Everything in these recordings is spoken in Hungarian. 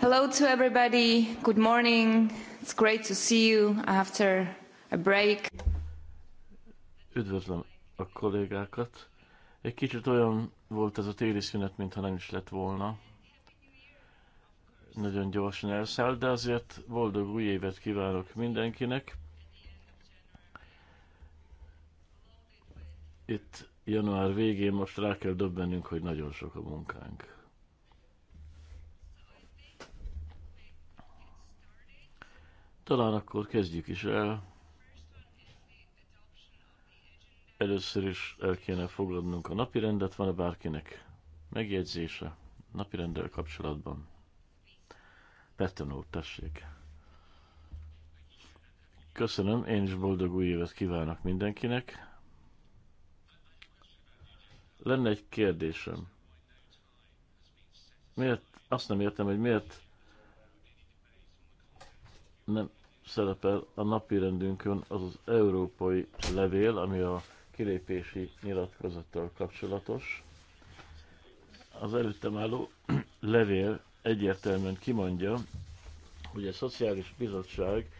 Hello to everybody. Good morning. It's great to see you after a break. Üdvözlöm a kollégákat. Egy kicsit olyan volt ez a téli szünet, mintha nem is lett volna. Nagyon gyorsan elszállt, de azért boldog új évet kívánok mindenkinek. Itt január végén most rá kell döbbennünk, hogy nagyon sok a munkánk. Talán akkor kezdjük is el. Először is el kéne fogadnunk a napirendet. Van-e bárkinek megjegyzése rendel kapcsolatban? Petten úr, tessék. Köszönöm, én is boldog új évet kívánok mindenkinek. Lenne egy kérdésem. Miért, azt nem értem, hogy miért nem szerepel a napi rendünkön az az európai levél, ami a kilépési nyilatkozattal kapcsolatos. Az előttem álló levél egyértelműen kimondja, hogy a Szociális Bizottság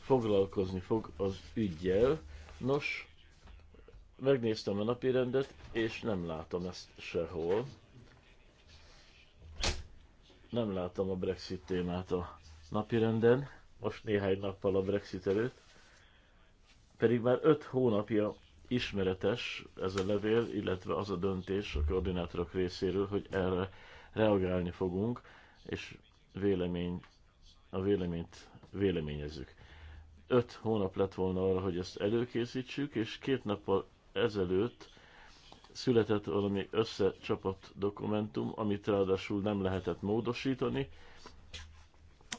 foglalkozni fog az ügyjel. Nos, megnéztem a napi rendet, és nem látom ezt sehol. Nem látom a Brexit témát a napirenden most néhány nappal a Brexit előtt, pedig már öt hónapja ismeretes ez a levél, illetve az a döntés a koordinátorok részéről, hogy erre reagálni fogunk, és vélemény, a véleményt véleményezzük. Öt hónap lett volna arra, hogy ezt előkészítsük, és két nappal ezelőtt született valami összecsapott dokumentum, amit ráadásul nem lehetett módosítani.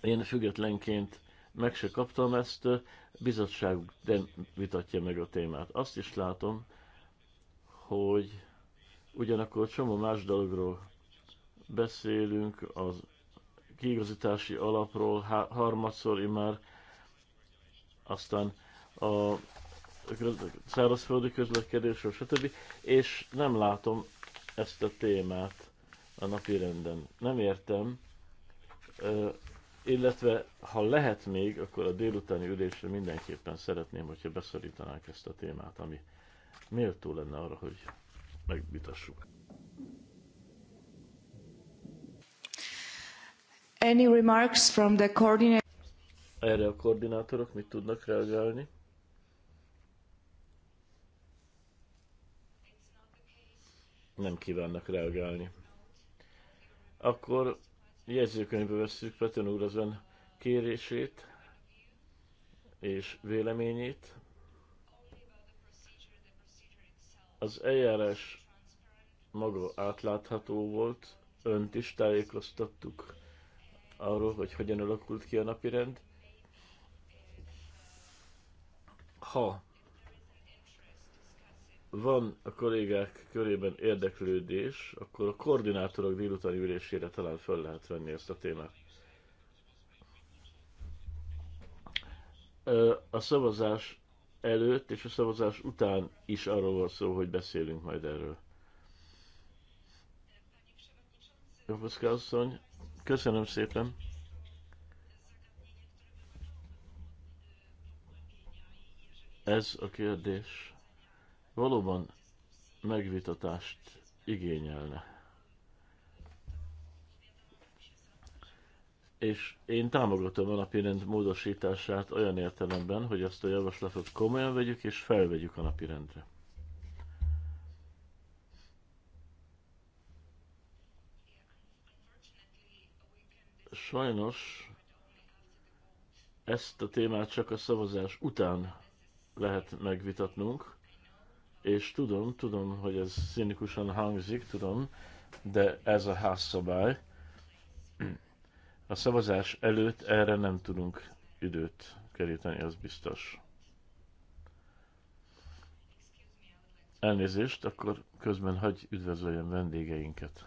Én függetlenként meg se kaptam ezt, bizottság nem vitatja meg a témát. Azt is látom, hogy ugyanakkor csomó más dologról beszélünk, az kiigazítási alapról há, harmadszor már, aztán a szárazföldi közlekedésről, stb. És nem látom ezt a témát a napi renden. Nem értem, illetve ha lehet még, akkor a délutáni ülésre mindenképpen szeretném, hogyha beszorítanánk ezt a témát, ami méltó lenne arra, hogy megvitassuk. Any remarks from the coordinator? Erre a koordinátorok mit tudnak reagálni? Nem kívánnak reagálni. Akkor jegyzőkönyvbe vesszük Petőn úr az ön kérését és véleményét. Az eljárás maga átlátható volt, önt is tájékoztattuk arról, hogy hogyan alakult ki a napirend. Ha van a kollégák körében érdeklődés, akkor a koordinátorok délutáni ülésére talán föl lehet venni ezt a témát. A szavazás előtt és a szavazás után is arról van szó, hogy beszélünk majd erről. Jobbaszka asszony, köszönöm szépen. Ez a kérdés valóban megvitatást igényelne. És én támogatom a napirend módosítását olyan értelemben, hogy azt a javaslatot komolyan vegyük és felvegyük a napirendre. Sajnos ezt a témát csak a szavazás után lehet megvitatnunk, és tudom, tudom, hogy ez színikusan hangzik, tudom, de ez a házszabály. A szavazás előtt erre nem tudunk időt keríteni, az biztos. Elnézést, akkor közben hagy üdvözöljem vendégeinket.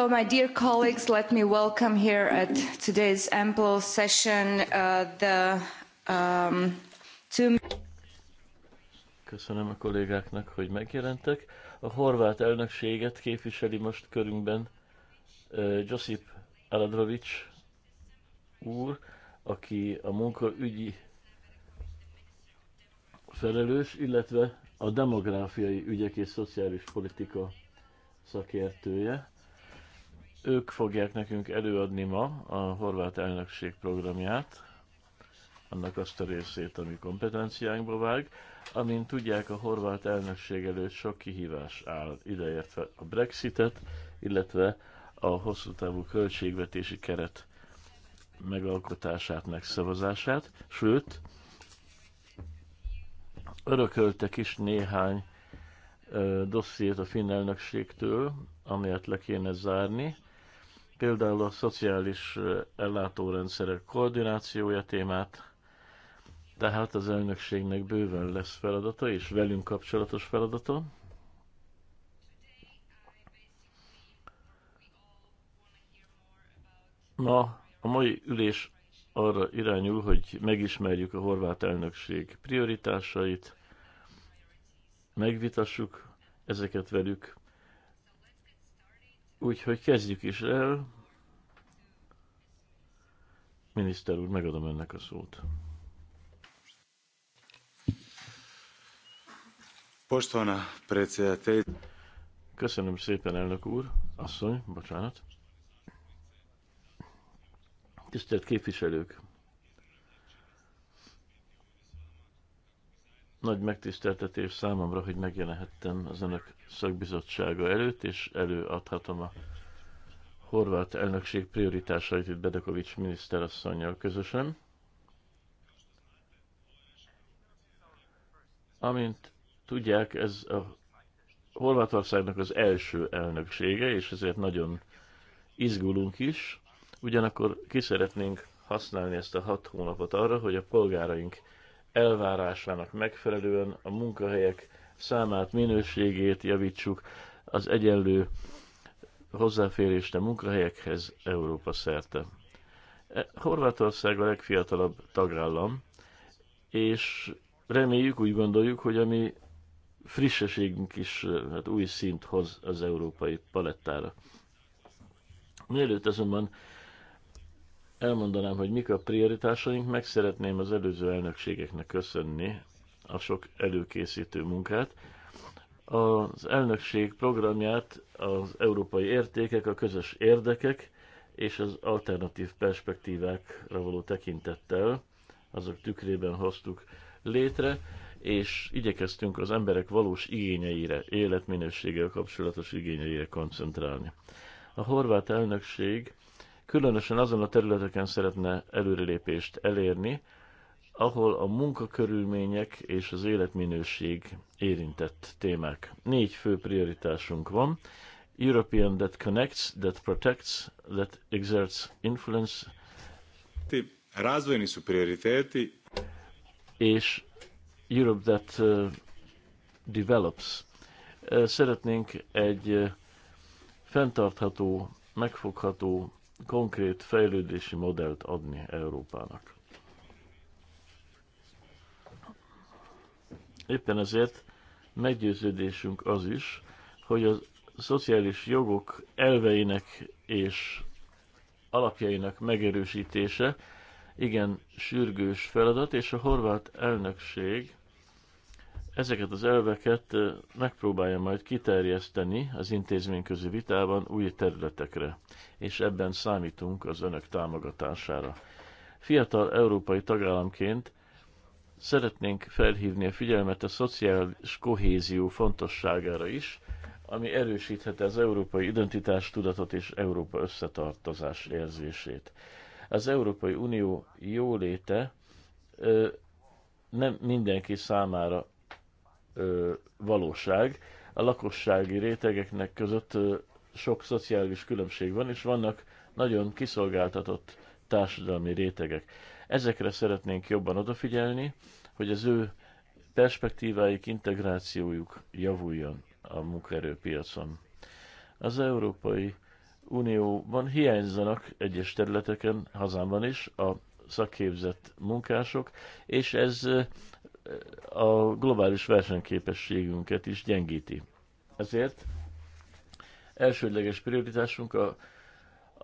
So, my dear colleagues, let me welcome here at today's ample session uh, the um, two. Köszönöm a kollégáknak, hogy megjelentek. A horvát elnökséget képviseli most körünkben uh, Josip Aladrovics úr, aki a munkaügyi felelős, illetve a demográfiai ügyek és szociális politika szakértője. Ők fogják nekünk előadni ma a horvát elnökség programját, annak azt a részét, ami kompetenciánkba vág. Amint tudják, a horvát elnökség előtt sok kihívás áll, ideértve a Brexitet, illetve a hosszú távú költségvetési keret megalkotását, megszavazását, sőt, örököltek is néhány dossziét a finn elnökségtől, amelyet le kéne zárni, például a szociális ellátórendszerek koordinációja témát, tehát az elnökségnek bőven lesz feladata és velünk kapcsolatos feladata. Ma a mai ülés arra irányul, hogy megismerjük a horvát elnökség prioritásait, megvitassuk ezeket velük, Úgyhogy kezdjük is el. Miniszter úr, megadom önnek a szót. Postona predsjedatelj. Köszönöm szépen, elnök úr. Asszony, bocsánat. Tisztelt képviselők! Nagy megtiszteltetés számomra, hogy megjelenhettem az önök szakbizottsága előtt, és előadhatom a horvát elnökség prioritásait itt Bedekovics miniszterasszonynal közösen. Amint tudják, ez a Horvátországnak az első elnöksége, és ezért nagyon izgulunk is. Ugyanakkor ki szeretnénk használni ezt a hat hónapot arra, hogy a polgáraink elvárásának megfelelően a munkahelyek számát, minőségét javítsuk, az egyenlő hozzáférést a munkahelyekhez Európa szerte. E, Horvátország a legfiatalabb tagállam, és reméljük, úgy gondoljuk, hogy a mi frissességünk is e, hát új szint hoz az európai palettára. Mielőtt azonban elmondanám, hogy mik a prioritásaink, meg szeretném az előző elnökségeknek köszönni a sok előkészítő munkát. Az elnökség programját az európai értékek, a közös érdekek és az alternatív perspektívákra való tekintettel, azok tükrében hoztuk létre, és igyekeztünk az emberek valós igényeire, életminőséggel kapcsolatos igényeire koncentrálni. A horvát elnökség különösen azon a területeken szeretne előrelépést elérni, ahol a munkakörülmények és az életminőség érintett témák. Négy fő prioritásunk van. European that connects, that protects, that exerts influence. Razvojni su prioriteti. És Europe that uh, develops. Uh, szeretnénk egy uh, fenntartható, megfogható konkrét fejlődési modellt adni Európának. Éppen ezért meggyőződésünk az is, hogy a szociális jogok elveinek és alapjainak megerősítése igen sürgős feladat, és a horvát elnökség Ezeket az elveket megpróbálja majd kiterjeszteni az intézményközi vitában új területekre, és ebben számítunk az önök támogatására. Fiatal európai tagállamként szeretnénk felhívni a figyelmet a szociális kohézió fontosságára is, ami erősítheti az európai identitás tudatot és Európa összetartozás érzését. Az Európai Unió jóléte ö, nem mindenki számára ö, valóság. A lakossági rétegeknek között ö, sok szociális különbség van, és vannak nagyon kiszolgáltatott társadalmi rétegek. Ezekre szeretnénk jobban odafigyelni, hogy az ő perspektíváik, integrációjuk javuljon a munkaerőpiacon. Az Európai Unióban hiányzanak egyes területeken, hazámban is, a szakképzett munkások, és ez a globális versenyképességünket is gyengíti. Ezért elsődleges prioritásunk a,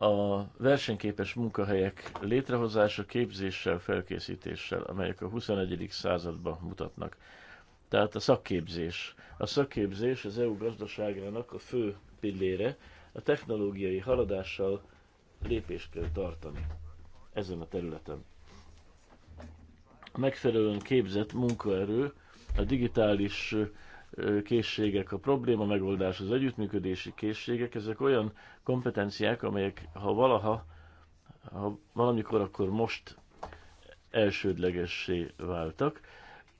a versenyképes munkahelyek létrehozása képzéssel, felkészítéssel, amelyek a 21. században mutatnak. Tehát a szakképzés. A szakképzés az EU gazdaságának a fő pillére, a technológiai haladással lépést kell tartani ezen a területen megfelelően képzett munkaerő, a digitális készségek a probléma megoldás, az együttműködési készségek, ezek olyan kompetenciák, amelyek ha valaha, ha valamikor, akkor most elsődlegessé váltak,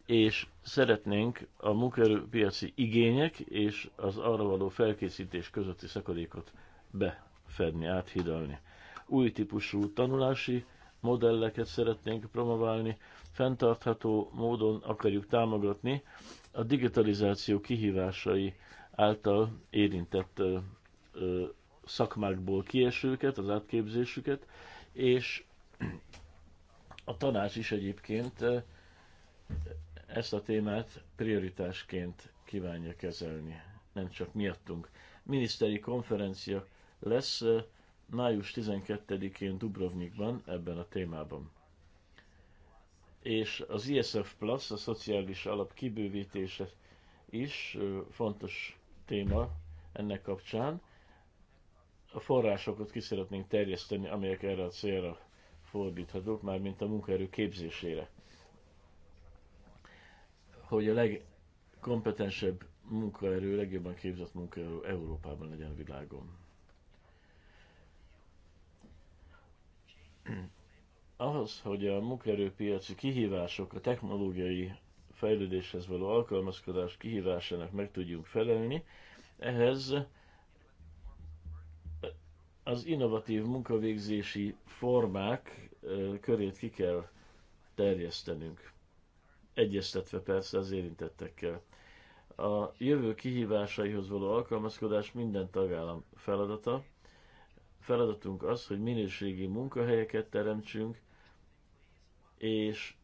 és szeretnénk a munkaerőpiaci igények és az arra való felkészítés közötti szakadékot befedni, áthidalni. Új típusú tanulási modelleket szeretnénk promoválni, fenntartható módon akarjuk támogatni a digitalizáció kihívásai által érintett ö, ö, szakmákból kiesőket, az átképzésüket, és a tanács is egyébként ezt a témát prioritásként kívánja kezelni, nem csak miattunk. Miniszteri konferencia lesz május 12-én Dubrovnikban ebben a témában és az ISF Plus, a szociális alap kibővítése is fontos téma ennek kapcsán. A forrásokat ki szeretnénk terjeszteni, amelyek erre a célra fordíthatók, már mint a munkaerő képzésére. Hogy a legkompetensebb munkaerő, legjobban képzett munkaerő Európában legyen a világon ahhoz, hogy a munkaerőpiaci kihívások, a technológiai fejlődéshez való alkalmazkodás kihívásának meg tudjunk felelni, ehhez az innovatív munkavégzési formák körét ki kell terjesztenünk. Egyeztetve persze az érintettekkel. A jövő kihívásaihoz való alkalmazkodás minden tagállam feladata. Feladatunk az, hogy minőségi munkahelyeket teremtsünk, és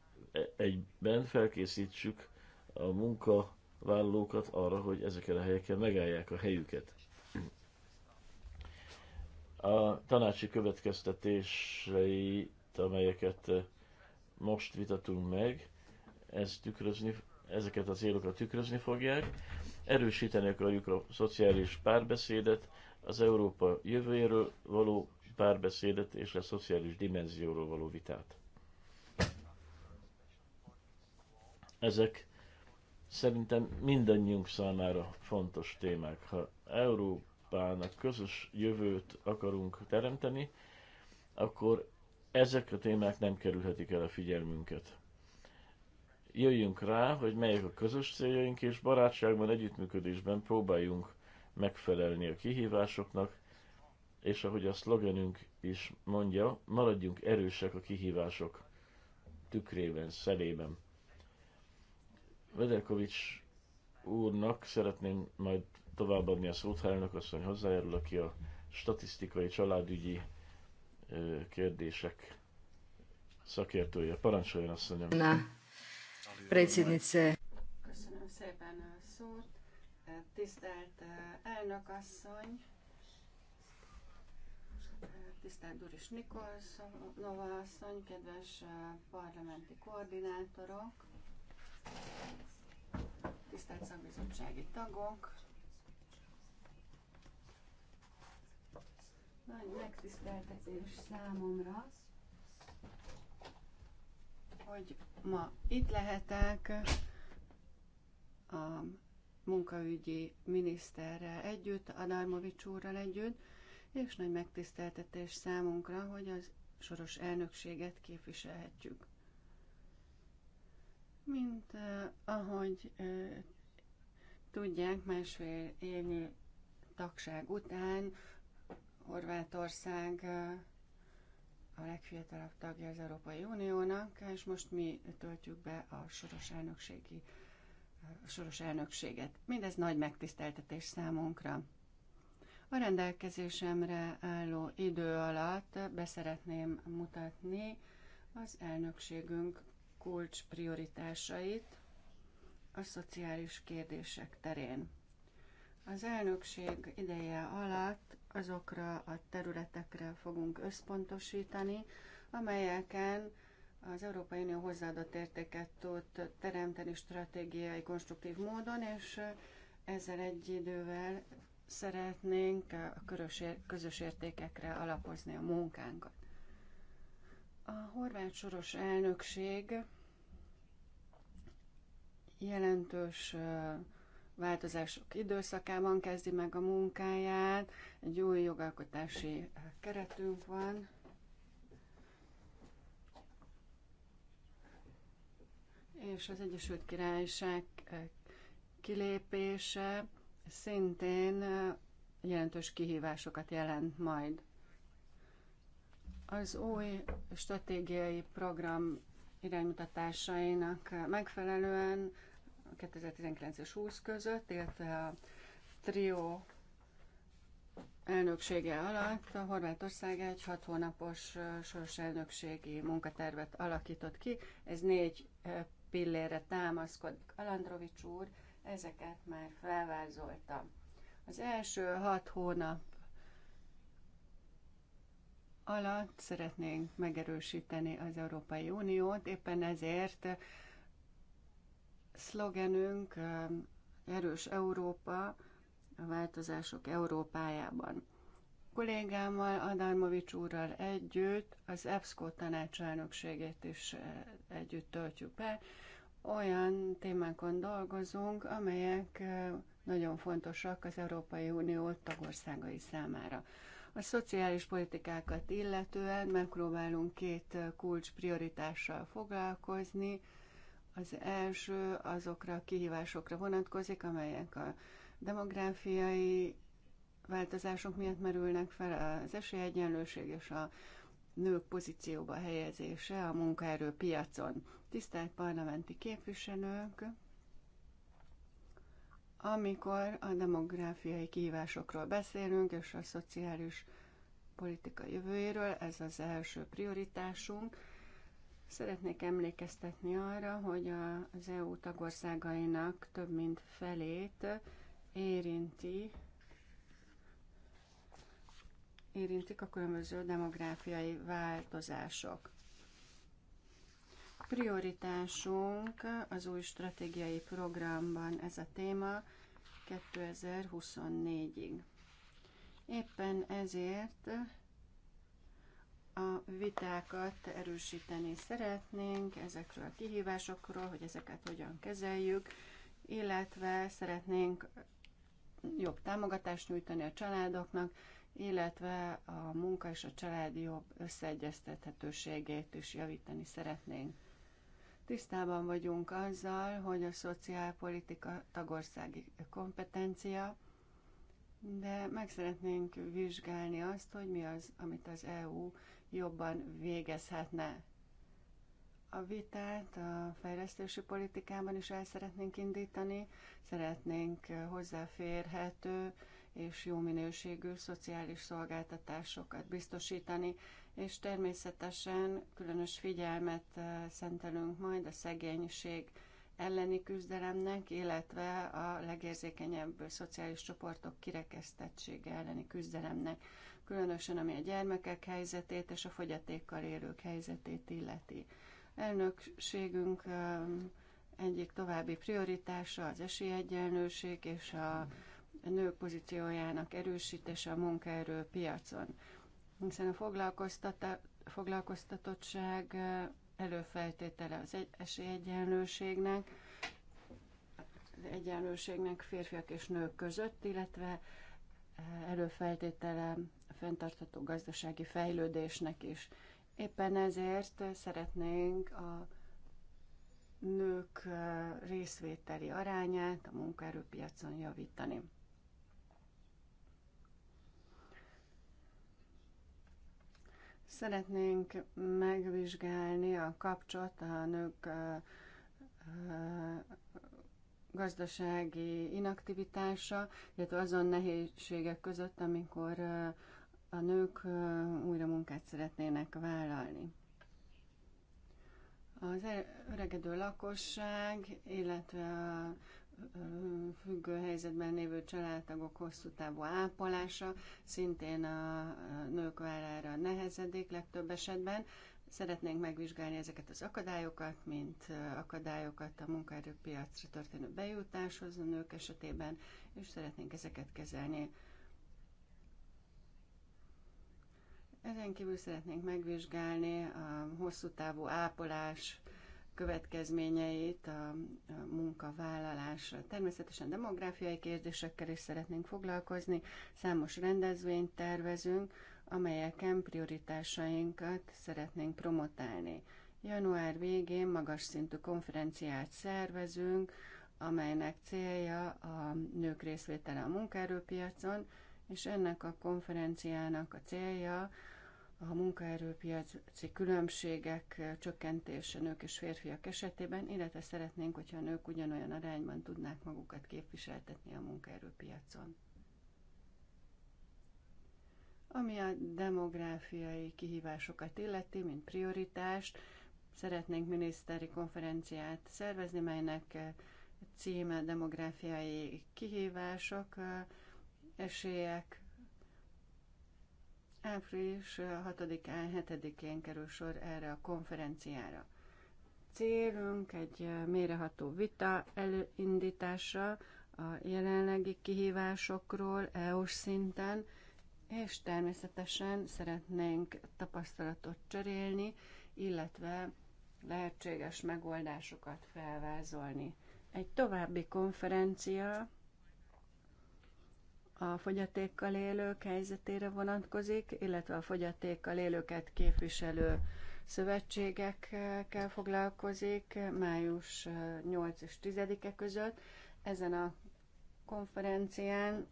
egyben felkészítsük a munkavállalókat arra, hogy ezeken a helyeken megállják a helyüket. A tanácsi következtetései, amelyeket most vitatunk meg, ez tükrözni, ezeket a célokat tükrözni fogják. Erősíteni akarjuk a szociális párbeszédet, az Európa jövőjéről való párbeszédet és a szociális dimenzióról való vitát. Ezek szerintem mindannyiunk számára fontos témák. Ha Európának közös jövőt akarunk teremteni, akkor ezek a témák nem kerülhetik el a figyelmünket. Jöjjünk rá, hogy melyek a közös céljaink, és barátságban, együttműködésben próbáljunk megfelelni a kihívásoknak, és ahogy a szlogenünk is mondja, maradjunk erősek a kihívások tükrében, szelében. Vedelkovics úrnak szeretném majd továbbadni a szót, ha elnök asszony hozzájárul, aki a statisztikai családügyi kérdések szakértője. Parancsoljon asszonyom! Na, predsjednice! Köszönöm szépen a szót! Tisztelt elnök asszony! Tisztelt Duris Nikolson, Nova asszony, kedves parlamenti koordinátorok! Tisztelt szakbizottsági tagok, nagy megtiszteltetés számomra, hogy ma itt lehetek a munkaügyi miniszterrel együtt, Adalmovics úrral együtt, és nagy megtiszteltetés számunkra, hogy az soros elnökséget képviselhetjük. Mint eh, ahogy eh, tudják, másfél évnyi tagság után Horvátország eh, a legfiatalabb tagja az Európai Uniónak, és most mi töltjük be a soros elnökségi a soros elnökséget. Mindez nagy megtiszteltetés számunkra. A rendelkezésemre álló idő alatt beszeretném mutatni az elnökségünk kulcs prioritásait a szociális kérdések terén. Az elnökség ideje alatt azokra a területekre fogunk összpontosítani, amelyeken az Európai Unió hozzáadott értéket tud teremteni stratégiai, konstruktív módon, és ezzel egy idővel szeretnénk a közös értékekre alapozni a munkánkat. A horvát soros elnökség jelentős változások időszakában kezdi meg a munkáját, egy új jogalkotási keretünk van. És az Egyesült Királyság kilépése szintén jelentős kihívásokat jelent majd. Az új stratégiai program iránymutatásainak megfelelően 2019 és 20 között, illetve a trió elnöksége alatt a Horvátország egy hat hónapos soros elnökségi munkatervet alakított ki. Ez négy pillére támaszkodik. Alandrovics úr ezeket már felvázolta. Az első hat hónap alatt szeretnénk megerősíteni az Európai Uniót, éppen ezért szlogenünk eh, erős Európa a változások Európájában. Kollégámmal, Adarmovics úrral együtt az EBSCO tanácselnökségét is eh, együtt töltjük be. Olyan témákon dolgozunk, amelyek eh, nagyon fontosak az Európai Unió tagországai számára. A szociális politikákat illetően megpróbálunk két kulcs prioritással foglalkozni. Az első azokra a kihívásokra vonatkozik, amelyek a demográfiai változások miatt merülnek fel, az esélyegyenlőség és a nők pozícióba helyezése a munkaerőpiacon. Tisztelt parlamenti képviselők! amikor a demográfiai kihívásokról beszélünk, és a szociális politika jövőjéről, ez az első prioritásunk. Szeretnék emlékeztetni arra, hogy az EU tagországainak több mint felét érinti érintik a különböző demográfiai változások prioritásunk az új stratégiai programban ez a téma 2024-ig. Éppen ezért a vitákat erősíteni szeretnénk ezekről a kihívásokról, hogy ezeket hogyan kezeljük, illetve szeretnénk jobb támogatást nyújtani a családoknak, illetve a munka és a család jobb összeegyeztethetőségét is javítani szeretnénk. Tisztában vagyunk azzal, hogy a szociálpolitika tagországi kompetencia, de meg szeretnénk vizsgálni azt, hogy mi az, amit az EU jobban végezhetne. A vitát a fejlesztési politikában is el szeretnénk indítani, szeretnénk hozzáférhető és jó minőségű szociális szolgáltatásokat biztosítani, és természetesen különös figyelmet eh, szentelünk majd a szegénység elleni küzdelemnek, illetve a legérzékenyebb szociális csoportok kirekesztettsége elleni küzdelemnek, különösen ami a gyermekek helyzetét és a fogyatékkal élők helyzetét illeti. Elnökségünk eh, egyik további prioritása az esélyegyenlőség és a nők pozíciójának erősítése a munkaerőpiacon hiszen a foglalkoztatottság előfeltétele az egy, esélyegyenlőségnek, az egyenlőségnek férfiak és nők között, illetve előfeltétele a fenntartható gazdasági fejlődésnek is. Éppen ezért szeretnénk a nők részvételi arányát a munkaerőpiacon javítani. Szeretnénk megvizsgálni a kapcsolat a nők gazdasági inaktivitása, illetve azon nehézségek között, amikor a nők újra munkát szeretnének vállalni. Az e- öregedő lakosság, illetve a függő helyzetben lévő családtagok hosszú távú ápolása, szintén a nők vállára nehezedik legtöbb esetben. Szeretnénk megvizsgálni ezeket az akadályokat, mint akadályokat a munkaerőpiacra történő bejutáshoz a nők esetében, és szeretnénk ezeket kezelni. Ezen kívül szeretnénk megvizsgálni a hosszú távú ápolás, következményeit a munkavállalásra. Természetesen demográfiai kérdésekkel is szeretnénk foglalkozni, számos rendezvényt tervezünk, amelyeken prioritásainkat szeretnénk promotálni. Január végén magas szintű konferenciát szervezünk, amelynek célja a nők részvétele a munkaerőpiacon, és ennek a konferenciának a célja a munkaerőpiaci különbségek csökkentése nők és férfiak esetében, illetve szeretnénk, hogyha a nők ugyanolyan arányban tudnák magukat képviseltetni a munkaerőpiacon. Ami a demográfiai kihívásokat illeti, mint prioritást, szeretnénk miniszteri konferenciát szervezni, melynek címe demográfiai kihívások, esélyek, Április 6-án, 7-én kerül sor erre a konferenciára. Célunk egy méreható vita előindítása a jelenlegi kihívásokról EU-s szinten, és természetesen szeretnénk tapasztalatot cserélni, illetve lehetséges megoldásokat felvázolni. Egy további konferencia a fogyatékkal élők helyzetére vonatkozik, illetve a fogyatékkal élőket képviselő szövetségekkel foglalkozik május 8 és 10-e között. Ezen a konferencián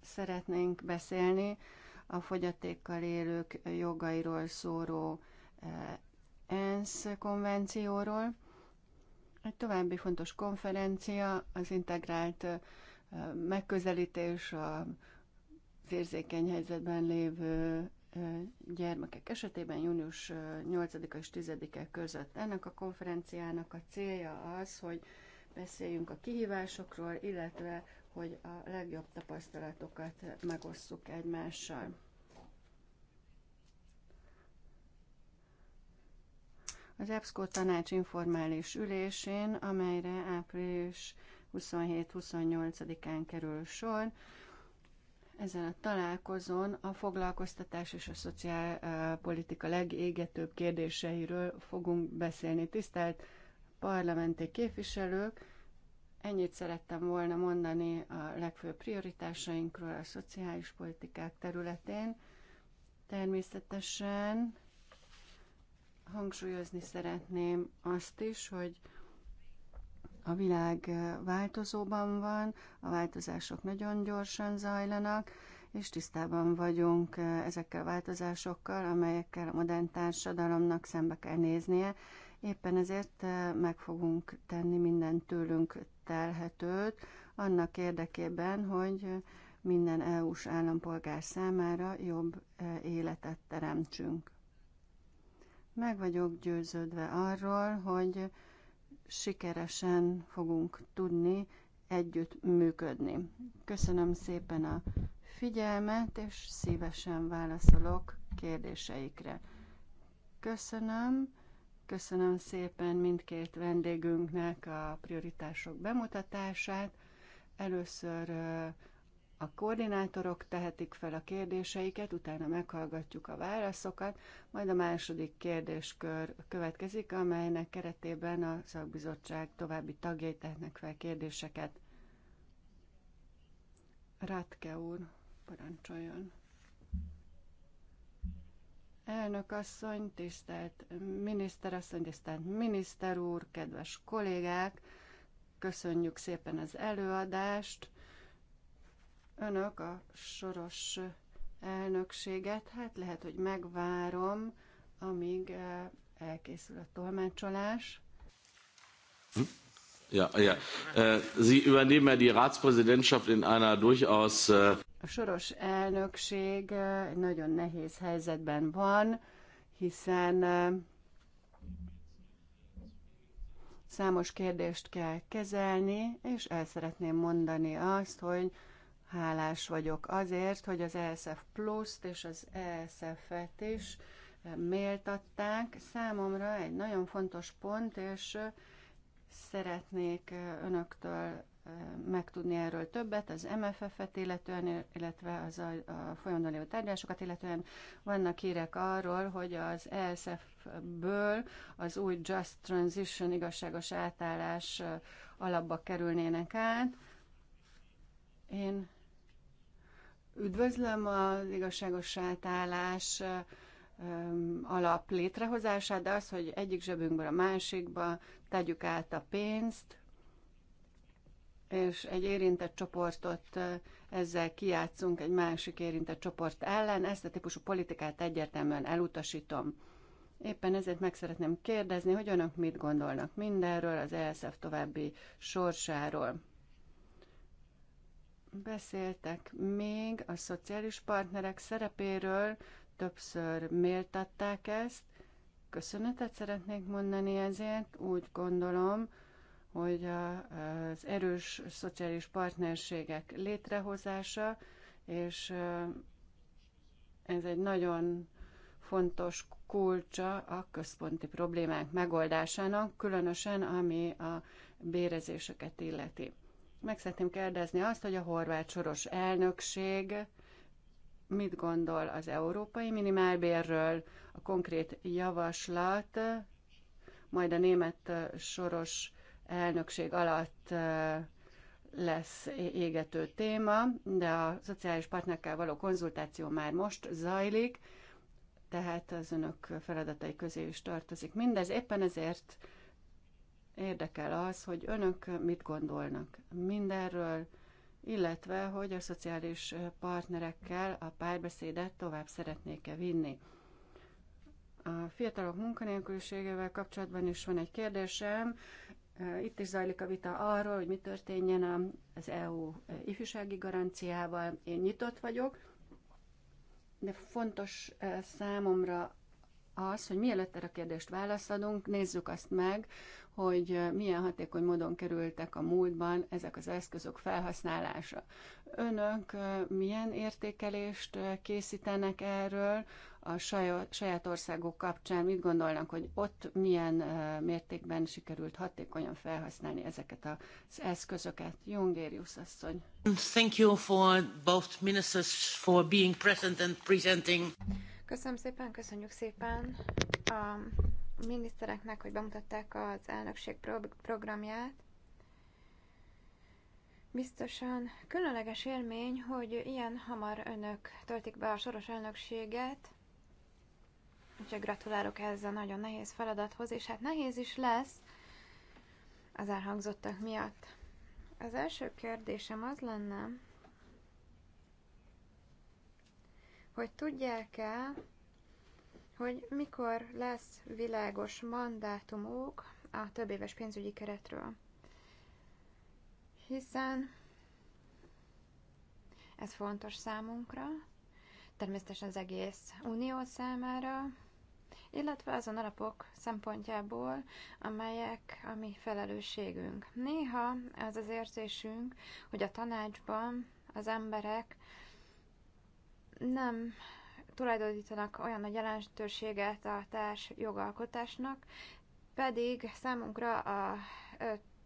szeretnénk beszélni a fogyatékkal élők jogairól szóró ENSZ konvencióról. Egy további fontos konferencia az integrált megközelítés az érzékeny helyzetben lévő gyermekek esetében június 8-a és 10-e között. Ennek a konferenciának a célja az, hogy beszéljünk a kihívásokról, illetve hogy a legjobb tapasztalatokat megosszuk egymással. Az EBSCO tanács informális ülésén, amelyre április 27-28-án kerül sor. Ezen a találkozón a foglalkoztatás és a szociálpolitika legégetőbb kérdéseiről fogunk beszélni. Tisztelt parlamenti képviselők, ennyit szerettem volna mondani a legfőbb prioritásainkról a szociális politikák területén. Természetesen hangsúlyozni szeretném azt is, hogy a világ változóban van, a változások nagyon gyorsan zajlanak, és tisztában vagyunk ezekkel a változásokkal, amelyekkel a modern társadalomnak szembe kell néznie. Éppen ezért meg fogunk tenni minden tőlünk telhetőt, annak érdekében, hogy minden EU-s állampolgár számára jobb életet teremtsünk. Meg vagyok győződve arról, hogy sikeresen fogunk tudni együtt működni. Köszönöm szépen a figyelmet, és szívesen válaszolok kérdéseikre. Köszönöm, köszönöm szépen mindkét vendégünknek a prioritások bemutatását. Először a koordinátorok tehetik fel a kérdéseiket, utána meghallgatjuk a válaszokat, majd a második kérdéskör következik, amelynek keretében a szakbizottság további tagjai tehetnek fel kérdéseket. Rátke úr, parancsoljon! Elnök asszony, tisztelt miniszter asszony, tisztelt miniszter úr, kedves kollégák, köszönjük szépen az előadást önök a soros elnökséget, hát lehet, hogy megvárom, amíg eh, elkészül a tolmácsolás. Ja, ja. Eh, Sie übernehmen die Ratspräsidentschaft in einer durchaus... Eh, a soros elnökség nagyon nehéz helyzetben van, hiszen számos kérdést kell kezelni, és el szeretném mondani azt, hogy hálás vagyok azért, hogy az ESF Plus-t és az ESF-et is eh, méltatták. Számomra egy nagyon fontos pont, és eh, szeretnék eh, önöktől megtudni erről többet, az MFF-et illetően, illetve az a, a folyamodon lévő tárgyalásokat illetően. Vannak hírek arról, hogy az ESF-ből az új Just Transition igazságos átállás alapba kerülnének át. Én Üdvözlöm az igazságos átállás alap létrehozását, de az, hogy egyik zsebünkből a másikba tegyük át a pénzt, és egy érintett csoportot ezzel kiátszunk egy másik érintett csoport ellen, ezt a típusú politikát egyértelműen elutasítom. Éppen ezért meg szeretném kérdezni, hogy önök mit gondolnak mindenről, az ESF további sorsáról. Beszéltek még a szociális partnerek szerepéről, többször méltatták ezt. Köszönetet szeretnék mondani ezért. Úgy gondolom, hogy az erős szociális partnerségek létrehozása, és ez egy nagyon fontos kulcsa a központi problémák megoldásának, különösen ami a bérezéseket illeti. Meg szeretném kérdezni azt, hogy a horvát soros elnökség mit gondol az európai minimálbérről, a konkrét javaslat, majd a német soros elnökség alatt lesz égető téma, de a szociális partnerekkel való konzultáció már most zajlik, tehát az önök feladatai közé is tartozik. Mindez éppen ezért Érdekel az, hogy önök mit gondolnak mindenről, illetve hogy a szociális partnerekkel a párbeszédet tovább szeretnék-e vinni. A fiatalok munkanélküliségével kapcsolatban is van egy kérdésem. Itt is zajlik a vita arról, hogy mi történjen az EU ifjúsági garanciával. Én nyitott vagyok, de fontos eh, számomra az, hogy mielőtt erre a kérdést válaszadunk, nézzük azt meg, hogy milyen hatékony módon kerültek a múltban ezek az eszközök felhasználása. Önök milyen értékelést készítenek erről a saját országok kapcsán? Mit gondolnak, hogy ott milyen mértékben sikerült hatékonyan felhasználni ezeket az eszközöket? Jungérius asszony. Thank you for both ministers for being present and presenting. Köszönöm szépen, köszönjük szépen a minisztereknek, hogy bemutatták az elnökség programját. Biztosan különleges élmény, hogy ilyen hamar önök töltik be a soros elnökséget, úgyhogy gratulálok ehhez a nagyon nehéz feladathoz, és hát nehéz is lesz az elhangzottak miatt. Az első kérdésem az lenne, hogy tudják-e, hogy mikor lesz világos mandátumuk a több éves pénzügyi keretről. Hiszen ez fontos számunkra, természetesen az egész unió számára, illetve azon alapok szempontjából, amelyek a mi felelősségünk. Néha az az érzésünk, hogy a tanácsban az emberek nem tulajdonítanak olyan nagy jelentőséget a társ jogalkotásnak, pedig számunkra a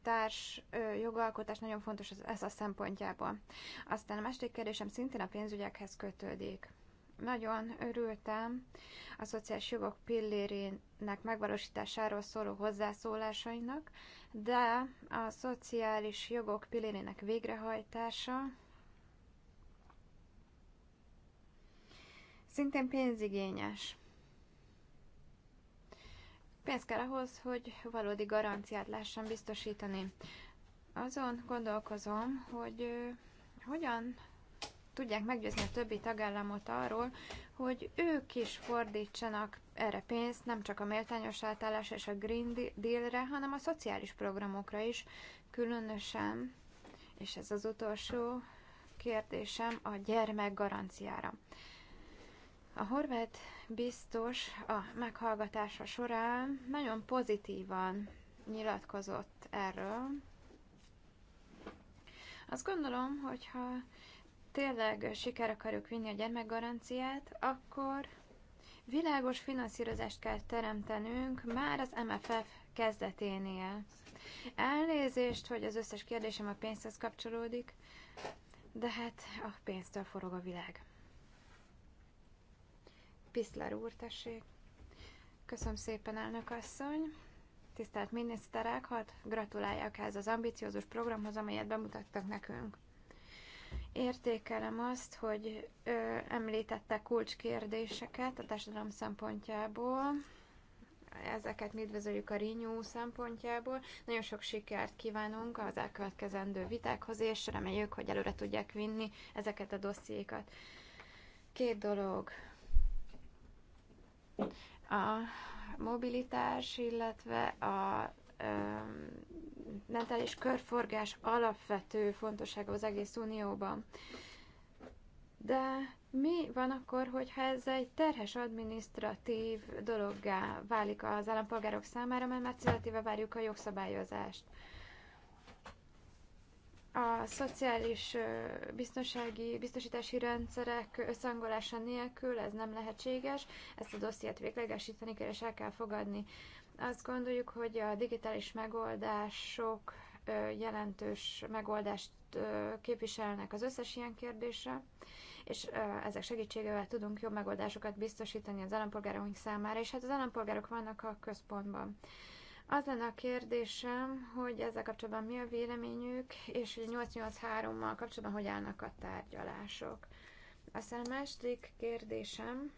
társ jogalkotás nagyon fontos ez a szempontjából. Aztán a második kérdésem szintén a pénzügyekhez kötődik. Nagyon örültem a szociális jogok pillérének megvalósításáról szóló hozzászólásainak, de a szociális jogok pillérének végrehajtása szintén pénzigényes. Pénz kell ahhoz, hogy valódi garanciát lássam, biztosítani. Azon gondolkozom, hogy hogyan tudják meggyőzni a többi tagállamot arról, hogy ők is fordítsanak erre pénzt, nem csak a méltányos átállás és a Green Deal-re, hanem a szociális programokra is, különösen, és ez az utolsó kérdésem, a gyermek garanciára. A horvát biztos a meghallgatása során nagyon pozitívan nyilatkozott erről. Azt gondolom, hogyha tényleg siker akarjuk vinni a gyermekgaranciát, akkor világos finanszírozást kell teremtenünk már az MFF kezdeténél. Elnézést, hogy az összes kérdésem a pénzhez kapcsolódik, de hát a pénztől forog a világ. Piszler úr, tessék. Köszönöm szépen, elnök asszony. Tisztelt miniszterek, hadd gratuláljak ehhez az ambiciózus programhoz, amelyet bemutattak nekünk. Értékelem azt, hogy ö, említette kulcskérdéseket a társadalom szempontjából, ezeket mi üdvözöljük a Renew szempontjából. Nagyon sok sikert kívánunk az elkövetkezendő vitákhoz, és reméljük, hogy előre tudják vinni ezeket a dossziékat. Két dolog a mobilitás, illetve a mentális körforgás alapvető fontossága az egész unióban. De mi van akkor, hogyha ez egy terhes administratív dologgá válik az állampolgárok számára, mert már várjuk a jogszabályozást? a szociális biztonsági biztosítási rendszerek összehangolása nélkül ez nem lehetséges, ezt a dossziét véglegesíteni kell és el kell fogadni. Azt gondoljuk, hogy a digitális megoldások jelentős megoldást képviselnek az összes ilyen kérdésre, és ezek segítségével tudunk jobb megoldásokat biztosítani az állampolgáraink számára, és hát az állampolgárok vannak a központban. Az lenne a kérdésem, hogy ezzel kapcsolatban mi a véleményük, és hogy 883-mal kapcsolatban hogy állnak a tárgyalások. Aztán a második kérdésem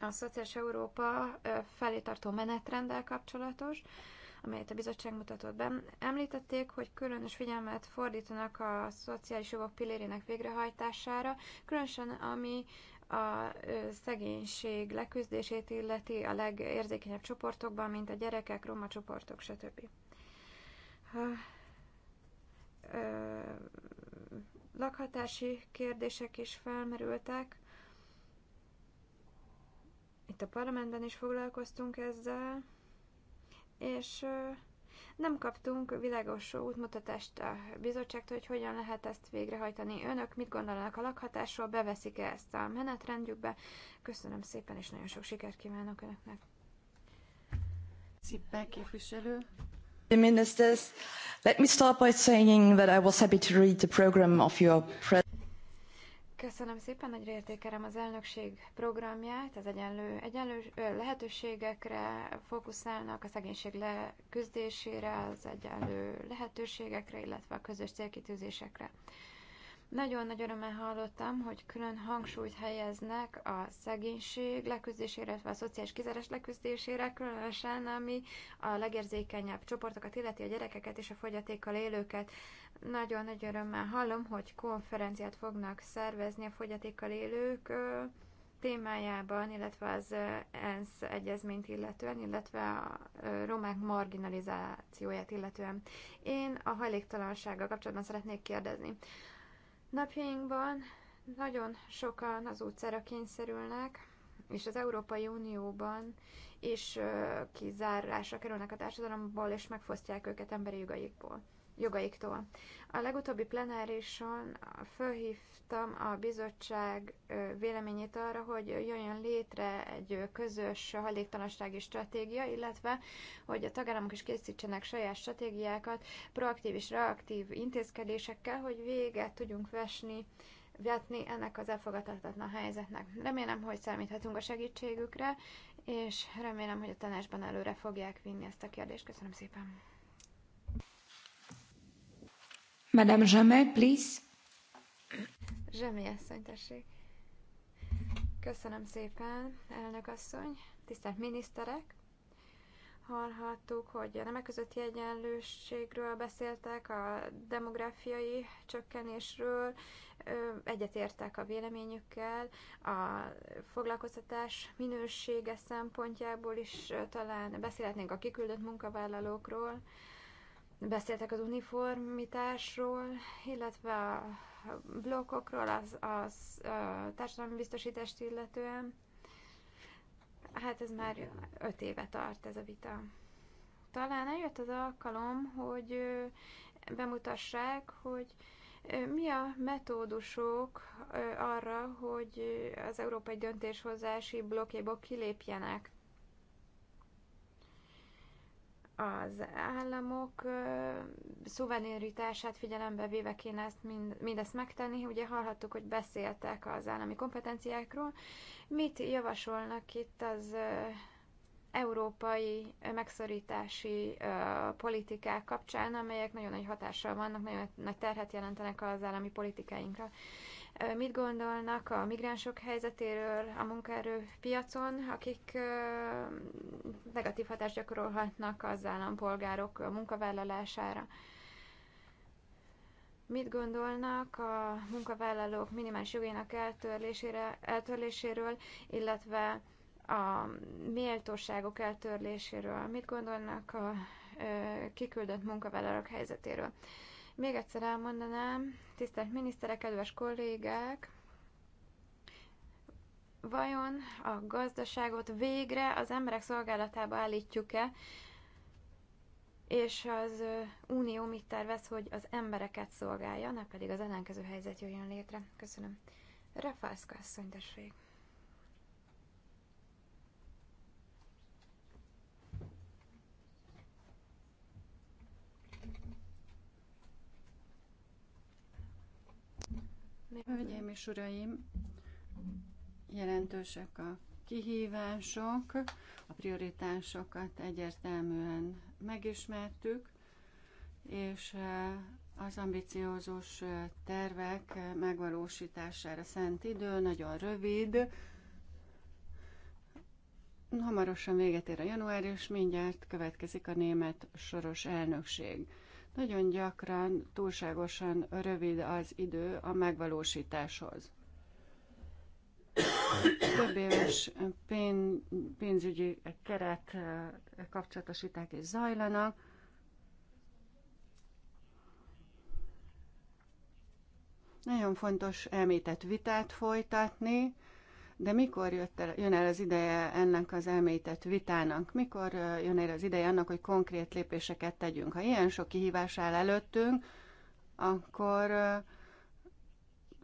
a Szociális Európa felé tartó menetrenddel kapcsolatos, amelyet a bizottság mutatott be. Említették, hogy különös figyelmet fordítanak a szociális jogok pillérének végrehajtására, különösen ami a szegénység leküzdését illeti a legérzékenyebb csoportokban, mint a gyerekek, roma csoportok, stb. lakhatási kérdések is felmerültek. Itt a parlamentben is foglalkoztunk ezzel, és nem kaptunk világos útmutatást a bizottságtól, hogy hogyan lehet ezt végrehajtani. Önök mit gondolnak a lakhatásról, beveszik-e ezt a menetrendjükbe? Köszönöm szépen, és nagyon sok sikert kívánok Önöknek. Szippel képviselő. The ministers, let me start by saying that I was happy to read the program of your Köszönöm szépen, nagyra értékelem az elnökség programját, az egyenlő, egyenlő lehetőségekre fókuszálnak, a szegénység leküzdésére, az egyenlő lehetőségekre, illetve a közös célkitűzésekre. Nagyon nagy örömmel hallottam, hogy külön hangsúlyt helyeznek a szegénység leküzdésére, illetve a szociális kizárás leküzdésére, különösen ami a legérzékenyebb csoportokat illeti, a gyerekeket és a fogyatékkal élőket. Nagyon nagy örömmel hallom, hogy konferenciát fognak szervezni a fogyatékkal élők témájában, illetve az ENSZ egyezményt illetően, illetve a romák marginalizációját illetően. Én a hajléktalansággal kapcsolatban szeretnék kérdezni. Napjainkban nagyon sokan az utcára kényszerülnek, és az Európai Unióban is kizárásra kerülnek a társadalomból, és megfosztják őket emberi jogaikból jogaiktól. A legutóbbi plenárison fölhívtam a bizottság véleményét arra, hogy jöjjön létre egy közös hajléktalansági stratégia, illetve hogy a tagállamok is készítsenek saját stratégiákat proaktív és reaktív intézkedésekkel, hogy véget tudjunk vesni vetni ennek az elfogadhatatlan helyzetnek. Remélem, hogy számíthatunk a segítségükre, és remélem, hogy a tanácsban előre fogják vinni ezt a kérdést. Köszönöm szépen! Madame Jamais, please. Zsemé asszony, tessék. Köszönöm szépen, elnök asszony, tisztelt miniszterek. Hallhattuk, hogy a nemek közötti egyenlőségről beszéltek, a demográfiai csökkenésről, egyetértek a véleményükkel, a foglalkoztatás minősége szempontjából is talán beszélhetnénk a kiküldött munkavállalókról, Beszéltek az uniformitásról, illetve a blokkokról, az, az a társadalmi biztosítást illetően. Hát ez már öt éve tart ez a vita. Talán eljött az alkalom, hogy bemutassák, hogy mi a metódusok arra, hogy az európai döntéshozási blokkéból kilépjenek? az államok szuverenitását figyelembe véve kéne ezt mind, mindezt megtenni. Ugye hallhattuk, hogy beszéltek az állami kompetenciákról. Mit javasolnak itt az európai megszorítási politikák kapcsán, amelyek nagyon nagy hatással vannak, nagyon nagy terhet jelentenek az állami politikáinkra. Mit gondolnak a migránsok helyzetéről a munkaerőpiacon, akik negatív hatást gyakorolhatnak az állampolgárok munkavállalására? Mit gondolnak a munkavállalók minimális jogének eltörlésére, eltörléséről, illetve a méltóságok eltörléséről? Mit gondolnak a kiküldött munkavállalók helyzetéről? Még egyszer elmondanám, tisztelt miniszterek, kedves kollégák, vajon a gazdaságot végre az emberek szolgálatába állítjuk-e, és az Unió mit tervez, hogy az embereket szolgálja, ne pedig az ellenkező helyzet jöjjön létre. Köszönöm. Rafalszka asszony, tessék. Hölgyeim és uraim, jelentősek a kihívások, a prioritásokat egyértelműen megismertük, és eh, az ambiciózus eh, tervek eh, megvalósítására szent idő, nagyon rövid. Hamarosan véget ér a január, és mindjárt következik a német soros elnökség. Nagyon gyakran túlságosan rövid az idő a megvalósításhoz. Több éves pén, pénzügyi keret eh, kapcsolatos viták is zajlanak. Nagyon fontos elmétett vitát folytatni, de mikor jött el, jön el az ideje ennek az elmélyített vitának? Mikor jön el az ideje annak, hogy konkrét lépéseket tegyünk? Ha ilyen sok kihívás áll előttünk, akkor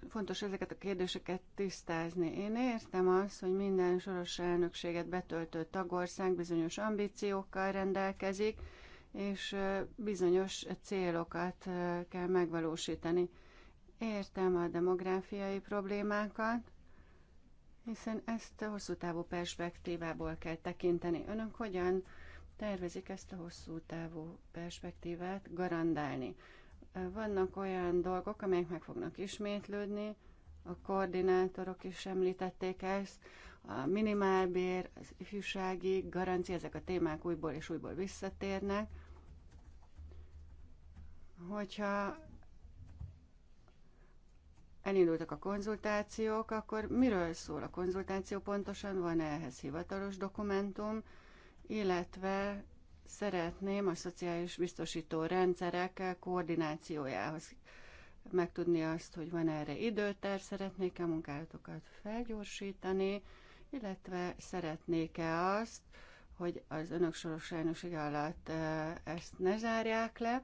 fontos ezeket a kérdéseket tisztázni. Én értem azt, hogy minden soros elnökséget betöltő tagország bizonyos ambíciókkal rendelkezik, és bizonyos célokat kell megvalósítani. Értem a demográfiai problémákat, hiszen ezt a hosszú távú perspektívából kell tekinteni. Önök hogyan tervezik ezt a hosszú távú perspektívát garandálni? Vannak olyan dolgok, amelyek meg fognak ismétlődni, a koordinátorok is említették ezt, a minimálbér, az ifjúsági garancia, ezek a témák újból és újból visszatérnek. Hogyha elindultak a konzultációk, akkor miről szól a konzultáció pontosan, van -e ehhez hivatalos dokumentum, illetve szeretném a szociális biztosító rendszerek koordinációjához megtudni azt, hogy van erre időtár, szeretnék-e munkálatokat felgyorsítani, illetve szeretnék-e azt, hogy az önök soros alatt eh, ezt ne zárják le,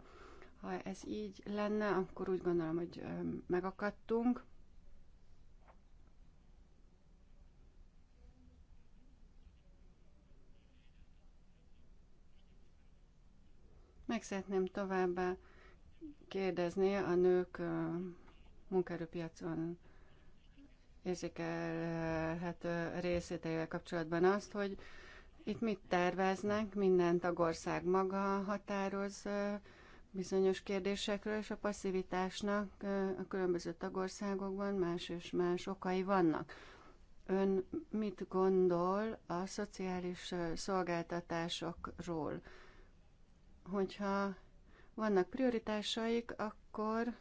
ha ez így lenne, akkor úgy gondolom, hogy megakadtunk. Meg szeretném továbbá kérdezni a nők munkaerőpiacon érzékelhető részételével kapcsolatban azt, hogy itt mit terveznek, minden tagország maga határoz bizonyos kérdésekről, és a passzivitásnak a különböző tagországokban más és más okai vannak. Ön mit gondol a szociális szolgáltatásokról? Hogyha vannak prioritásaik, akkor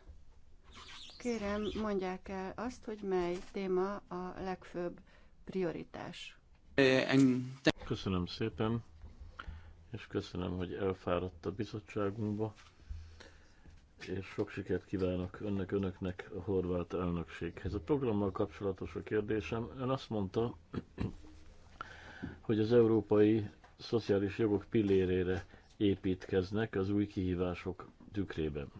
kérem, mondják el azt, hogy mely téma a legfőbb prioritás. Köszönöm szépen, és köszönöm, hogy elfáradt a bizottságunkba és sok sikert kívánok önnek, önöknek a horvát elnökséghez. A programmal kapcsolatos a kérdésem. Ön azt mondta, hogy az európai szociális jogok pillérére építkeznek az új kihívások tükrében.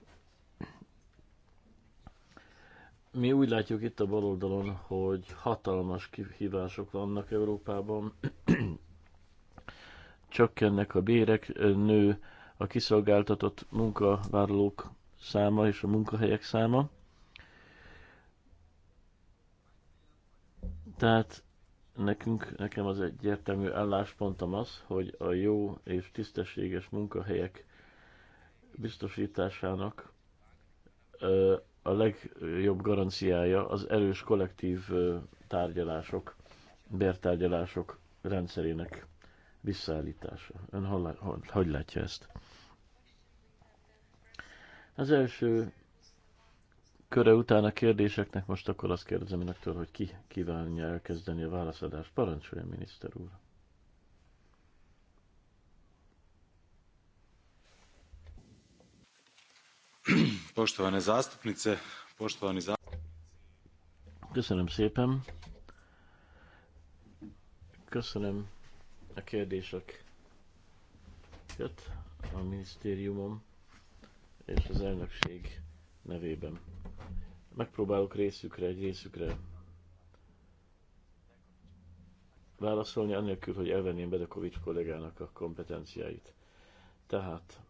Mi úgy látjuk itt a baloldalon, hogy hatalmas kihívások vannak Európában, csökkennek a bérek, nő a kiszolgáltatott munkavállalók száma és a munkahelyek száma. Tehát nekünk, nekem az egyértelmű álláspontom az, hogy a jó és tisztességes munkahelyek biztosításának a legjobb garanciája az erős kollektív tárgyalások, bértárgyalások rendszerének visszaállítása. Ön hogy látja ezt? Az első köre után a kérdéseknek most akkor azt kérdezem önöktől, hogy ki kívánja elkezdeni a válaszadást. Parancsolja, miniszter úr! Poštovane zastupnice, poštovani zastupnici. Köszönöm szépen. Köszönöm a kérdéseket a minisztériumom és az elnökség nevében. Megpróbálok részükre, egy részükre válaszolni, anélkül, hogy elvenném Bedekovics kollégának a kompetenciáit. Tehát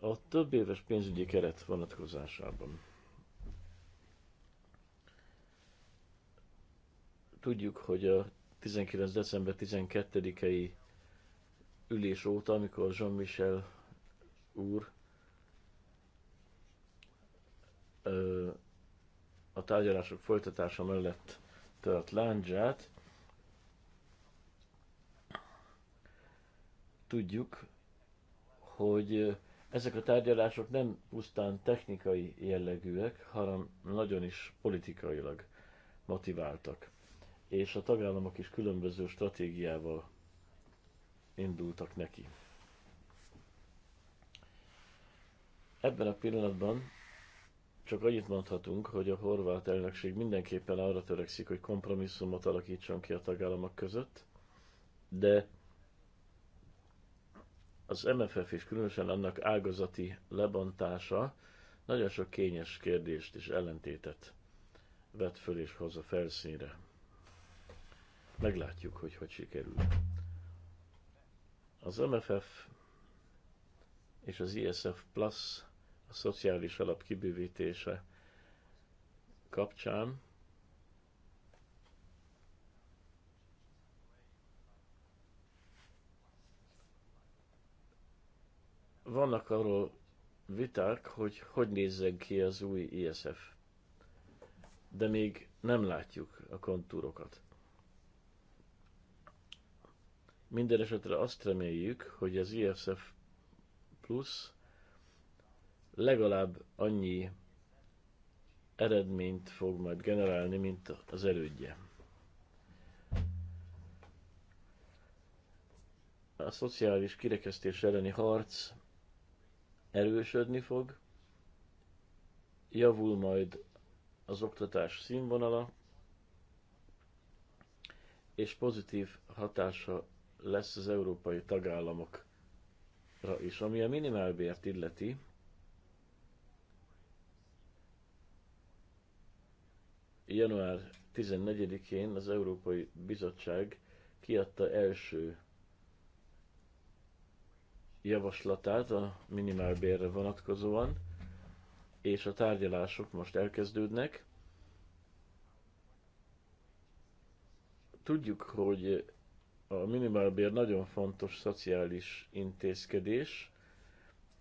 a több éves pénzügyi keret vonatkozásában tudjuk, hogy a 19. december 12-i ülés óta, amikor Jean-Michel úr ö, a tárgyalások folytatása mellett tört láncsát, tudjuk, hogy ezek a tárgyalások nem pusztán technikai jellegűek, hanem nagyon is politikailag motiváltak és a tagállamok is különböző stratégiával indultak neki. Ebben a pillanatban csak annyit mondhatunk, hogy a horvát elnökség mindenképpen arra törekszik, hogy kompromisszumot alakítson ki a tagállamok között, de az MFF és különösen annak ágazati lebontása nagyon sok kényes kérdést és ellentétet vet föl és hoz a felszínre. Meglátjuk, hogy hogy sikerül. Az MFF és az ISF Plus a szociális alap kibővítése kapcsán vannak arról viták, hogy hogy nézzen ki az új ISF. De még nem látjuk a kontúrokat. Minden esetre azt reméljük, hogy az IFSF Plus legalább annyi eredményt fog majd generálni, mint az erődje. A szociális kirekesztés elleni harc erősödni fog, javul majd az oktatás színvonala, és pozitív hatása lesz az európai tagállamokra is. Ami a minimálbért illeti, január 14-én az Európai Bizottság kiadta első javaslatát a minimálbérre vonatkozóan, és a tárgyalások most elkezdődnek. Tudjuk, hogy a minimálbér nagyon fontos szociális intézkedés,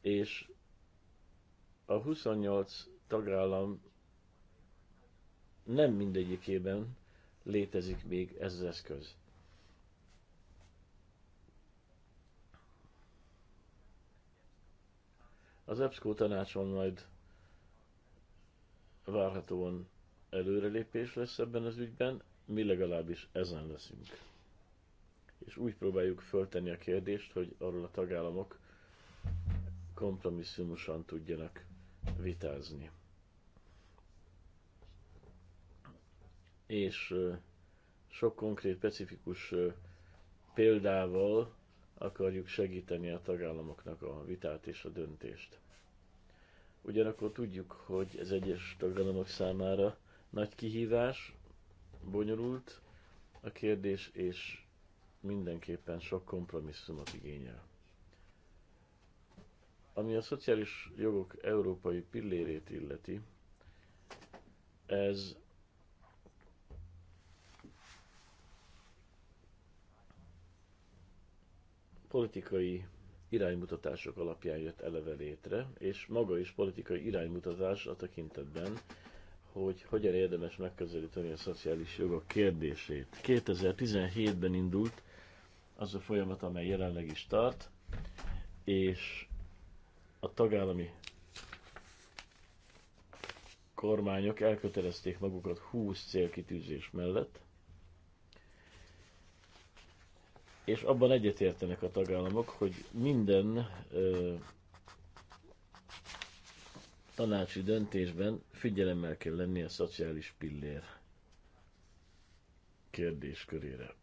és a 28 tagállam nem mindegyikében létezik még ez az eszköz. Az EBSCO tanácson majd várhatóan előrelépés lesz ebben az ügyben, mi legalábbis ezen leszünk és úgy próbáljuk föltenni a kérdést, hogy arról a tagállamok kompromisszumosan tudjanak vitázni. És sok konkrét, specifikus példával akarjuk segíteni a tagállamoknak a vitát és a döntést. Ugyanakkor tudjuk, hogy ez egyes tagállamok számára nagy kihívás, bonyolult a kérdés, és mindenképpen sok kompromisszumot igényel. Ami a szociális jogok európai pillérét illeti, ez politikai iránymutatások alapján jött eleve létre, és maga is politikai iránymutatás a tekintetben, hogy hogyan érdemes megközelíteni a szociális jogok kérdését. 2017-ben indult az a folyamat, amely jelenleg is tart, és a tagállami kormányok elkötelezték magukat 20 célkitűzés mellett, és abban egyetértenek a tagállamok, hogy minden ö, tanácsi döntésben figyelemmel kell lenni a szociális pillér kérdéskörére.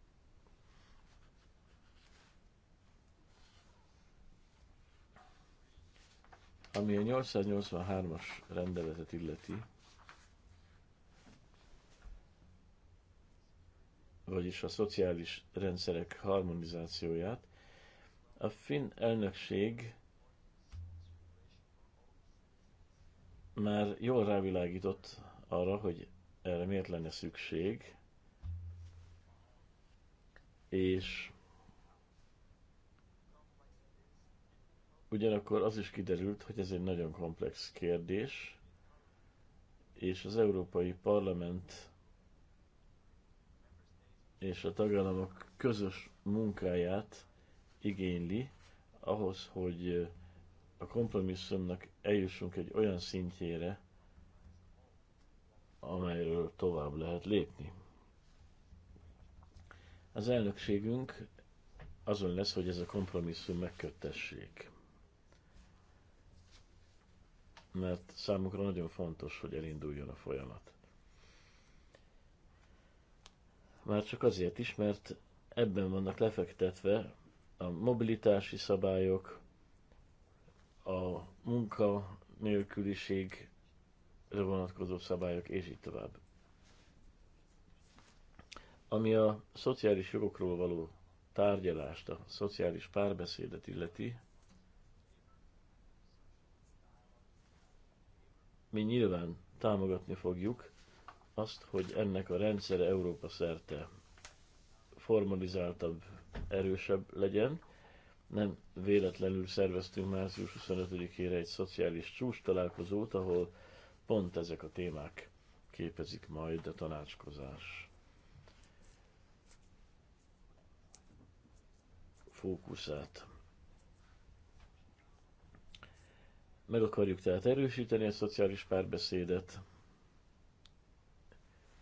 Ami a 883-as rendeletet illeti, vagyis a szociális rendszerek harmonizációját, a finn elnökség már jól rávilágított arra, hogy erre miért lenne szükség, és Ugyanakkor az is kiderült, hogy ez egy nagyon komplex kérdés, és az Európai Parlament és a tagállamok közös munkáját igényli ahhoz, hogy a kompromisszumnak eljussunk egy olyan szintjére, amelyről tovább lehet lépni. Az elnökségünk azon lesz, hogy ez a kompromisszum megköttessék mert számukra nagyon fontos, hogy elinduljon a folyamat. Már csak azért is, mert ebben vannak lefektetve a mobilitási szabályok, a munka nélküliség vonatkozó szabályok, és így tovább. Ami a szociális jogokról való tárgyalást, a szociális párbeszédet illeti, mi nyilván támogatni fogjuk azt, hogy ennek a rendszere Európa szerte formalizáltabb, erősebb legyen. Nem véletlenül szerveztünk március 25-ére egy szociális csúcs találkozót, ahol pont ezek a témák képezik majd a tanácskozás fókuszát. Meg akarjuk tehát erősíteni a szociális párbeszédet,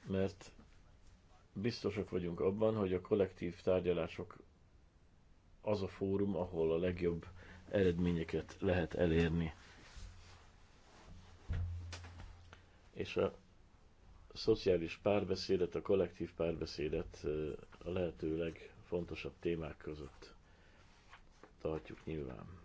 mert biztosak vagyunk abban, hogy a kollektív tárgyalások az a fórum, ahol a legjobb eredményeket lehet elérni. És a szociális párbeszédet, a kollektív párbeszédet a lehető legfontosabb témák között tartjuk nyilván.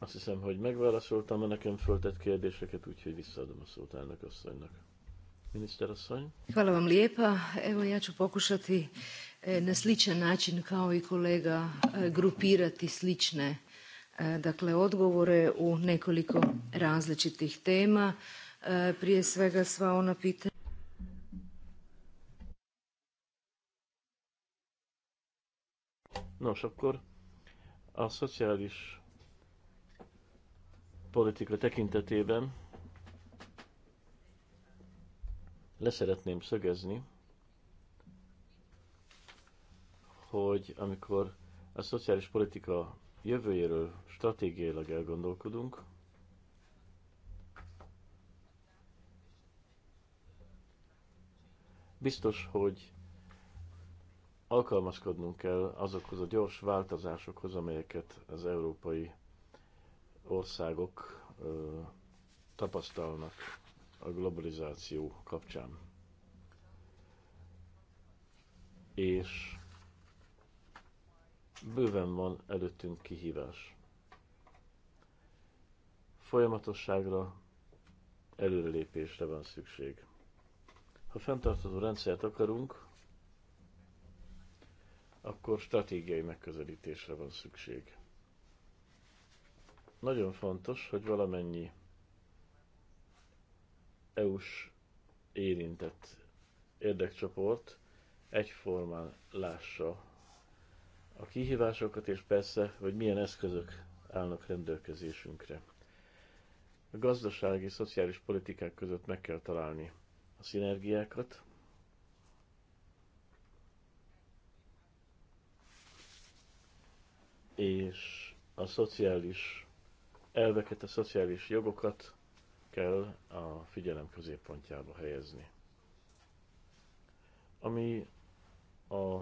Azt hiszem, hogy megválaszoltam a nekem föltett kérdéseket, úgyhogy visszaadom a szót elnök asszonynak. Minister asszony? Hvala vam lijepa. Evo ja ću pokušati e, na sličan način kao i kolega e, grupirati slične e, dakle odgovore u nekoliko različitih tema. Prije svega sva ona pitanja Nos, akkor a szociális politika tekintetében leszeretném szögezni, hogy amikor a szociális politika jövőjéről stratégiailag elgondolkodunk, biztos, hogy alkalmazkodnunk kell azokhoz a gyors változásokhoz, amelyeket az európai országok ö, tapasztalnak a globalizáció kapcsán. És bőven van előttünk kihívás. Folyamatosságra, előrelépésre van szükség. Ha fenntartható rendszert akarunk, akkor stratégiai megközelítésre van szükség nagyon fontos, hogy valamennyi EU-s érintett érdekcsoport egyformán lássa a kihívásokat, és persze, hogy milyen eszközök állnak rendelkezésünkre. A gazdasági és szociális politikák között meg kell találni a szinergiákat, és a szociális elveket, a szociális jogokat kell a figyelem középpontjába helyezni. Ami a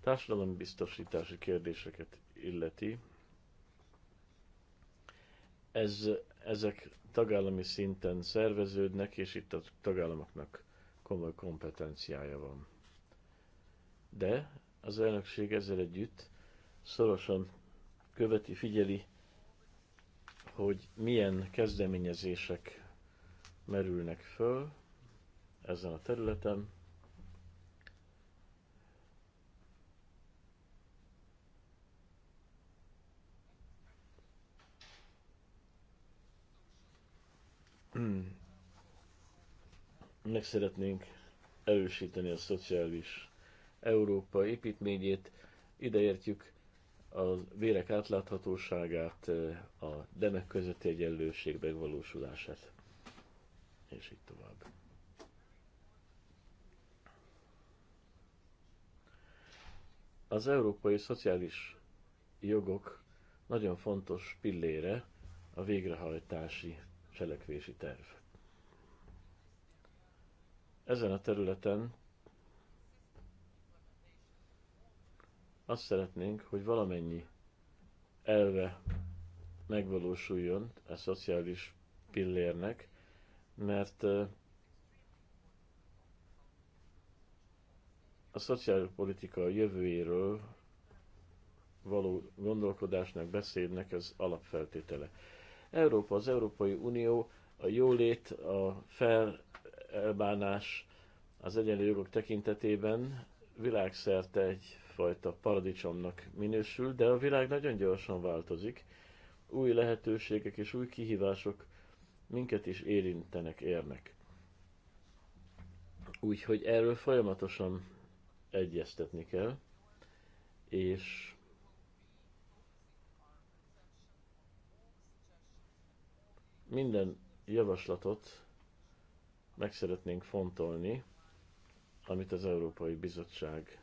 társadalombiztosítási kérdéseket illeti, ez, ezek tagállami szinten szerveződnek, és itt a tagállamoknak komoly kompetenciája van. De az elnökség ezzel együtt szorosan követi, figyeli hogy milyen kezdeményezések merülnek föl ezen a területen. Hmm. Meg szeretnénk erősíteni a szociális Európa építményét. Ideértjük a vérek átláthatóságát, a demek közötti egyenlőség megvalósulását, és így tovább. Az európai szociális jogok nagyon fontos pillére a végrehajtási cselekvési terv. Ezen a területen azt szeretnénk, hogy valamennyi elve megvalósuljon a szociális pillérnek, mert a szociálpolitika jövőjéről való gondolkodásnak, beszédnek ez alapfeltétele. Európa, az Európai Unió a jólét, a felbánás az egyenlő jogok tekintetében világszerte egy fajta paradicsomnak minősül, de a világ nagyon gyorsan változik. Új lehetőségek és új kihívások minket is érintenek, érnek. Úgyhogy erről folyamatosan egyeztetni kell, és minden javaslatot meg szeretnénk fontolni, amit az Európai Bizottság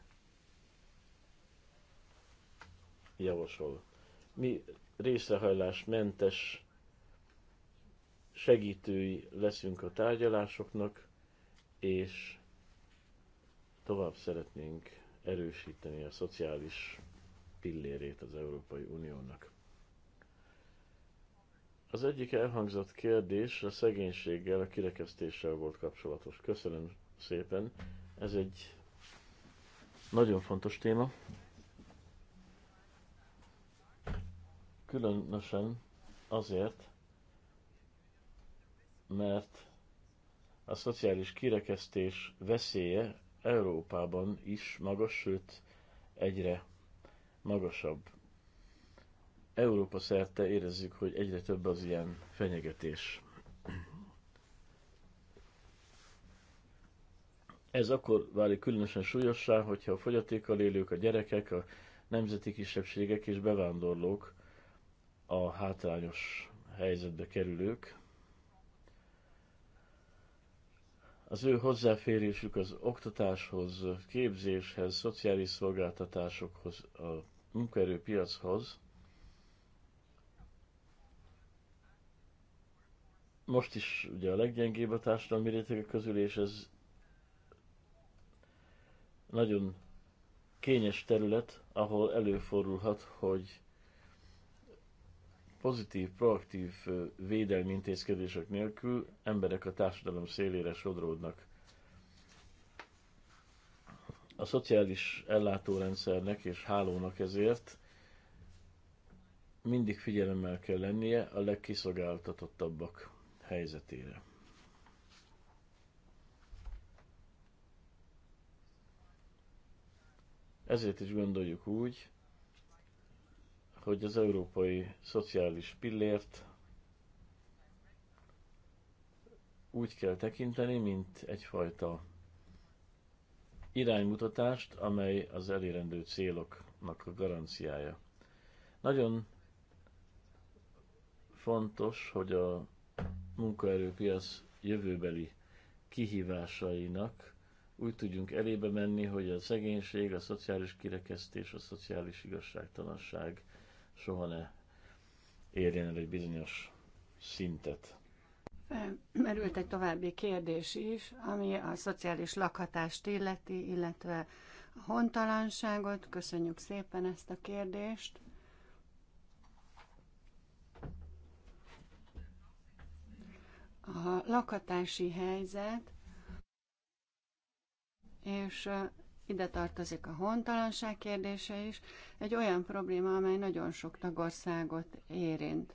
javasol. Mi részrehajlásmentes segítői leszünk a tárgyalásoknak, és tovább szeretnénk erősíteni a szociális pillérét az Európai Uniónak. Az egyik elhangzott kérdés a szegénységgel, a kirekesztéssel volt kapcsolatos. Köszönöm szépen, ez egy nagyon fontos téma. Különösen azért, mert a szociális kirekesztés veszélye Európában is magas, sőt egyre magasabb. Európa szerte érezzük, hogy egyre több az ilyen fenyegetés. Ez akkor válik különösen súlyossá, hogyha a fogyatékkal élők, a gyerekek, a nemzeti kisebbségek és bevándorlók a hátrányos helyzetbe kerülők. Az ő hozzáférésük az oktatáshoz, képzéshez, szociális szolgáltatásokhoz, a munkaerőpiachoz most is ugye a leggyengébb a társadalmi rétegek közül, és ez nagyon kényes terület, ahol előfordulhat, hogy pozitív, proaktív védelmi intézkedések nélkül emberek a társadalom szélére sodródnak. A szociális ellátórendszernek és hálónak ezért mindig figyelemmel kell lennie a legkiszolgáltatottabbak helyzetére. Ezért is gondoljuk úgy, hogy az európai szociális pillért úgy kell tekinteni, mint egyfajta iránymutatást, amely az elérendő céloknak a garanciája. Nagyon fontos, hogy a munkaerőpiac jövőbeli kihívásainak úgy tudjunk elébe menni, hogy a szegénység, a szociális kirekesztés, a szociális igazságtalanság soha ne érjen el egy bizonyos szintet. Merült egy további kérdés is, ami a szociális lakhatást illeti, illetve a hontalanságot. Köszönjük szépen ezt a kérdést. A lakhatási helyzet és ide tartozik a hontalanság kérdése is, egy olyan probléma, amely nagyon sok tagországot érint.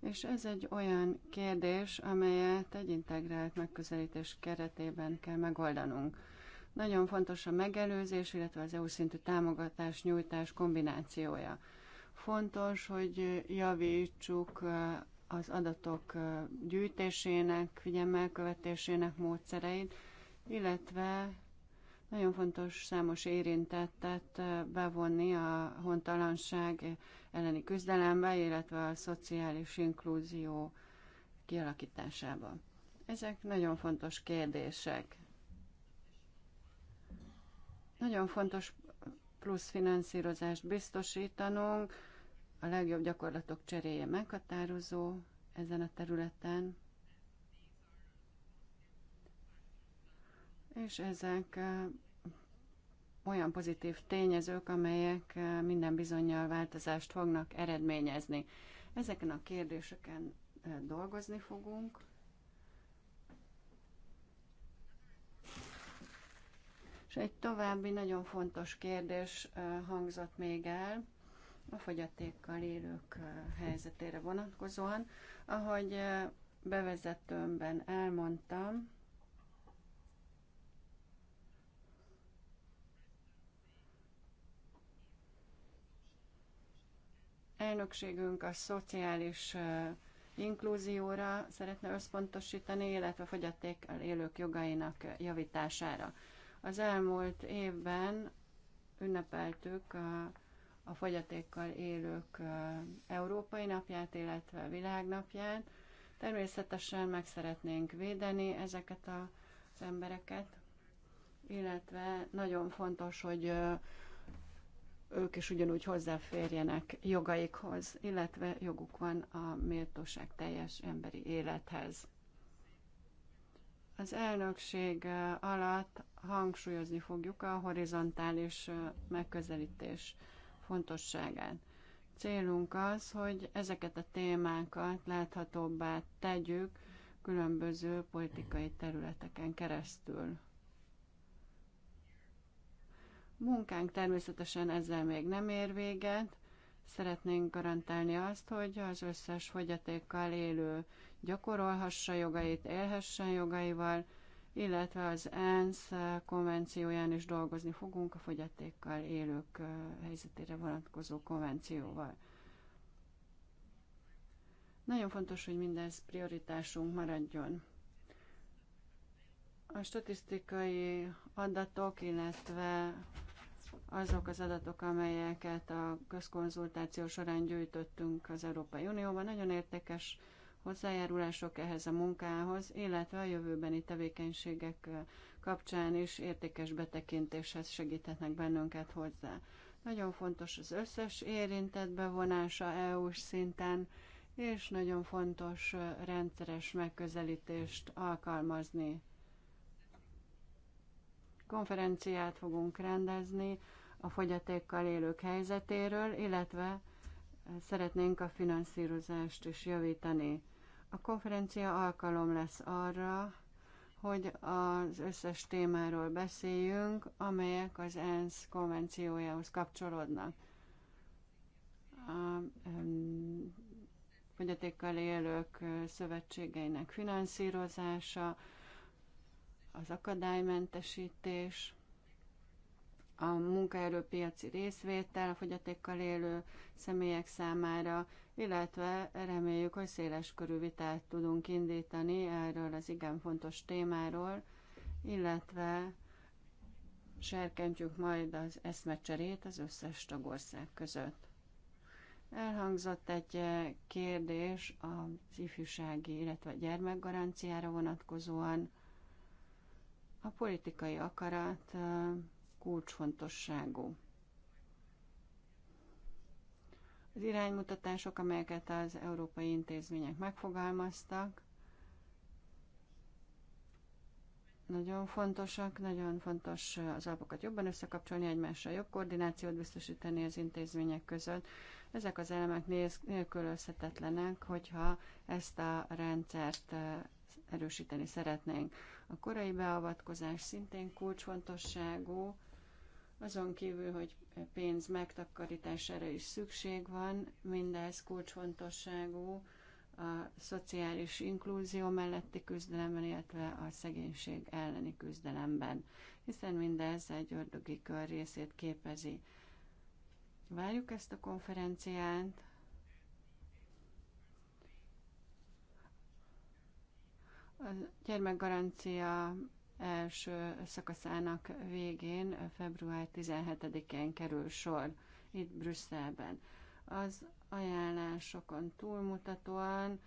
És ez egy olyan kérdés, amelyet egy integrált megközelítés keretében kell megoldanunk. Nagyon fontos a megelőzés, illetve az EU szintű támogatás, nyújtás kombinációja. Fontos, hogy javítsuk az adatok gyűjtésének, figyelmelkövetésének módszereit, illetve nagyon fontos számos érintettet bevonni a hontalanság elleni küzdelembe, illetve a szociális inklúzió kialakításába. Ezek nagyon fontos kérdések. Nagyon fontos plusz finanszírozást biztosítanunk, a legjobb gyakorlatok cseréje meghatározó ezen a területen, és ezek olyan pozitív tényezők, amelyek eh, minden bizonyal változást fognak eredményezni. Ezeken a kérdéseken eh, dolgozni fogunk. És egy további nagyon fontos kérdés eh, hangzott még el a fogyatékkal élők helyzetére vonatkozóan. Ahogy bevezetőmben elmondtam, Elnökségünk a szociális inkluzióra szeretne összpontosítani, illetve a fogyatékkal élők jogainak javítására. Az elmúlt évben ünnepeltük a, a fogyatékkal élők Európai Napját, illetve Világnapját. Természetesen meg szeretnénk védeni ezeket az embereket, illetve nagyon fontos, hogy ők is ugyanúgy hozzáférjenek jogaikhoz, illetve joguk van a méltóság teljes emberi élethez. Az elnökség alatt hangsúlyozni fogjuk a horizontális megközelítés fontosságát. Célunk az, hogy ezeket a témákat láthatóbbá tegyük különböző politikai területeken keresztül. Munkánk természetesen ezzel még nem ér véget. Szeretnénk garantálni azt, hogy az összes fogyatékkal élő gyakorolhassa jogait, élhessen jogaival, illetve az ENSZ konvencióján is dolgozni fogunk a fogyatékkal élők helyzetére vonatkozó konvencióval. Nagyon fontos, hogy mindez prioritásunk maradjon. A statisztikai adatok, illetve azok az adatok, amelyeket a közkonzultáció során gyűjtöttünk az Európai Unióban. Nagyon értékes hozzájárulások ehhez a munkához, illetve a jövőbeni tevékenységek kapcsán is értékes betekintéshez segíthetnek bennünket hozzá. Nagyon fontos az összes érintett bevonása EU-s szinten, és nagyon fontos rendszeres megközelítést alkalmazni. Konferenciát fogunk rendezni a fogyatékkal élők helyzetéről, illetve szeretnénk a finanszírozást is javítani. A konferencia alkalom lesz arra, hogy az összes témáról beszéljünk, amelyek az ENSZ konvenciójához kapcsolódnak. A fogyatékkal élők szövetségeinek finanszírozása, az akadálymentesítés, a munkaerőpiaci részvétel a fogyatékkal élő személyek számára, illetve reméljük, hogy széles körű vitát tudunk indítani erről az igen fontos témáról, illetve serkentjük majd az eszmecserét az összes tagország között. Elhangzott egy kérdés az ifjúsági, illetve gyermekgaranciára vonatkozóan. A politikai akarat kulcsfontosságú. Az iránymutatások, amelyeket az európai intézmények megfogalmaztak, nagyon fontosak, nagyon fontos az alapokat jobban összekapcsolni egymással, jobb koordinációt biztosítani az intézmények között. Ezek az elemek nélkülözhetetlenek, hogyha ezt a rendszert eh, erősíteni szeretnénk. A korai beavatkozás szintén kulcsfontosságú, azon kívül, hogy pénz megtakarítására is szükség van, mindez kulcsfontosságú a szociális inklúzió melletti küzdelemben, illetve a szegénység elleni küzdelemben, hiszen mindez egy ördögi kör részét képezi. Várjuk ezt a konferenciát. A gyermekgarancia első szakaszának végén, február 17-én kerül sor itt Brüsszelben. Az ajánlásokon túlmutatóan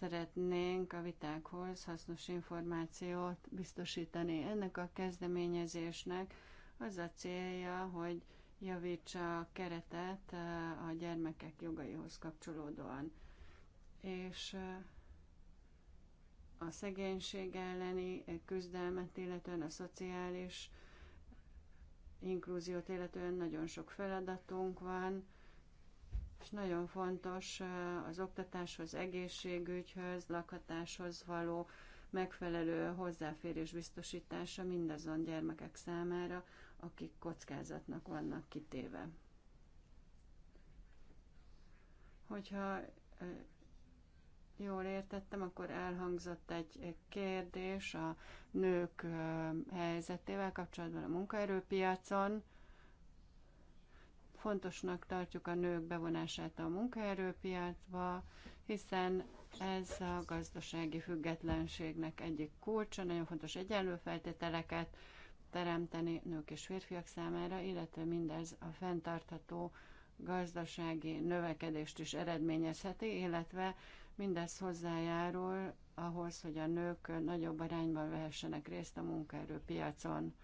szeretnénk a vitákhoz hasznos információt biztosítani. Ennek a kezdeményezésnek az a célja, hogy javítsa a keretet eh, a gyermekek jogaihoz kapcsolódóan. És eh, a szegénység elleni küzdelmet, illetően a szociális inkluziót, illetően nagyon sok feladatunk van, és nagyon fontos az oktatáshoz, egészségügyhöz, lakhatáshoz való megfelelő hozzáférés biztosítása mindazon gyermekek számára, akik kockázatnak vannak kitéve. Hogyha jól értettem, akkor elhangzott egy kérdés a nők helyzetével kapcsolatban a munkaerőpiacon. Fontosnak tartjuk a nők bevonását a munkaerőpiacba, hiszen ez a gazdasági függetlenségnek egyik kulcsa, nagyon fontos egyenlő feltételeket teremteni nők és férfiak számára, illetve mindez a fenntartható gazdasági növekedést is eredményezheti, illetve Mindez hozzájárul ahhoz, hogy a nők nagyobb arányban vehessenek részt a munkaerőpiacon.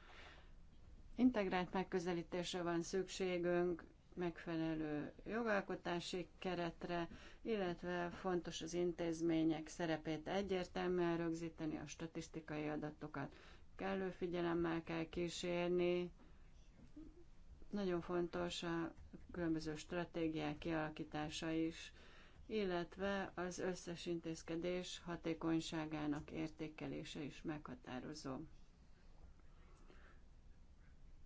Integrált megközelítésre van szükségünk, megfelelő jogalkotási keretre, illetve fontos az intézmények szerepét egyértelműen rögzíteni, a statisztikai adatokat kellő figyelemmel kell kísérni. Nagyon fontos a különböző stratégiák kialakítása is illetve az összes intézkedés hatékonyságának értékelése is meghatározó.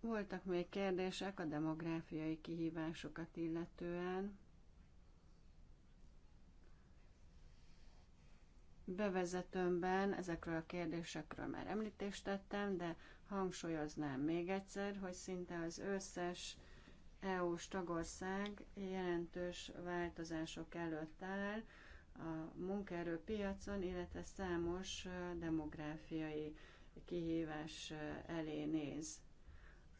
Voltak még kérdések a demográfiai kihívásokat illetően. Bevezetőmben ezekről a kérdésekről már említést tettem, de hangsúlyoznám még egyszer, hogy szinte az összes EU-s tagország jelentős változások előtt áll a munkaerőpiacon, illetve számos demográfiai kihívás elé néz.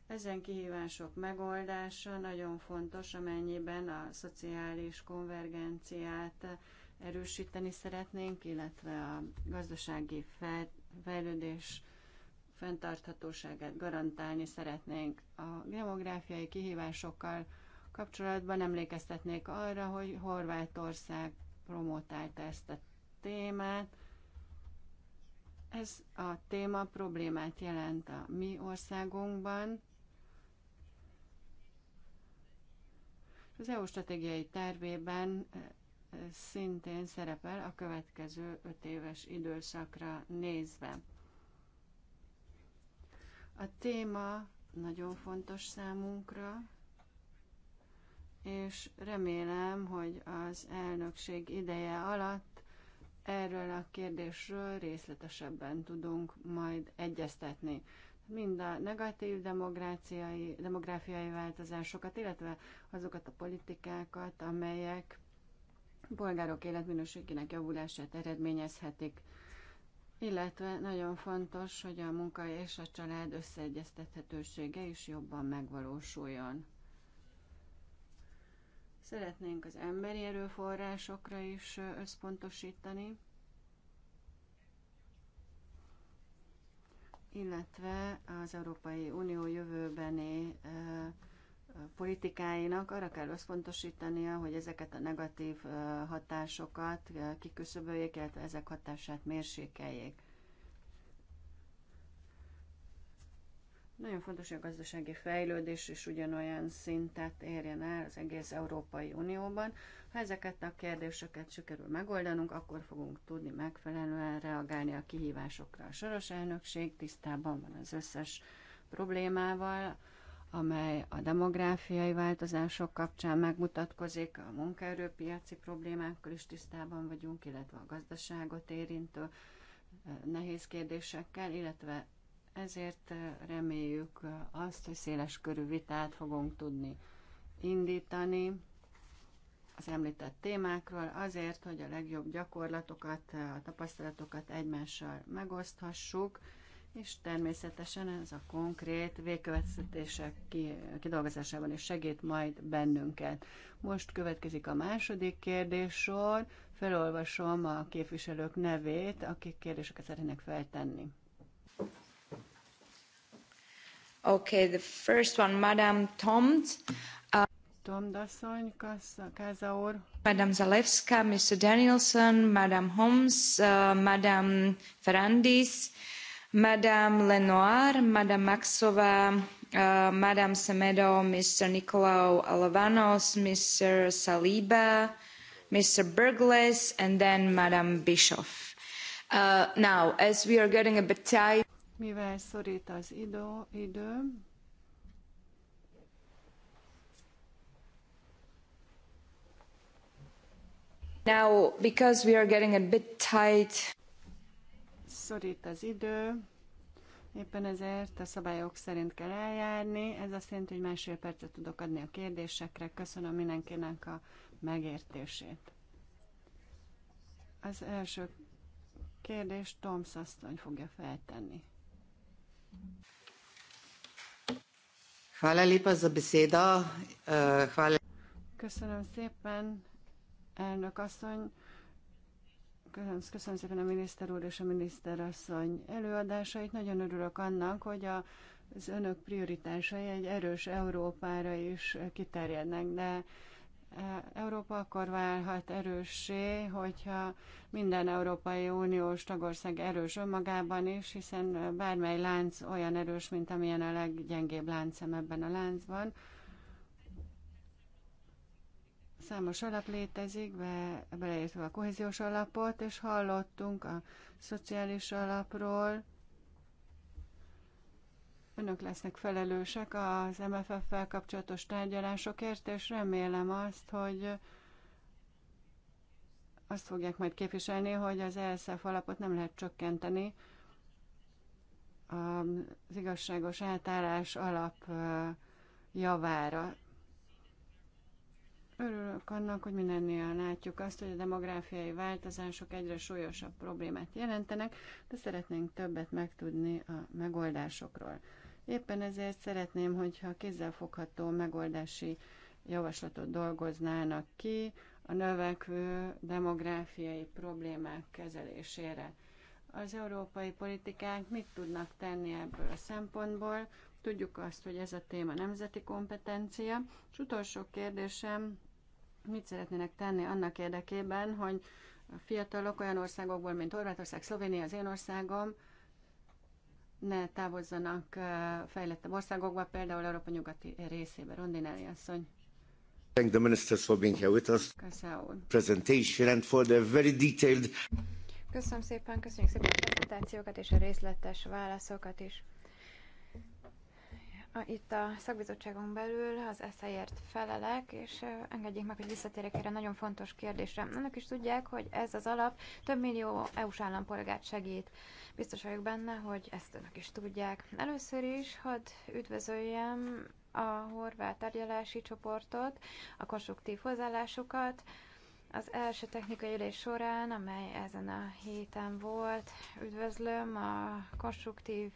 Ezen kihívások megoldása nagyon fontos, amennyiben a szociális konvergenciát erősíteni szeretnénk, illetve a gazdasági fejlődés fenntarthatóságát garantálni szeretnénk. A demográfiai kihívásokkal kapcsolatban emlékeztetnék arra, hogy Horvátország promotálta ezt a témát. Ez a téma problémát jelent a mi országunkban. Az EU stratégiai tervében eh, eh, szintén szerepel a következő öt éves időszakra nézve. A téma nagyon fontos számunkra, és remélem, hogy az elnökség ideje alatt erről a kérdésről részletesebben tudunk majd egyeztetni. Mind a negatív demográciai, demográfiai változásokat, illetve azokat a politikákat, amelyek polgárok életminőségének javulását eredményezhetik illetve nagyon fontos, hogy a munka és a család összeegyeztethetősége is jobban megvalósuljon. Szeretnénk az emberi erőforrásokra is összpontosítani, illetve az Európai Unió jövőbeni politikáinak arra kell összpontosítania, hogy ezeket a negatív hatásokat kiküszöböljék, illetve ezek hatását mérsékeljék. Nagyon fontos, hogy a gazdasági fejlődés is ugyanolyan szintet érjen el az egész Európai Unióban. Ha ezeket a kérdéseket sikerül megoldanunk, akkor fogunk tudni megfelelően reagálni a kihívásokra. A soros elnökség tisztában van az összes problémával, amely a demográfiai változások kapcsán megmutatkozik, a munkaerőpiaci problémákkal is tisztában vagyunk, illetve a gazdaságot érintő nehéz kérdésekkel, illetve ezért reméljük azt, hogy széles körű vitát fogunk tudni indítani az említett témákról, azért, hogy a legjobb gyakorlatokat, a tapasztalatokat egymással megoszthassuk, és természetesen ez a konkrét végkövetkeztetések kidolgozásában is segít majd bennünket. Most következik a második kérdéssor, felolvasom a képviselők nevét, akik kérdéseket szeretnének feltenni. Okay, the first one, Madame Tomt. Uh, Tomdasszony, Káza Madame Zalewska, Mr. Danielson, Madame Holmes, uh, Madame Ferrandis, Lenoir, Madame Maxova, uh, Madame Mr. Alavanos, Mr. Saliba, Mr. and then Madame Bischoff. Uh, now, as we are getting a bit tight... Mivel szorít az idő, idő Now, because we are getting a bit tight szorít az idő, éppen ezért a szabályok szerint kell eljárni. Ez azt jelenti, hogy másfél percet tudok adni a kérdésekre. Köszönöm mindenkinek a megértését. Az első kérdést Tom asszony fogja feltenni. Eh, Köszönöm szépen, elnök asszony. Köszönöm, köszönöm szépen a miniszter úr és a miniszterasszony előadásait. Nagyon örülök annak, hogy a, az önök prioritásai egy erős Európára is kiterjednek, de e, Európa akkor válhat erőssé, hogyha minden Európai Uniós tagország erős önmagában is, hiszen bármely lánc olyan erős, mint amilyen a leggyengébb láncem ebben a láncban. Számos alap létezik, be, beleértve a kohéziós alapot, és hallottunk a szociális alapról. Önök lesznek felelősek az MFF-fel kapcsolatos tárgyalásokért, és remélem azt, hogy azt fogják majd képviselni, hogy az ELSZEF alapot nem lehet csökkenteni az igazságos átállás alap javára. Örülök annak, hogy mindennél látjuk azt, hogy a demográfiai változások egyre súlyosabb problémát jelentenek, de szeretnénk többet megtudni a megoldásokról. Éppen ezért szeretném, hogyha kézzelfogható megoldási javaslatot dolgoznának ki a növekvő demográfiai problémák kezelésére. Az európai politikák mit tudnak tenni ebből a szempontból? Tudjuk azt, hogy ez a téma nemzeti kompetencia. És utolsó kérdésem mit szeretnének tenni annak érdekében, hogy a fiatalok olyan országokból, mint Horvátország, Szlovénia, az én országom, ne távozzanak fejlettebb országokba, például Európa nyugati részébe. Rondinelli asszony. Thank the ministers for being here with us. Köszönöm. Presentation and for the very detailed... Köszönöm szépen, köszönjük szépen a prezentációkat és a részletes válaszokat is itt a szakbizottságon belül az eszeért felelek, és engedjék meg, hogy visszatérjek erre nagyon fontos kérdésre. Önök is tudják, hogy ez az alap több millió EU-s állampolgárt segít. Biztos vagyok benne, hogy ezt önök is tudják. Először is hadd üdvözöljem a horvát tárgyalási csoportot, a konstruktív hozzáállásukat, az első technikai ülés során, amely ezen a héten volt, üdvözlöm a konstruktív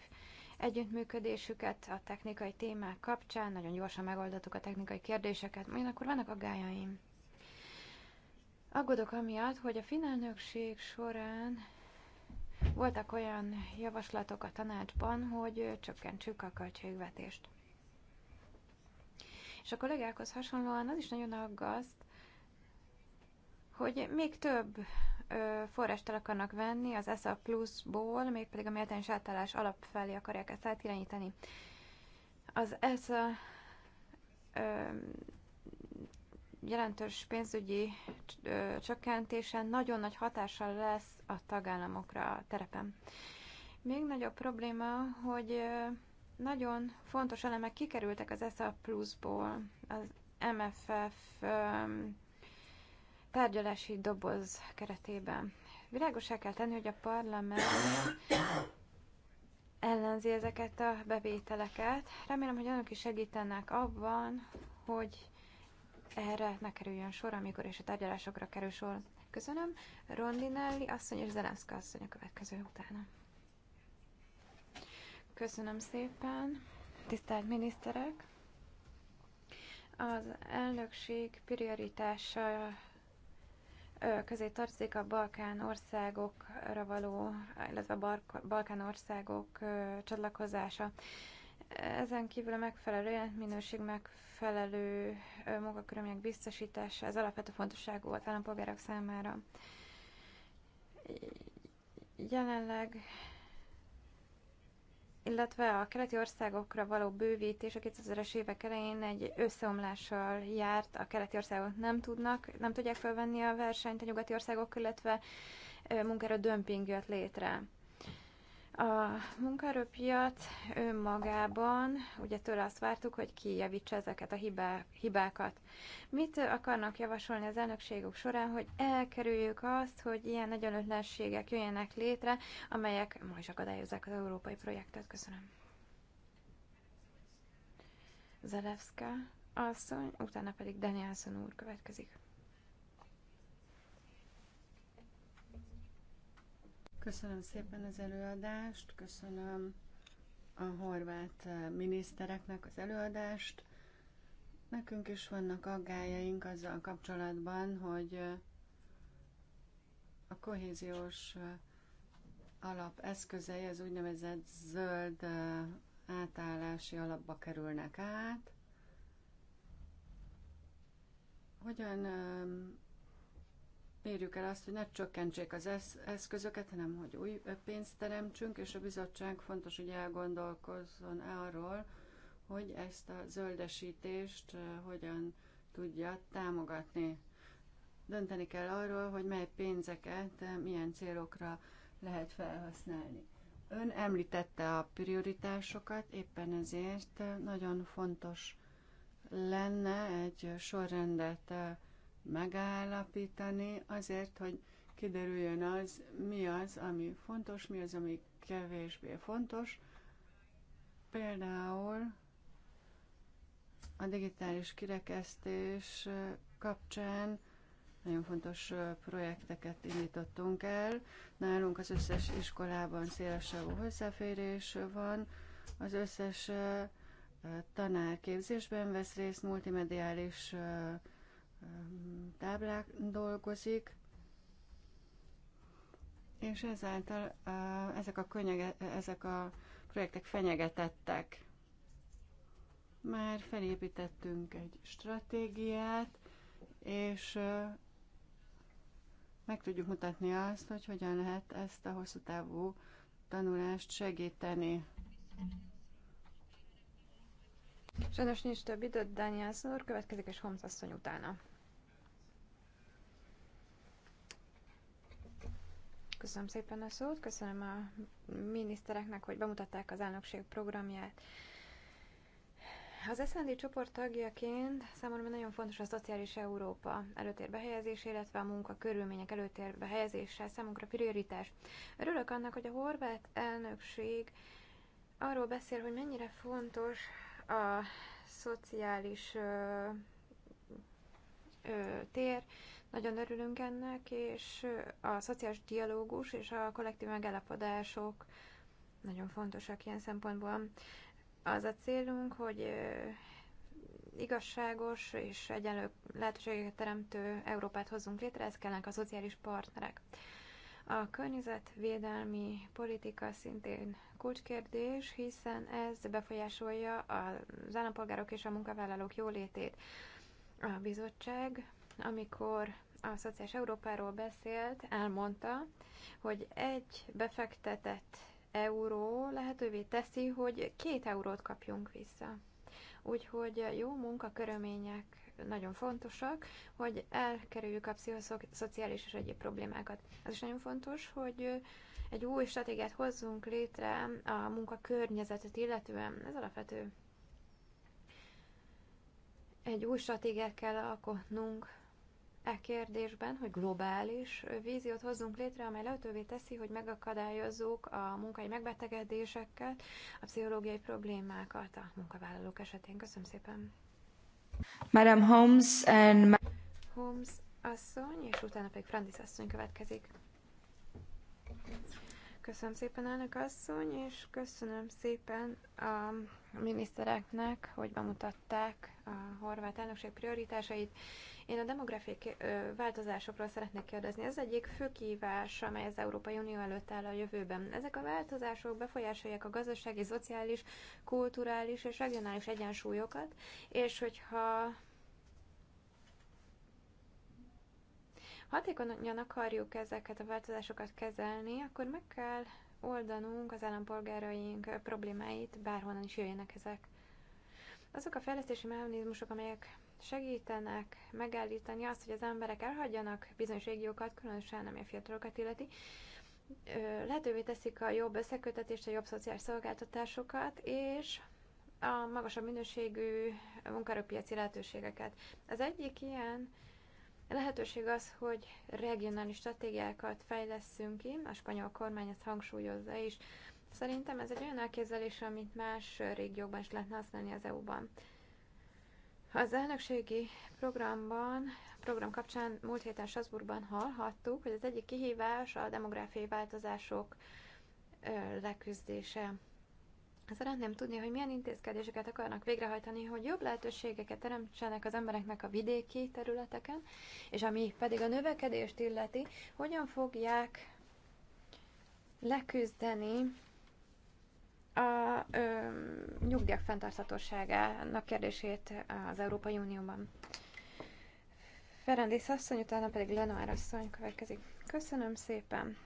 együttműködésüket a technikai témák kapcsán, nagyon gyorsan megoldottuk a technikai kérdéseket, ugyanakkor vannak aggájaim. Aggódok amiatt, hogy a finálnökség során voltak olyan javaslatok a tanácsban, hogy csökkentsük a költségvetést. És a kollégákhoz hasonlóan az is nagyon aggaszt, hogy még több forrást el akarnak venni az ESA Plus-ból, mégpedig a méltányos átállás alap felé akarják ezt átirányítani. Az ESA jelentős pénzügyi csökkentése nagyon nagy hatással lesz a tagállamokra a terepen. Még nagyobb probléma, hogy nagyon fontos elemek kikerültek az ESA Plus-ból, az MFF tárgyalási doboz keretében. Világosá kell tenni, hogy a parlament ellenzi ezeket a bevételeket. Remélem, hogy önök is segítenek abban, hogy erre ne kerüljön sor, amikor és a tárgyalásokra kerül sor. Köszönöm. Rondinelli asszony és Zelenszka asszony a következő utána. Köszönöm szépen. Tisztelt miniszterek! Az elnökség prioritása közé tartozik a Balkán országokra való, illetve a Balkán országok csatlakozása. Ezen kívül a megfelelő minőség megfelelő munkakörülmények biztosítása, ez alapvető fontosságú az állampolgárok számára. Jelenleg illetve a keleti országokra való bővítés a 2000-es évek elején egy összeomlással járt, a keleti országok nem tudnak, nem tudják felvenni a versenyt a nyugati országok, illetve munkára dömping jött létre. A munkaerőpiac önmagában, ugye tőle azt vártuk, hogy kijavítsa ezeket a hibá, hibákat. Mit akarnak javasolni az elnökségük során, hogy elkerüljük azt, hogy ilyen egyenlőtlenségek jöjjenek létre, amelyek ma is akadályozzák az európai projektet? Köszönöm. Zelevska asszony, utána pedig Danielson úr következik. Köszönöm szépen az előadást, köszönöm a horvát eh, minisztereknek az előadást. Nekünk is vannak aggájaink azzal a kapcsolatban, hogy eh, a kohéziós eh, alap eszközei az úgynevezett zöld átállási alapba kerülnek át. Hogyan mérjük el azt, hogy ne csökkentsék az eszközöket, hanem hogy új pénzt teremtsünk, és a bizottság fontos, hogy elgondolkozzon arról, hogy ezt a zöldesítést eh, hogyan tudja támogatni. Dönteni kell arról, hogy mely pénzeket eh, milyen célokra lehet felhasználni. Ön említette a prioritásokat, éppen ezért eh, nagyon fontos lenne egy sorrendet megállapítani azért, hogy kiderüljön az, mi az, ami fontos, mi az, ami kevésbé fontos. Például a digitális kirekesztés kapcsán nagyon fontos projekteket indítottunk el. Nálunk az összes iskolában szélesebb hozzáférés van, az összes eh, tanárképzésben vesz részt, multimediális eh, táblák dolgozik, és ezáltal ezek a, könyege, ezek a projektek fenyegetettek. Már felépítettünk egy stratégiát, és meg tudjuk mutatni azt, hogy hogyan lehet ezt a hosszú távú tanulást segíteni. Sajnos nincs több időt, Daniel Szor, következik és Holmes asszony utána. Köszönöm szépen a szót, köszönöm a minisztereknek, hogy bemutatták az elnökség programját. Az SZND csoport tagjaként számomra nagyon fontos a szociális Európa előtérbe helyezése, illetve a munka körülmények előtérbe helyezése számunkra prioritás. Örülök annak, hogy a horvát elnökség arról beszél, hogy mennyire fontos a szociális ö, ö, tér, nagyon örülünk ennek, és a szociális dialógus és a kollektív megállapodások nagyon fontosak ilyen szempontból. Az a célunk, hogy igazságos és egyenlő lehetőségeket teremtő Európát hozzunk létre, ez kellene a szociális partnerek. A környezetvédelmi politika szintén kulcskérdés, hiszen ez befolyásolja az állampolgárok és a munkavállalók jólétét. A bizottság amikor a Szociális Európáról beszélt, elmondta, hogy egy befektetett euró lehetővé teszi, hogy két eurót kapjunk vissza. Úgyhogy jó munkakörömények nagyon fontosak, hogy elkerüljük a pszichoszociális és egyéb problémákat. Az is nagyon fontos, hogy egy új stratégiát hozzunk létre a munkakörnyezetet illetően. Ez alapvető. Egy új stratégiát kell alkotnunk e kérdésben, hogy globális víziót hozzunk létre, amely lehetővé teszi, hogy megakadályozzuk a munkai megbetegedéseket, a pszichológiai problémákat a munkavállalók esetén. Köszönöm szépen. Madam Holmes and... Holmes asszony, és utána pedig Frandis asszony következik. Köszönöm szépen, elnök asszony, és köszönöm szépen a minisztereknek, hogy bemutatták a horvát elnökség prioritásait. Én a demográfiai változásokról szeretnék kérdezni. Ez egyik fő kihívás, amely az Európai Unió előtt áll a jövőben. Ezek a változások befolyásolják a gazdasági, szociális, kulturális és regionális egyensúlyokat, és hogyha hatékonyan akarjuk ezeket a változásokat kezelni, akkor meg kell oldanunk az állampolgáraink problémáit, bárhonnan is jöjjenek ezek. Azok a fejlesztési mechanizmusok, amelyek segítenek megállítani azt, hogy az emberek elhagyjanak bizonyos régiókat, különösen ami a fiatalokat illeti, lehetővé teszik a jobb összekötetést, a jobb szociális szolgáltatásokat, és a magasabb minőségű munkaerőpiaci lehetőségeket. Az egyik ilyen lehetőség az, hogy regionális stratégiákat fejleszünk ki, a spanyol kormány ezt hangsúlyozza is. Szerintem ez egy olyan elképzelés, amit más régiókban is lehetne használni az EU-ban. Az elnökségi programban, program kapcsán múlt héten Strasbourgban hallhattuk, hogy az egyik kihívás a demográfiai változások leküzdése. Szeretném tudni, hogy milyen intézkedéseket akarnak végrehajtani, hogy jobb lehetőségeket teremtsenek az embereknek a vidéki területeken, és ami pedig a növekedést illeti, hogyan fogják leküzdeni a ö, nyugdíjak fenntarthatóságának kérdését az Európai Unióban. Ferendész asszony, utána pedig Lenoir asszony következik. Köszönöm szépen!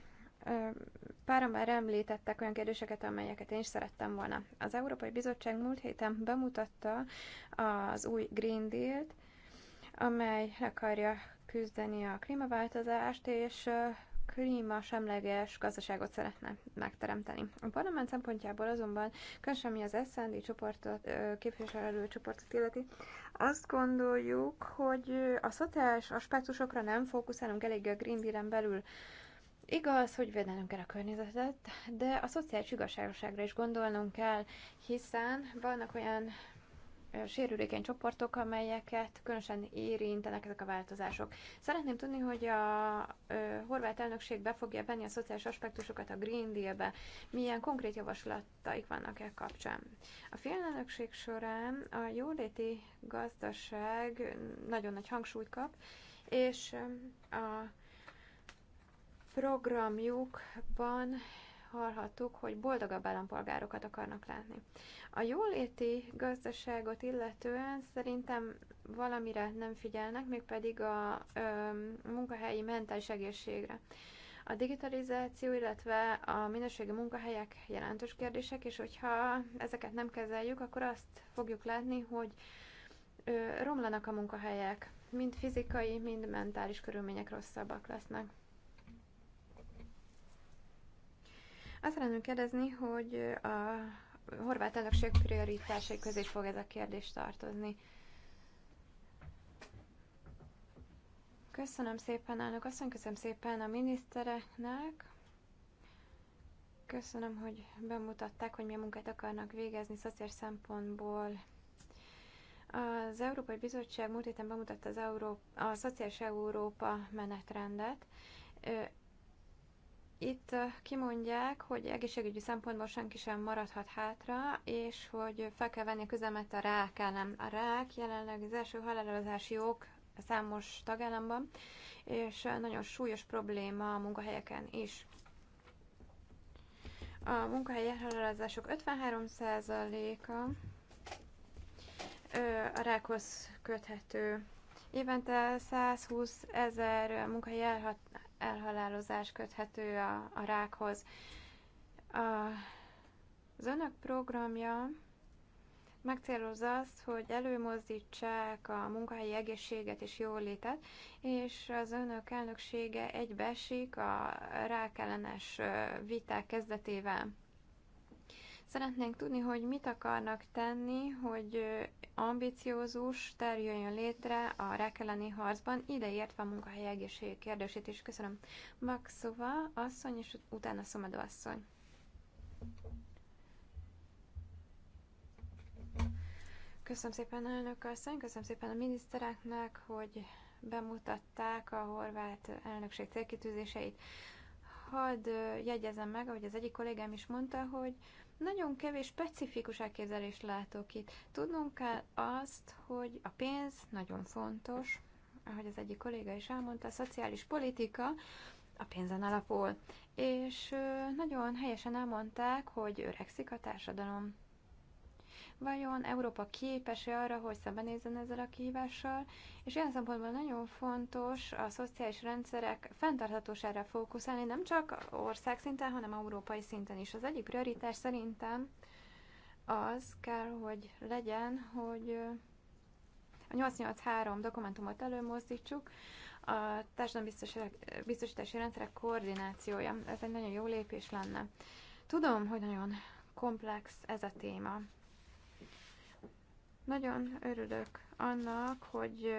Páram már említettek olyan kérdéseket, amelyeket én is szerettem volna. Az Európai Bizottság múlt héten bemutatta az új Green Deal-t, amely akarja küzdeni a klímaváltozást, és klíma semleges gazdaságot szeretne megteremteni. A parlament szempontjából azonban, különösen mi az SZND csoportot, képviselő csoportot illeti, azt gondoljuk, hogy a szociális aspektusokra nem fókuszálunk elég a Green Deal-en belül. Igaz, hogy védenünk kell a környezetet, de a szociális igazságoságra is gondolnunk kell, hiszen vannak olyan sérülékeny csoportok, amelyeket különösen érintenek ezek a változások. Szeretném tudni, hogy a ö, horvát elnökség be fogja venni a szociális aspektusokat a Green Deal-be. Milyen konkrét javaslataik vannak e kapcsán? A finn elnökség során a jóléti gazdaság nagyon nagy hangsúlyt kap, és a programjukban hallhattuk, hogy boldogabb állampolgárokat akarnak látni. A jóléti gazdaságot illetően szerintem valamire nem figyelnek, mégpedig a ö, munkahelyi mentális egészségre. A digitalizáció, illetve a minőségi munkahelyek jelentős kérdések, és hogyha ezeket nem kezeljük, akkor azt fogjuk látni, hogy ö, romlanak a munkahelyek. Mind fizikai, mind mentális körülmények rosszabbak lesznek. Azt szeretném kérdezni, hogy a horvát elnökség prioritásai közé fog ez a kérdés tartozni. Köszönöm szépen, elnök asszony, köszönöm szépen a minisztereknek. Köszönöm, hogy bemutatták, hogy milyen munkát akarnak végezni szociális szempontból. Az Európai Bizottság múlt héten bemutatta az Euró- a Szociális Európa menetrendet. Itt kimondják, hogy egészségügyi szempontból senki sem maradhat hátra, és hogy fel kell venni a közemet a rák ellen. A rák jelenleg az első halálozási ok számos tagállamban, és nagyon súlyos probléma a munkahelyeken is. A munkahelyi halálozások 53%-a a rákhoz köthető. Évente 120 ezer munkahelyi elhalálozás köthető a, a rákhoz. A, az önök programja megcéloz azt, hogy előmozdítsák a munkahelyi egészséget és jólétet, és az önök elnöksége egybeesik a rákellenes viták kezdetével. Szeretnénk tudni, hogy mit akarnak tenni, hogy ambiciózus terv jöjjön létre a rák elleni harcban, ideértve a munkahelyi egészség kérdését is. Köszönöm. Maxova asszony, és utána Szomedó asszony. Köszönöm szépen, elnök asszony, köszönöm szépen a minisztereknek, hogy bemutatták a horvát elnökség célkitűzéseit. Hadd jegyezem meg, ahogy az egyik kollégám is mondta, hogy nagyon kevés specifikus elképzelést látok itt. Tudnunk kell azt, hogy a pénz nagyon fontos, ahogy az egyik kolléga is elmondta, a szociális politika a pénzen alapul. És nagyon helyesen elmondták, hogy öregszik a társadalom. Vajon Európa képes-e arra, hogy szembenézzen ezzel a kihívással? És ilyen szempontból nagyon fontos a szociális rendszerek fenntarthatóságra fókuszálni, nem csak ország szinten, hanem európai szinten is. Az egyik prioritás szerintem az kell, hogy legyen, hogy a 883 dokumentumot előmozdítsuk, a társadalmi biztosítási rendszerek koordinációja. Ez egy nagyon jó lépés lenne. Tudom, hogy nagyon komplex ez a téma. Nagyon örülök annak, hogy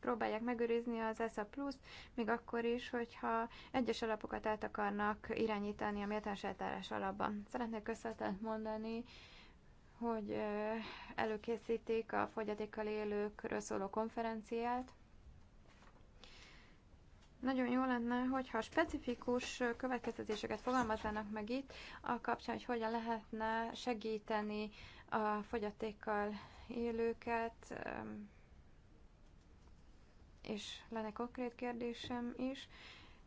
próbálják megőrizni az ESA plus még akkor is, hogyha egyes alapokat át akarnak irányítani a méltányos eltárás alapban. Szeretnék köszönetet mondani, hogy előkészítik a fogyatékkal élőkről szóló konferenciát. Nagyon jó lenne, hogyha specifikus következtetéseket fogalmaznának meg itt, a kapcsán, hogy hogyan lehetne segíteni a fogyatékkal élőket, és lenne konkrét kérdésem is,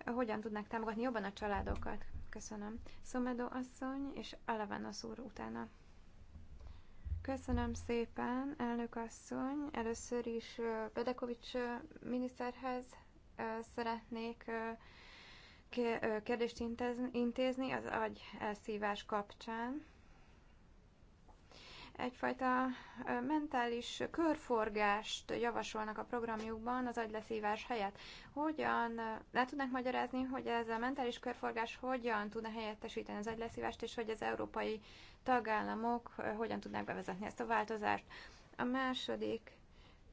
hogyan tudnák támogatni jobban a családokat? Köszönöm. Szomedó asszony és az úr utána. Köszönöm szépen, elnök asszony. Először is Bedekovics miniszterhez szeretnék kérdést intézni az agy elszívás kapcsán egyfajta mentális körforgást javasolnak a programjukban az agyleszívás helyett. Hogyan le tudnánk magyarázni, hogy ez a mentális körforgás hogyan tudna helyettesíteni az agyleszívást, és hogy az európai tagállamok hogyan tudnák bevezetni ezt a változást? A második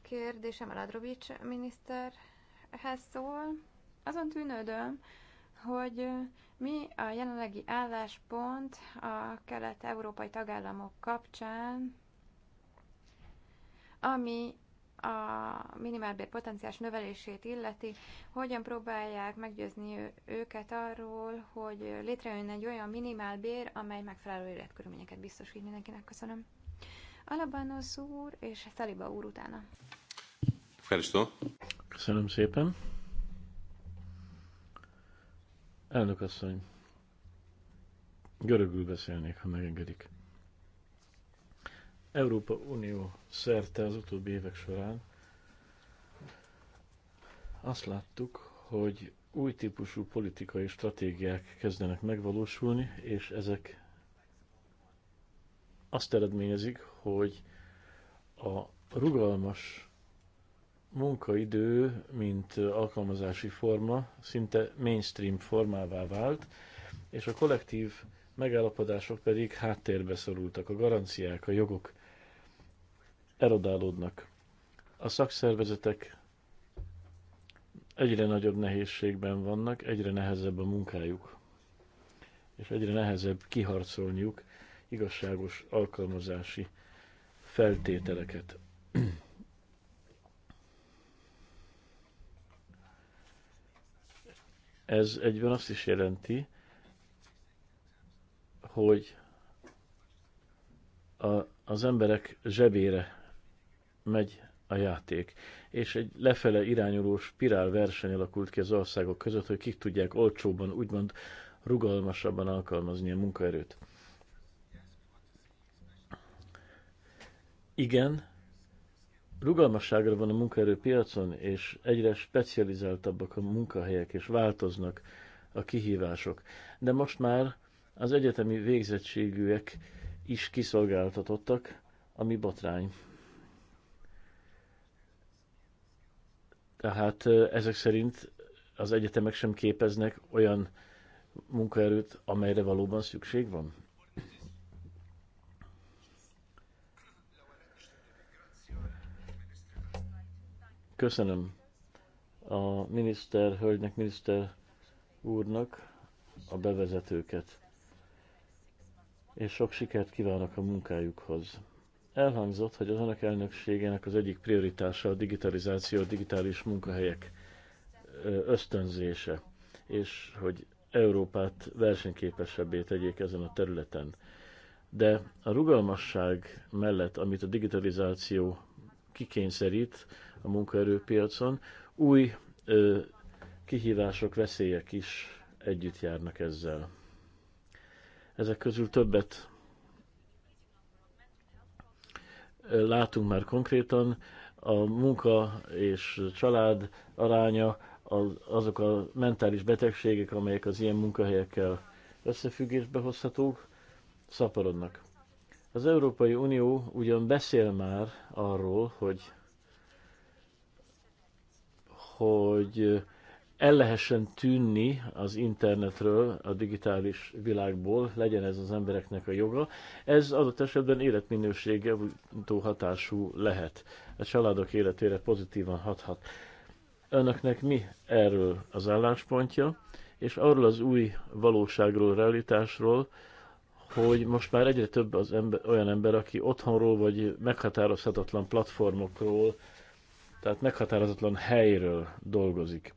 kérdésem a Ladrovics miniszterhez szól. Azon tűnődöm, hogy mi a jelenlegi álláspont a kelet-európai tagállamok kapcsán, ami a minimálbér potenciális növelését illeti, hogyan próbálják meggyőzni őket arról, hogy létrejön egy olyan minimálbér, amely megfelelő életkörülményeket biztosít mindenkinek. Köszönöm. Alabános úr és Taliba úr utána. Köszönöm szépen. Elnök asszony, görögül beszélnék, ha megengedik. Európa Unió szerte az utóbbi évek során azt láttuk, hogy új típusú politikai stratégiák kezdenek megvalósulni, és ezek azt eredményezik, hogy a rugalmas munkaidő, mint alkalmazási forma szinte mainstream formává vált, és a kollektív megállapodások pedig háttérbe szorultak, a garanciák, a jogok erodálódnak. A szakszervezetek egyre nagyobb nehézségben vannak, egyre nehezebb a munkájuk, és egyre nehezebb kiharcolniuk igazságos alkalmazási feltételeket. Ez egyben azt is jelenti, hogy a, az emberek zsebére megy a játék, és egy lefele irányuló spirál verseny alakult ki az országok között, hogy kik tudják olcsóban, úgymond rugalmasabban alkalmazni a munkaerőt. Igen, rugalmasságra van a munkaerőpiacon, és egyre specializáltabbak a munkahelyek, és változnak a kihívások. De most már az egyetemi végzettségűek is kiszolgáltatottak, ami botrány. Tehát ezek szerint az egyetemek sem képeznek olyan munkaerőt, amelyre valóban szükség van? Köszönöm a miniszter hölgynek, miniszter úrnak a bevezetőket, és sok sikert kívánok a munkájukhoz. Elhangzott, hogy az önök elnökségének az egyik prioritása a digitalizáció, a digitális munkahelyek ösztönzése, és hogy Európát versenyképesebbé tegyék ezen a területen. De a rugalmasság mellett, amit a digitalizáció kikényszerít, a munkaerőpiacon. Új ö, kihívások, veszélyek is együtt járnak ezzel. Ezek közül többet látunk már konkrétan. A munka és család aránya, az, azok a mentális betegségek, amelyek az ilyen munkahelyekkel összefüggésbe hozhatók, szaporodnak. Az Európai Unió ugyan beszél már arról, hogy hogy el lehessen tűnni az internetről, a digitális világból, legyen ez az embereknek a joga, ez adott esetben életminősége hatású lehet. A családok életére pozitívan hathat. Önöknek mi erről az álláspontja, és arról az új valóságról, realitásról, hogy most már egyre több az ember, olyan ember, aki otthonról vagy meghatározhatatlan platformokról tehát meghatározatlan helyről dolgozik.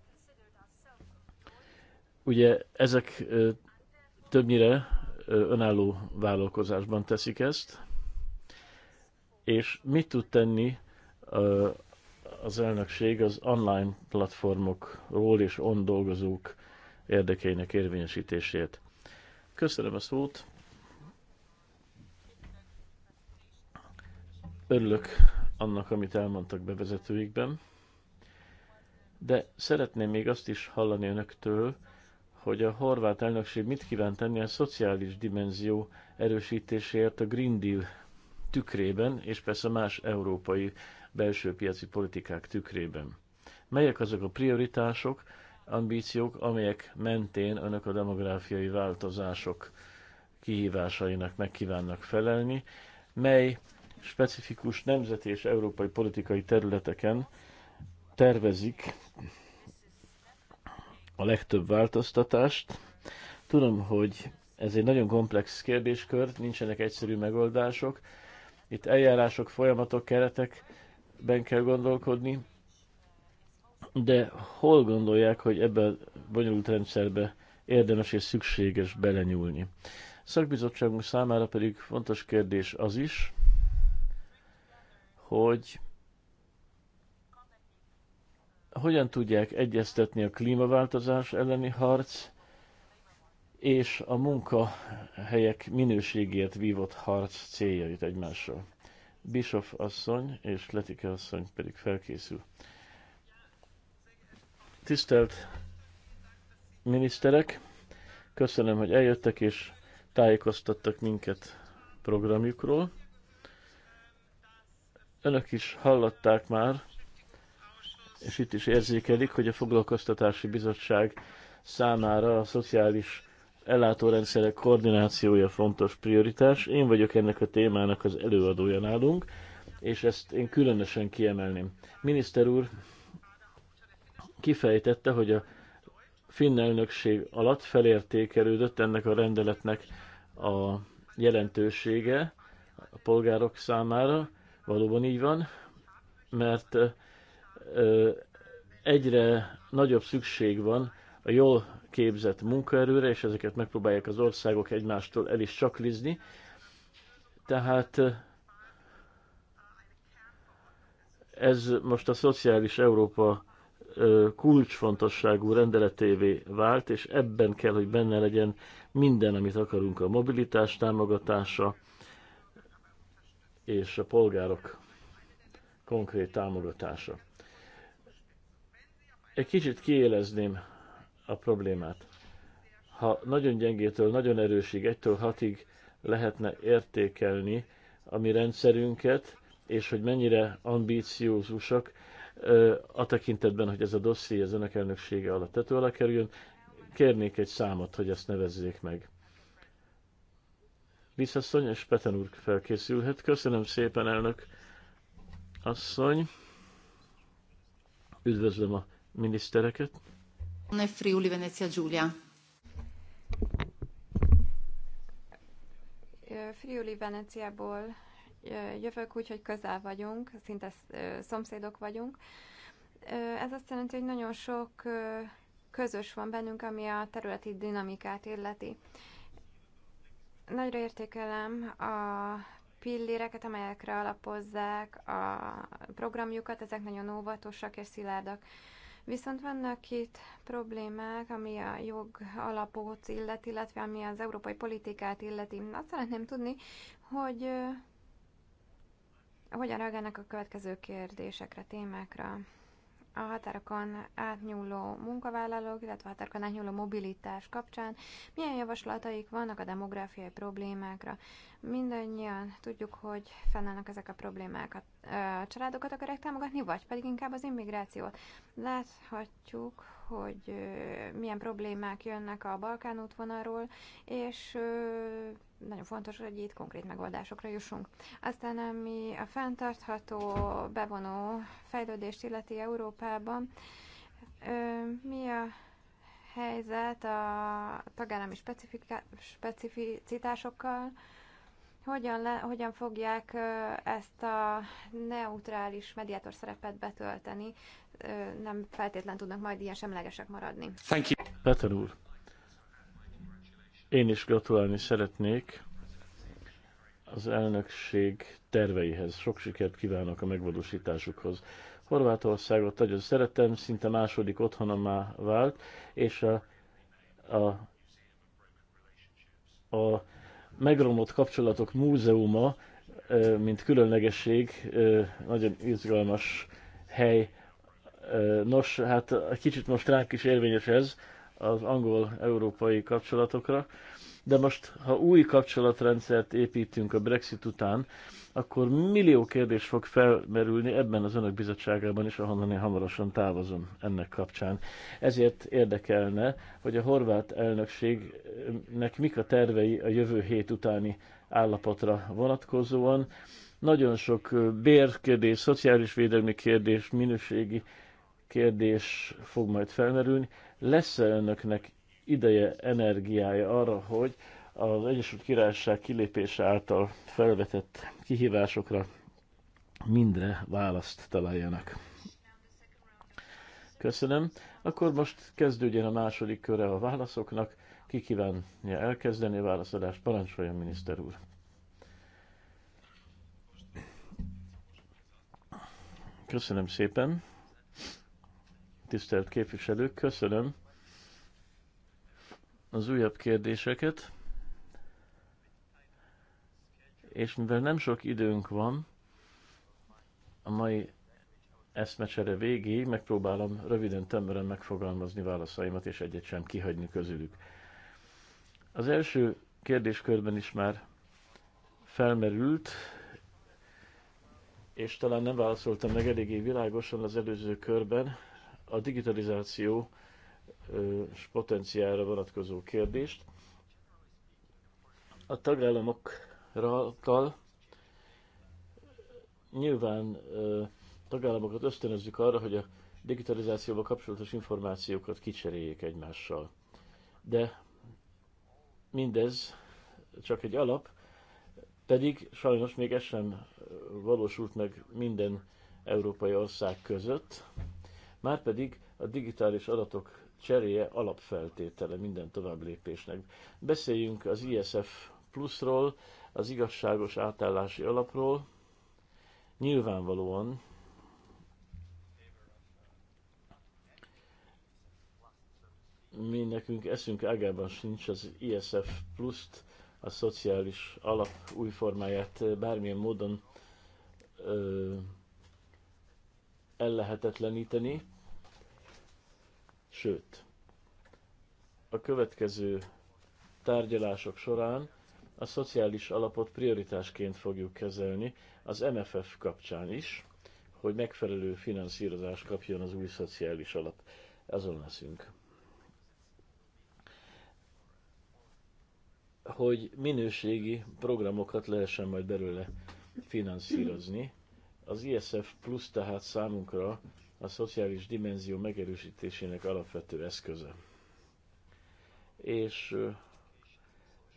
Ugye ezek többnyire önálló vállalkozásban teszik ezt, és mit tud tenni az elnökség az online platformokról és on dolgozók érdekeinek érvényesítését. Köszönöm a szót. Örülök annak, amit elmondtak bevezetőikben. De szeretném még azt is hallani önöktől, hogy a horvát elnökség mit kíván tenni a szociális dimenzió erősítéséért a Green Deal tükrében, és persze más európai belső piaci politikák tükrében. Melyek azok a prioritások, ambíciók, amelyek mentén önök a demográfiai változások kihívásainak meg kívánnak felelni, mely specifikus nemzeti és európai politikai területeken tervezik a legtöbb változtatást. Tudom, hogy ez egy nagyon komplex kérdéskör, nincsenek egyszerű megoldások. Itt eljárások, folyamatok, keretekben kell gondolkodni, de hol gondolják, hogy ebben a bonyolult rendszerbe érdemes és szükséges belenyúlni? A szakbizottságunk számára pedig fontos kérdés az is, hogy hogyan tudják egyeztetni a klímaváltozás elleni harc és a munkahelyek minőségért vívott harc céljait egymással. Bischoff asszony és Letike asszony pedig felkészül. Tisztelt miniszterek, köszönöm, hogy eljöttek és tájékoztattak minket programjukról önök is hallották már, és itt is érzékelik, hogy a Foglalkoztatási Bizottság számára a szociális ellátórendszerek koordinációja fontos prioritás. Én vagyok ennek a témának az előadója nálunk, és ezt én különösen kiemelném. Miniszter úr kifejtette, hogy a finn elnökség alatt felértékelődött ennek a rendeletnek a jelentősége a polgárok számára, valóban így van, mert egyre nagyobb szükség van a jól képzett munkaerőre, és ezeket megpróbálják az országok egymástól el is csaklizni. Tehát ez most a Szociális Európa kulcsfontosságú rendeletévé vált, és ebben kell, hogy benne legyen minden, amit akarunk, a mobilitás támogatása, és a polgárok konkrét támogatása. Egy kicsit kiélezném a problémát. Ha nagyon gyengétől, nagyon erősig, egytől hatig lehetne értékelni a mi rendszerünket, és hogy mennyire ambíciózusak a tekintetben, hogy ez a dosszié az önök elnöksége alatt tető alá kerüljön, kérnék egy számot, hogy ezt nevezzék meg. Liszasszony és Peten úr felkészülhet. Köszönöm szépen, elnök asszony. Üdvözlöm a minisztereket. Ne Friuli Venezia Giulia. Friuli Veneciából jövök, úgyhogy közel vagyunk, szinte szomszédok vagyunk. Ez azt jelenti, hogy nagyon sok közös van bennünk, ami a területi dinamikát illeti. Nagyra értékelem a pilléreket, amelyekre alapozzák a programjukat, ezek nagyon óvatosak és szilárdak. Viszont vannak itt problémák, ami a jog alapot illeti, illetve ami az európai politikát illeti. Azt szeretném tudni, hogy eh, hogyan reagálnak a következő kérdésekre, témákra a határokon átnyúló munkavállalók, illetve a határokon átnyúló mobilitás kapcsán milyen javaslataik vannak a demográfiai problémákra. Mindannyian tudjuk, hogy fennállnak ezek a problémák. A családokat akarják támogatni, vagy pedig inkább az immigrációt. Láthatjuk, hogy milyen problémák jönnek a Balkán útvonalról, és nagyon fontos, hogy itt konkrét megoldásokra jussunk. Aztán, ami a fenntartható, bevonó fejlődést illeti Európában, mi a helyzet a tagállami specificitásokkal, hogyan, le, hogyan fogják ezt a neutrális mediátor szerepet betölteni, nem feltétlen tudnak majd ilyen semlegesek maradni. Thank you. Peter úr. Én is gratulálni szeretnék az elnökség terveihez. Sok sikert kívánok a megvalósításukhoz. Horvátországot nagyon szeretem, szinte második otthonomá vált, és a, a, a megromlott kapcsolatok múzeuma, mint különlegesség, nagyon izgalmas hely. Nos, hát kicsit most ránk is érvényes ez, az angol-európai kapcsolatokra. De most, ha új kapcsolatrendszert építünk a Brexit után, akkor millió kérdés fog felmerülni ebben az önök bizottságában is, ahonnan én hamarosan távozom ennek kapcsán. Ezért érdekelne, hogy a horvát elnökségnek mik a tervei a jövő hét utáni állapotra vonatkozóan. Nagyon sok bérkérdés, szociális védelmi kérdés, minőségi kérdés fog majd felmerülni lesz-e önöknek ideje, energiája arra, hogy az Egyesült Királyság kilépése által felvetett kihívásokra mindre választ találjanak. Köszönöm. Akkor most kezdődjön a második köre a válaszoknak. Ki kívánja elkezdeni a válaszadást? Parancsoljon, miniszter úr. Köszönöm szépen tisztelt képviselők, köszönöm az újabb kérdéseket. És mivel nem sok időnk van, a mai eszmecsere végéig megpróbálom röviden tömören megfogalmazni válaszaimat, és egyet sem kihagyni közülük. Az első kérdéskörben is már felmerült, és talán nem válaszoltam meg eléggé világosan az előző körben, a digitalizáció és potenciára vonatkozó kérdést. A tagállamokkal nyilván tagállamokat ösztönözzük arra, hogy a digitalizációval kapcsolatos információkat kicseréljék egymással. De mindez csak egy alap, pedig sajnos még ez sem valósult meg minden európai ország között. Márpedig a digitális adatok cseréje alapfeltétele minden tovább lépésnek. Beszéljünk az ISF pluszról, az igazságos átállási alapról. Nyilvánvalóan mi nekünk eszünk ágában sincs az ISF pluszt, a szociális alap új formáját bármilyen módon ö, ellehetetleníteni. Sőt, a következő tárgyalások során a szociális alapot prioritásként fogjuk kezelni az MFF kapcsán is, hogy megfelelő finanszírozást kapjon az új szociális alap. Azon leszünk. Hogy minőségi programokat lehessen majd belőle finanszírozni. Az ISF plusz tehát számunkra a szociális dimenzió megerősítésének alapvető eszköze. És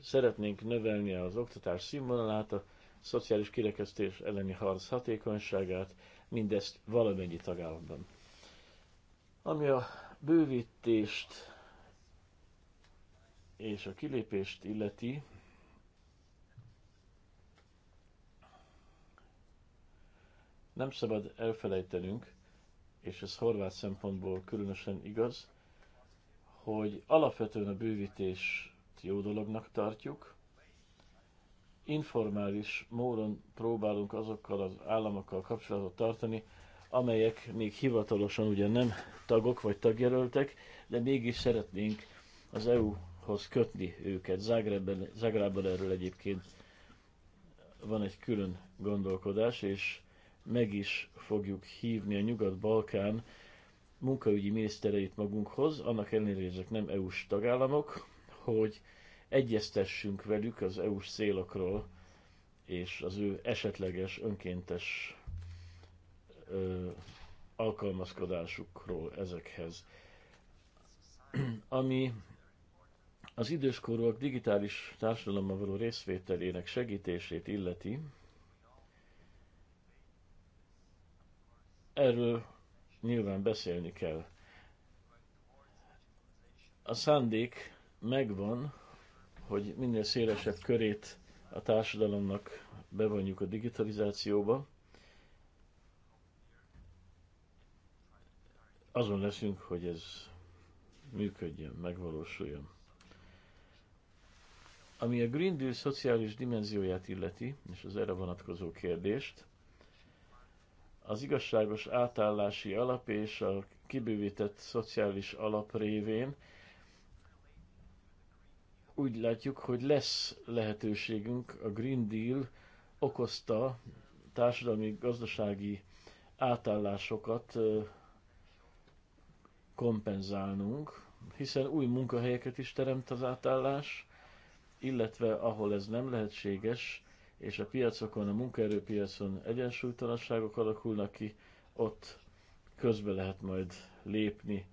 szeretnénk növelni az oktatás színvonalát, a szociális kirekesztés elleni harc hatékonyságát, mindezt valamennyi tagállamban. Ami a bővítést és a kilépést illeti, nem szabad elfelejtenünk, és ez horvát szempontból különösen igaz, hogy alapvetően a bővítést jó dolognak tartjuk, informális módon próbálunk azokkal az államokkal kapcsolatot tartani, amelyek még hivatalosan ugye nem tagok vagy tagjelöltek, de mégis szeretnénk az EU-hoz kötni őket. Zágrában erről egyébként van egy külön gondolkodás, és meg is fogjuk hívni a Nyugat-Balkán munkaügyi minisztereit magunkhoz, annak ellenére, hogy ezek nem EU-s tagállamok, hogy egyeztessünk velük az EU-s célokról és az ő esetleges önkéntes ö, alkalmazkodásukról ezekhez. Ami az időskorúak digitális társadalommal való részvételének segítését illeti, Erről nyilván beszélni kell. A szándék megvan, hogy minél szélesebb körét a társadalomnak bevonjuk a digitalizációba. Azon leszünk, hogy ez működjön, megvalósuljon. Ami a Green Deal szociális dimenzióját illeti, és az erre vonatkozó kérdést, az igazságos átállási alap és a kibővített szociális alap révén úgy látjuk, hogy lesz lehetőségünk a Green Deal okozta társadalmi-gazdasági átállásokat kompenzálnunk, hiszen új munkahelyeket is teremt az átállás, illetve ahol ez nem lehetséges, és a piacokon, a munkaerőpiacon egyensúlytalanságok alakulnak ki, ott közbe lehet majd lépni,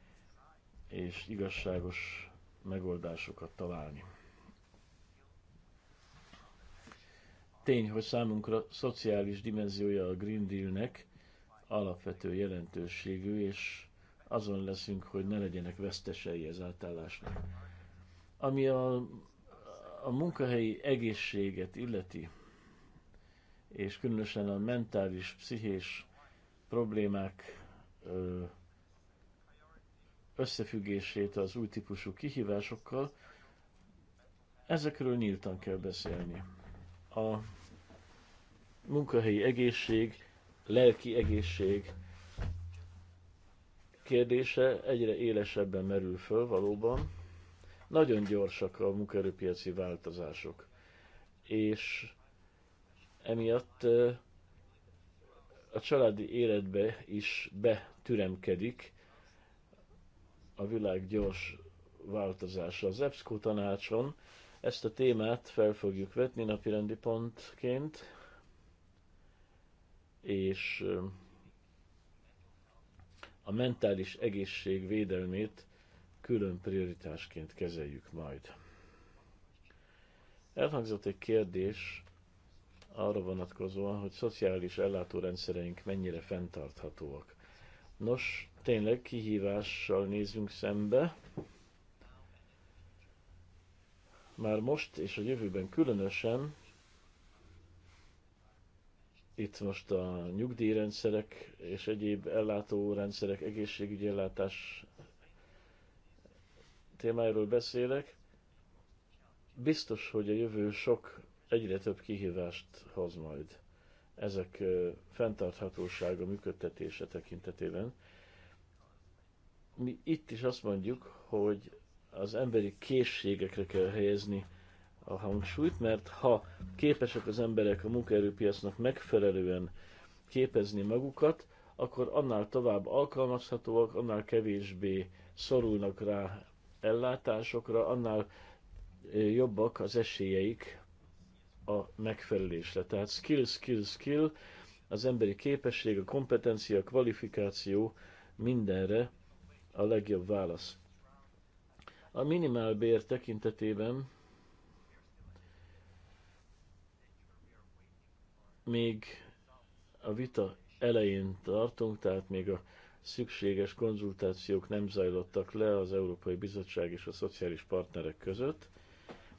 és igazságos megoldásokat találni. Tény, hogy számunkra szociális dimenziója a Green Dealnek alapvető jelentőségű, és azon leszünk, hogy ne legyenek vesztesei az átállásnak. Ami a, a munkahelyi egészséget illeti, és különösen a mentális, pszichés problémák összefüggését az új típusú kihívásokkal, ezekről nyíltan kell beszélni. A munkahelyi egészség, lelki egészség kérdése egyre élesebben merül föl valóban. Nagyon gyorsak a munkaerőpiaci változások, és emiatt a családi életbe is betüremkedik a világ gyors változása. Az EBSCO tanácson ezt a témát fel fogjuk vetni napirendi pontként, és a mentális egészség védelmét külön prioritásként kezeljük majd. Elhangzott egy kérdés arra vonatkozóan, hogy szociális ellátórendszereink mennyire fenntarthatóak. Nos, tényleg kihívással nézünk szembe. Már most és a jövőben különösen itt most a nyugdíjrendszerek és egyéb ellátórendszerek, egészségügyi ellátás témáiról beszélek. Biztos, hogy a jövő sok egyre több kihívást hoz majd. Ezek fenntarthatósága működtetése tekintetében. Mi itt is azt mondjuk, hogy az emberi készségekre kell helyezni a hangsúlyt, mert ha képesek az emberek a munkaerőpiacnak megfelelően képezni magukat, akkor annál tovább alkalmazhatóak, annál kevésbé szorulnak rá ellátásokra, annál jobbak az esélyeik a megfelelésre. Tehát skill, skill, skill, az emberi képesség, a kompetencia, a kvalifikáció mindenre a legjobb válasz. A bér tekintetében még a vita elején tartunk, tehát még a szükséges konzultációk nem zajlottak le az Európai Bizottság és a szociális partnerek között,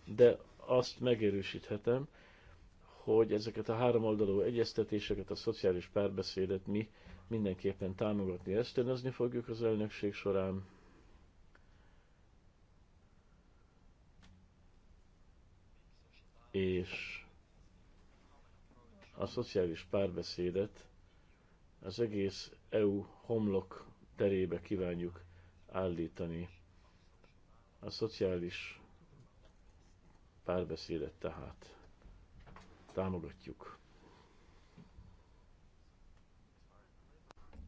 de azt megerősíthetem, hogy ezeket a háromoldalú egyeztetéseket, a szociális párbeszédet mi mindenképpen támogatni, ösztönözni fogjuk az elnökség során. És a szociális párbeszédet az egész EU homlok terébe kívánjuk állítani. A szociális párbeszédet tehát támogatjuk.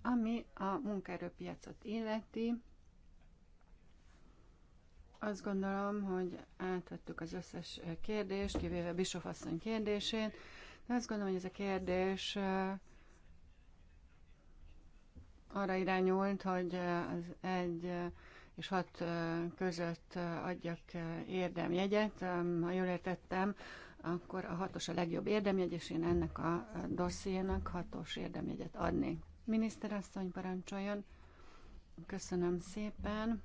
Ami a munkaerőpiacot illeti, azt gondolom, hogy átvettük az összes kérdést, kivéve Bischoff asszony kérdését, de azt gondolom, hogy ez a kérdés arra irányult, hogy az egy és 6 között adjak érdemjegyet. Ha jól értettem, akkor a hatos a legjobb érdemjegy, és én ennek a dossziénak hatos érdemjegyet adnék. Miniszterasszony parancsoljon. Köszönöm szépen.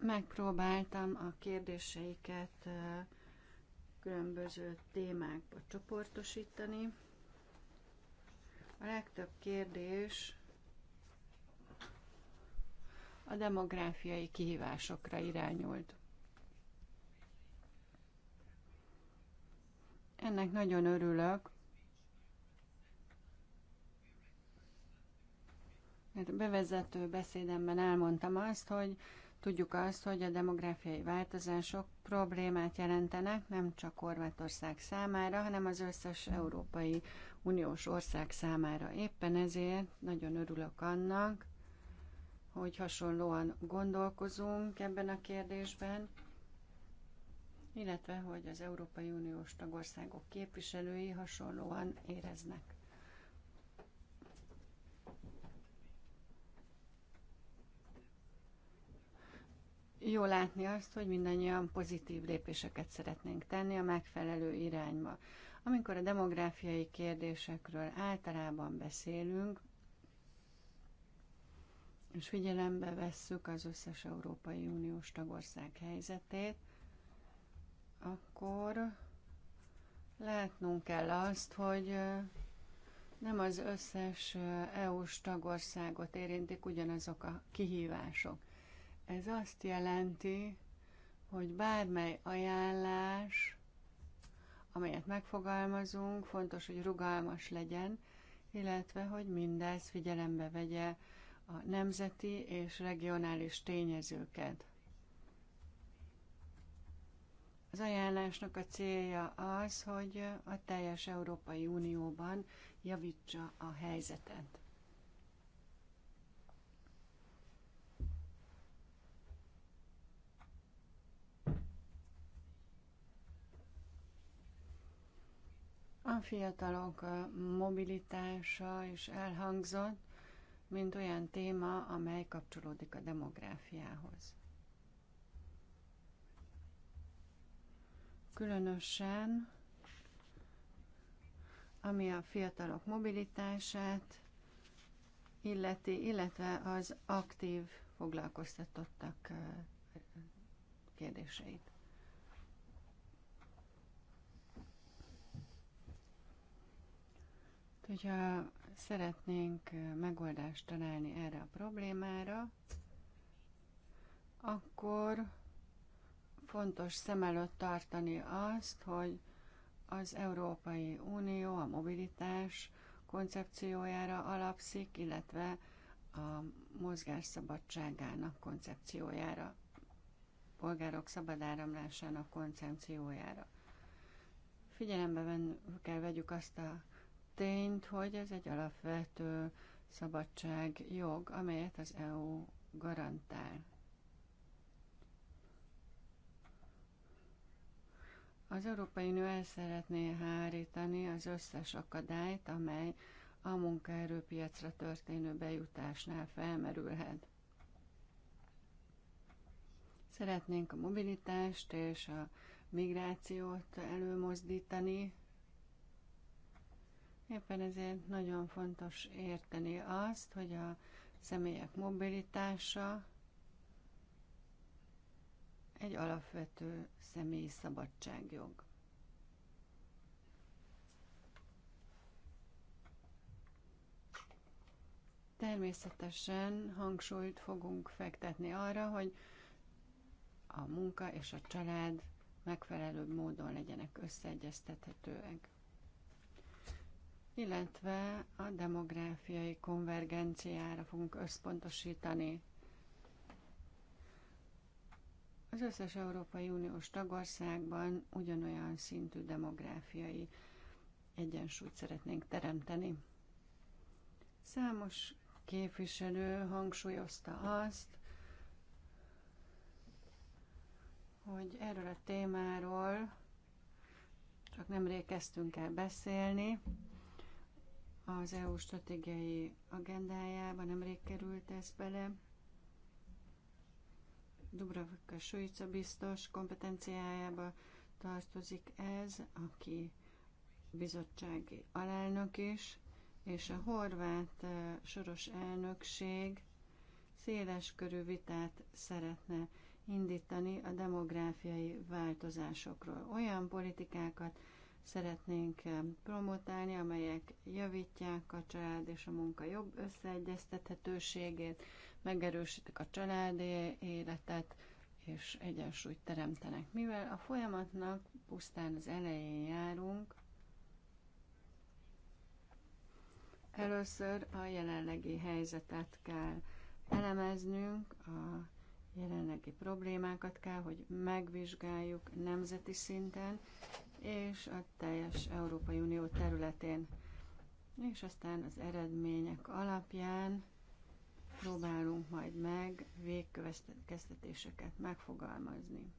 Megpróbáltam a kérdéseiket különböző témákba csoportosítani. A legtöbb kérdés a demográfiai kihívásokra irányult. Ennek nagyon örülök, mert a bevezető beszédemben elmondtam azt, hogy tudjuk azt, hogy a demográfiai változások problémát jelentenek nem csak Horvátország számára, hanem az összes Európai uniós ország számára. Éppen ezért nagyon örülök annak, hogy hasonlóan gondolkozunk ebben a kérdésben, illetve hogy az Európai Uniós tagországok képviselői hasonlóan éreznek. Jó látni azt, hogy mindannyian pozitív lépéseket szeretnénk tenni a megfelelő irányba. Amikor a demográfiai kérdésekről általában beszélünk, és figyelembe vesszük az összes Európai Uniós tagország helyzetét, akkor látnunk kell azt, hogy nem az összes EU-s tagországot érintik ugyanazok a kihívások. Ez azt jelenti, hogy bármely ajánlás amelyet megfogalmazunk, fontos, hogy rugalmas legyen, illetve hogy mindez figyelembe vegye a nemzeti és regionális tényezőket. Az ajánlásnak a célja az, hogy a teljes Európai Unióban javítsa a helyzetet. A fiatalok mobilitása is elhangzott, mint olyan téma, amely kapcsolódik a demográfiához. Különösen, ami a fiatalok mobilitását illeti, illetve az aktív foglalkoztatottak kérdéseit. Hogyha szeretnénk megoldást találni erre a problémára, akkor fontos szem előtt tartani azt, hogy az Európai Unió a mobilitás koncepciójára alapszik, illetve a mozgás szabadságának koncepciójára, polgárok szabad áramlásának koncepciójára. Figyelembe kell vegyük azt a tényt, hogy ez egy alapvető jog, amelyet az EU garantál. Az Európai Unió el szeretné hárítani az összes akadályt, amely a munkaerőpiacra történő bejutásnál felmerülhet. Szeretnénk a mobilitást és a migrációt előmozdítani, Éppen ezért nagyon fontos érteni azt, hogy a személyek mobilitása egy alapvető személyi szabadságjog. Természetesen hangsúlyt fogunk fektetni arra, hogy a munka és a család megfelelő módon legyenek összeegyeztethetőek illetve a demográfiai konvergenciára fogunk összpontosítani. Az összes Európai Uniós tagországban ugyanolyan szintű demográfiai egyensúlyt szeretnénk teremteni. Számos képviselő hangsúlyozta azt, hogy erről a témáról csak nemrég kezdtünk el beszélni, az EU stratégiai agendájába nemrég került ez bele. Dubravka Sujica biztos kompetenciájába tartozik ez, aki bizottsági alelnök is, és a horvát eh, soros elnökség széles körű vitát szeretne indítani a demográfiai változásokról. Olyan politikákat, szeretnénk eh, promotálni, amelyek javítják a család és a munka jobb összeegyeztethetőségét, megerősítik a családi életet, és egyensúlyt teremtenek. Mivel a folyamatnak pusztán az elején járunk, először a jelenlegi helyzetet kell elemeznünk, a jelenlegi problémákat kell, hogy megvizsgáljuk nemzeti szinten, és a teljes Európai Unió területén. És aztán az eredmények alapján próbálunk majd meg végkövetkeztetéseket megfogalmazni.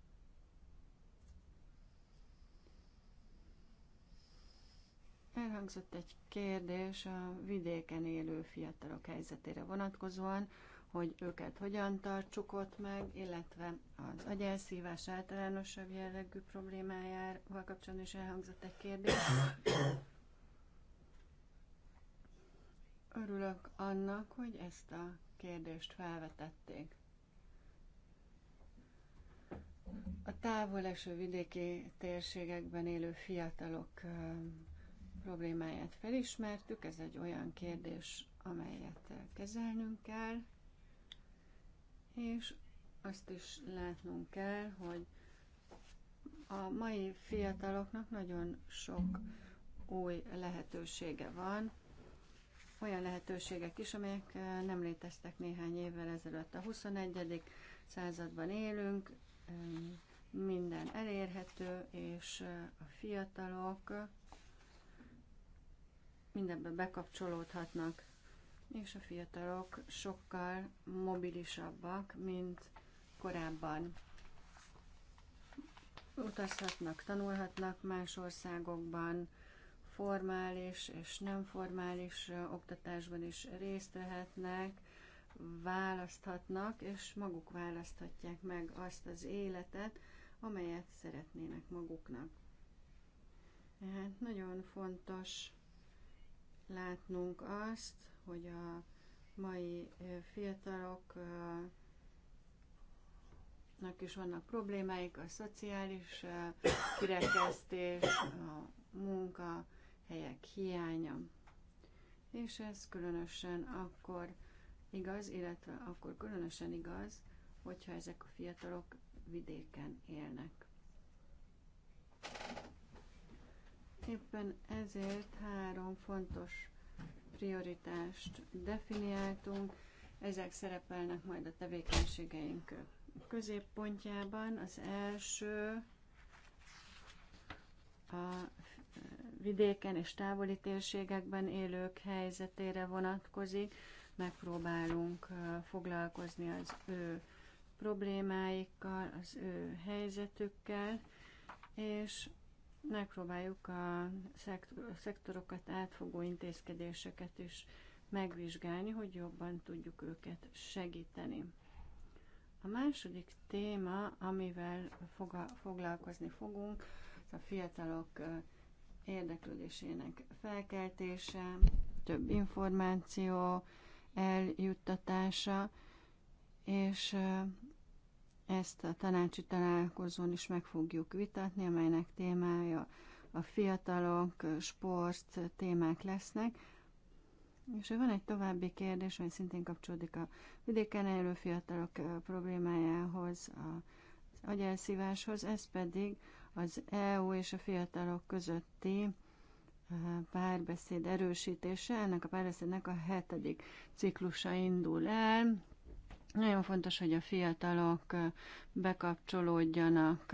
Elhangzott egy kérdés a vidéken élő fiatalok helyzetére vonatkozóan hogy őket hogyan tartsuk ott meg, illetve az agyelszívás általánosabb jellegű problémájával kapcsolatban is elhangzott egy kérdés. Örülök annak, hogy ezt a kérdést felvetették. A távol eső vidéki térségekben élő fiatalok problémáját felismertük, ez egy olyan kérdés, amelyet kezelnünk kell. És azt is látnunk kell, hogy a mai fiataloknak nagyon sok új lehetősége van, olyan lehetőségek is, amelyek eh, nem léteztek néhány évvel ezelőtt. A 21. században élünk, minden elérhető, és eh, a fiatalok mindenbe bekapcsolódhatnak és a fiatalok sokkal mobilisabbak, mint korábban. Utazhatnak, tanulhatnak más országokban, formális és nem formális oktatásban is részt vehetnek, választhatnak, és maguk választhatják meg azt az életet, amelyet szeretnének maguknak. Tehát nagyon fontos látnunk azt, hogy a mai fiataloknak is vannak problémáik, a szociális kirekesztés, a munka helyek hiánya. És ez különösen akkor igaz, illetve akkor különösen igaz, hogyha ezek a fiatalok vidéken élnek. Éppen ezért három fontos prioritást definiáltunk, ezek szerepelnek majd a tevékenységeink középpontjában. Az első a vidéken és távoli térségekben élők helyzetére vonatkozik. Megpróbálunk foglalkozni az ő problémáikkal, az ő helyzetükkel, és megpróbáljuk a szektorokat átfogó intézkedéseket is megvizsgálni, hogy jobban tudjuk őket segíteni. A második téma, amivel foglalkozni fogunk, a fiatalok érdeklődésének felkeltése, több információ, eljuttatása, és ezt a tanácsi találkozón is meg fogjuk vitatni, amelynek témája a fiatalok, sport témák lesznek. És van egy további kérdés, ami szintén kapcsolódik a vidéken élő fiatalok problémájához, az agyelszíváshoz, ez pedig az EU és a fiatalok közötti párbeszéd erősítése. Ennek a párbeszédnek a hetedik ciklusa indul el, nagyon fontos, hogy a fiatalok bekapcsolódjanak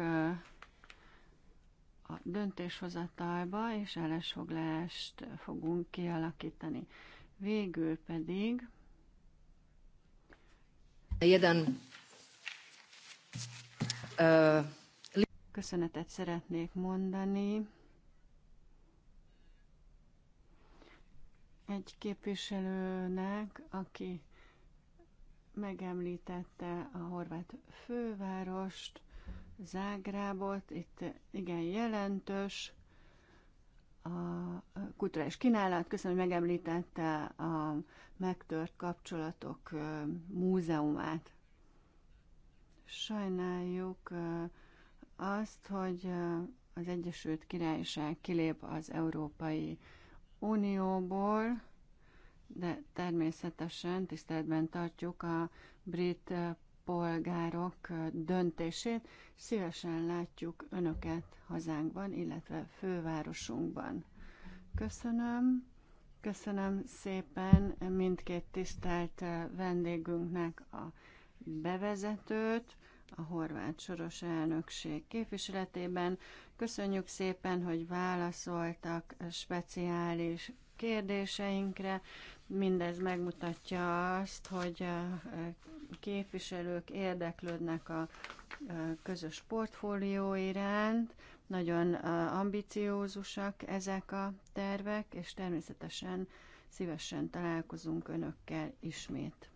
a döntéshozatalba, és állásfoglalást fogunk kialakítani. Végül pedig jeden köszönetet szeretnék mondani egy képviselőnek, aki megemlítette a horvát fővárost, Zágrábot, itt igen jelentős a kulturális kínálat. Köszönöm, hogy megemlítette a megtört kapcsolatok múzeumát. Sajnáljuk azt, hogy az Egyesült Királyság kilép az Európai Unióból, de természetesen tiszteletben tartjuk a brit polgárok döntését. Szívesen látjuk Önöket hazánkban, illetve fővárosunkban. Köszönöm. Köszönöm szépen mindkét tisztelt vendégünknek a bevezetőt a horvát soros elnökség képviseletében. Köszönjük szépen, hogy válaszoltak speciális kérdéseinkre, Mindez megmutatja azt, hogy a képviselők érdeklődnek a közös portfólió iránt, nagyon ambiciózusak ezek a tervek, és természetesen szívesen találkozunk önökkel ismét.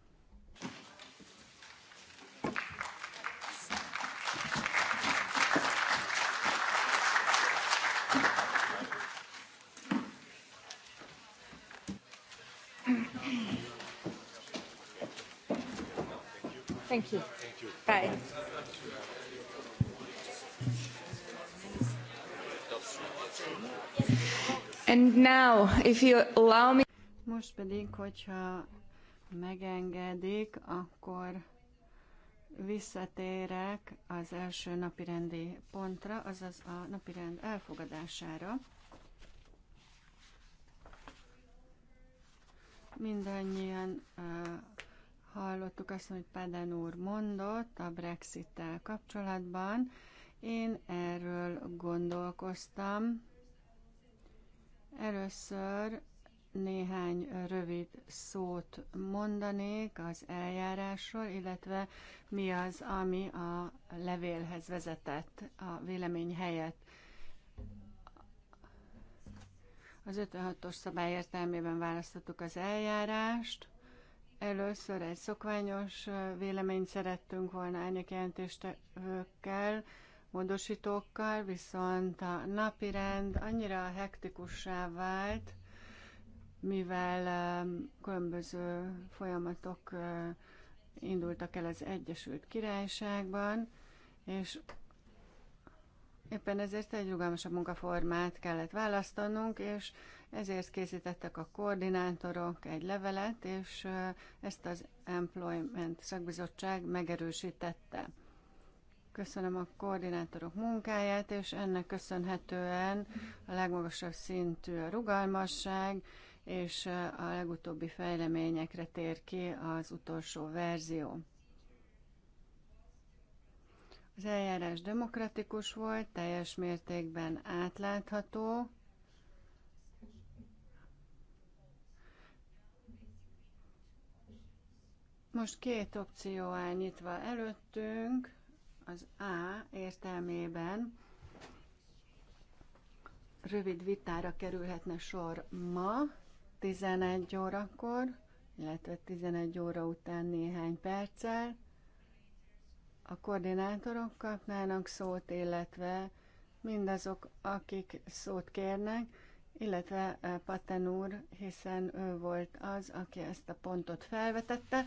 you. Bye. And now, if you allow me... Most pedig, hogyha megengedik, akkor visszatérek az első napirendi pontra, azaz a napirend elfogadására. Mindannyian uh, Hallottuk azt, amit Paden úr mondott a Brexit-tel kapcsolatban. Én erről gondolkoztam. Először néhány rövid szót mondanék az eljárásról, illetve mi az, ami a levélhez vezetett a vélemény helyett. Az 56-os szabály értelmében választottuk az eljárást. Először egy szokványos véleményt szerettünk volna jelentéstevőkkel, módosítókkal, viszont a rend annyira hektikussá vált, mivel különböző folyamatok indultak el az Egyesült Királyságban, és éppen ezért egy rugalmasabb munkaformát kellett választanunk, és ezért készítettek a koordinátorok egy levelet, és ezt az Employment Szakbizottság megerősítette. Köszönöm a koordinátorok munkáját, és ennek köszönhetően a legmagasabb szintű a rugalmasság, és a legutóbbi fejleményekre tér ki az utolsó verzió. Az eljárás demokratikus volt, teljes mértékben átlátható, Most két opció áll nyitva előttünk. Az A értelmében rövid vitára kerülhetne sor ma 11 órakor, illetve 11 óra után néhány perccel. A koordinátorok kapnának szót, illetve mindazok, akik szót kérnek, illetve eh, Paten úr, hiszen ő volt az, aki ezt a pontot felvetette.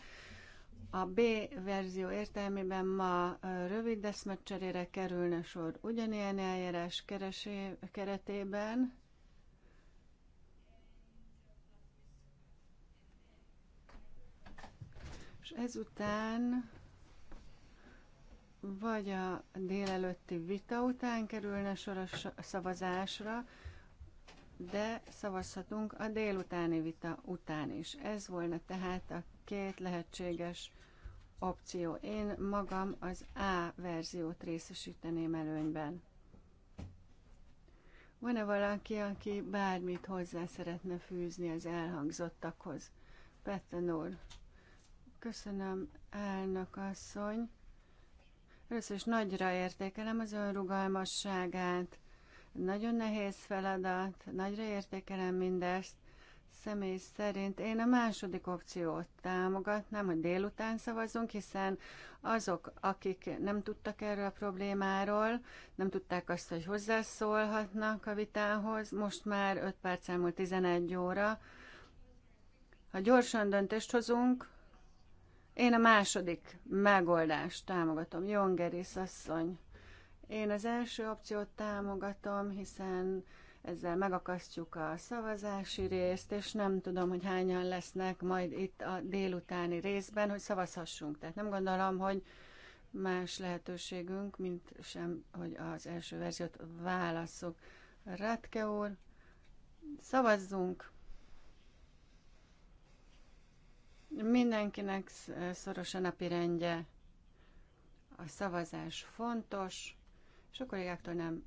A B verzió értelmében ma rövid eszmecserére kerülne sor ugyanilyen eljárás keresé, keretében. És ezután vagy a délelőtti vita után kerülne sor a szavazásra, de szavazhatunk a délutáni vita után is. Ez volna tehát a két lehetséges opció. Én magam az A verziót részesíteném előnyben. Van-e valaki, aki bármit hozzá szeretne fűzni az elhangzottakhoz? Petten úr. Köszönöm, elnök asszony. Először is nagyra értékelem az önrugalmasságát. Nagyon nehéz feladat, nagyra értékelem mindezt. Személy szerint én a második opciót támogatnám, hogy délután szavazzunk, hiszen azok, akik nem tudtak erről a problémáról, nem tudták azt, hogy hozzászólhatnak a vitához, most már 5 perc elmúlt 11 óra. Ha gyorsan döntést hozunk, én a második megoldást támogatom, Jongeris asszony. Én az első opciót támogatom, hiszen ezzel megakasztjuk a szavazási részt, és nem tudom, hogy hányan lesznek majd itt a délutáni részben, hogy szavazhassunk. Tehát nem gondolom, hogy más lehetőségünk, mint sem, hogy az első verziót válaszok, Rátke úr, szavazzunk! Mindenkinek szoros a napi rendje. A szavazás fontos, és a kollégáktól nem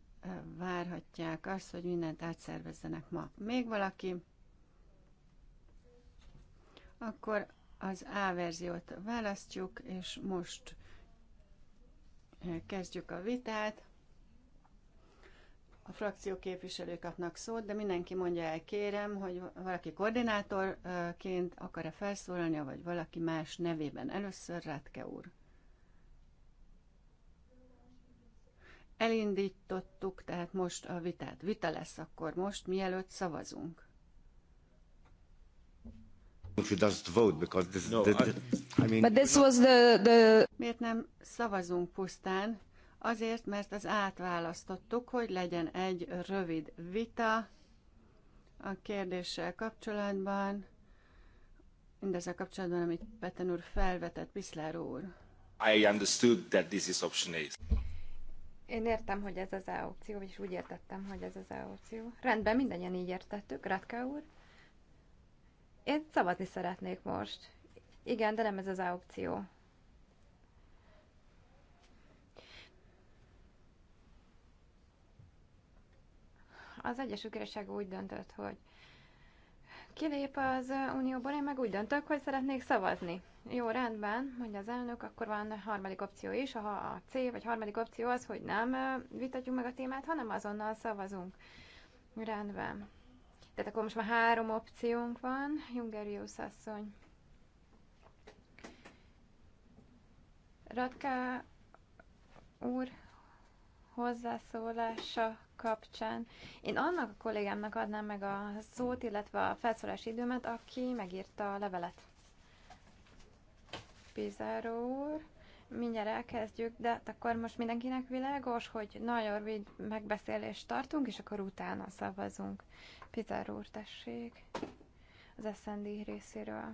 várhatják azt, hogy mindent átszervezzenek ma. Még valaki? Akkor az A verziót választjuk, és most kezdjük a vitát. A frakció képviselők kapnak szót, de mindenki mondja el, kérem, hogy valaki koordinátorként akar-e felszólalni, vagy valaki más nevében. Először Rátke úr. Elindítottuk, tehát most a vitát. Vita lesz akkor most, mielőtt szavazunk. Miért nem szavazunk pusztán? Azért, mert az átválasztottuk, hogy legyen egy rövid vita a kérdéssel kapcsolatban, mindezzel kapcsolatban, amit Peten úr felvetett, Piszlár úr. I understood that this is option A. Én értem, hogy ez az E opció, és úgy értettem, hogy ez az E opció. Rendben, mindannyian így értettük, Ratka úr. Én szavazni szeretnék most. Igen, de nem ez az e opció. Az Egyesült Királyság úgy döntött, hogy kilép az Unióból, én meg úgy döntök, hogy szeretnék szavazni. Jó, rendben, mondja az elnök, akkor van a harmadik opció is, ha a C vagy harmadik opció az, hogy nem vitatjuk meg a témát, hanem azonnal szavazunk. Rendben. Tehát akkor most már három opciónk van, Jungerius asszony. Radká úr hozzászólása kapcsán. Én annak a kollégámnak adnám meg a szót, illetve a felszólási időmet, aki megírta a levelet. Pizarro úr. Mindjárt elkezdjük, de hát akkor most mindenkinek világos, hogy nagyon rövid megbeszélést tartunk, és akkor utána szavazunk. Pizarro úr, tessék, az SND részéről.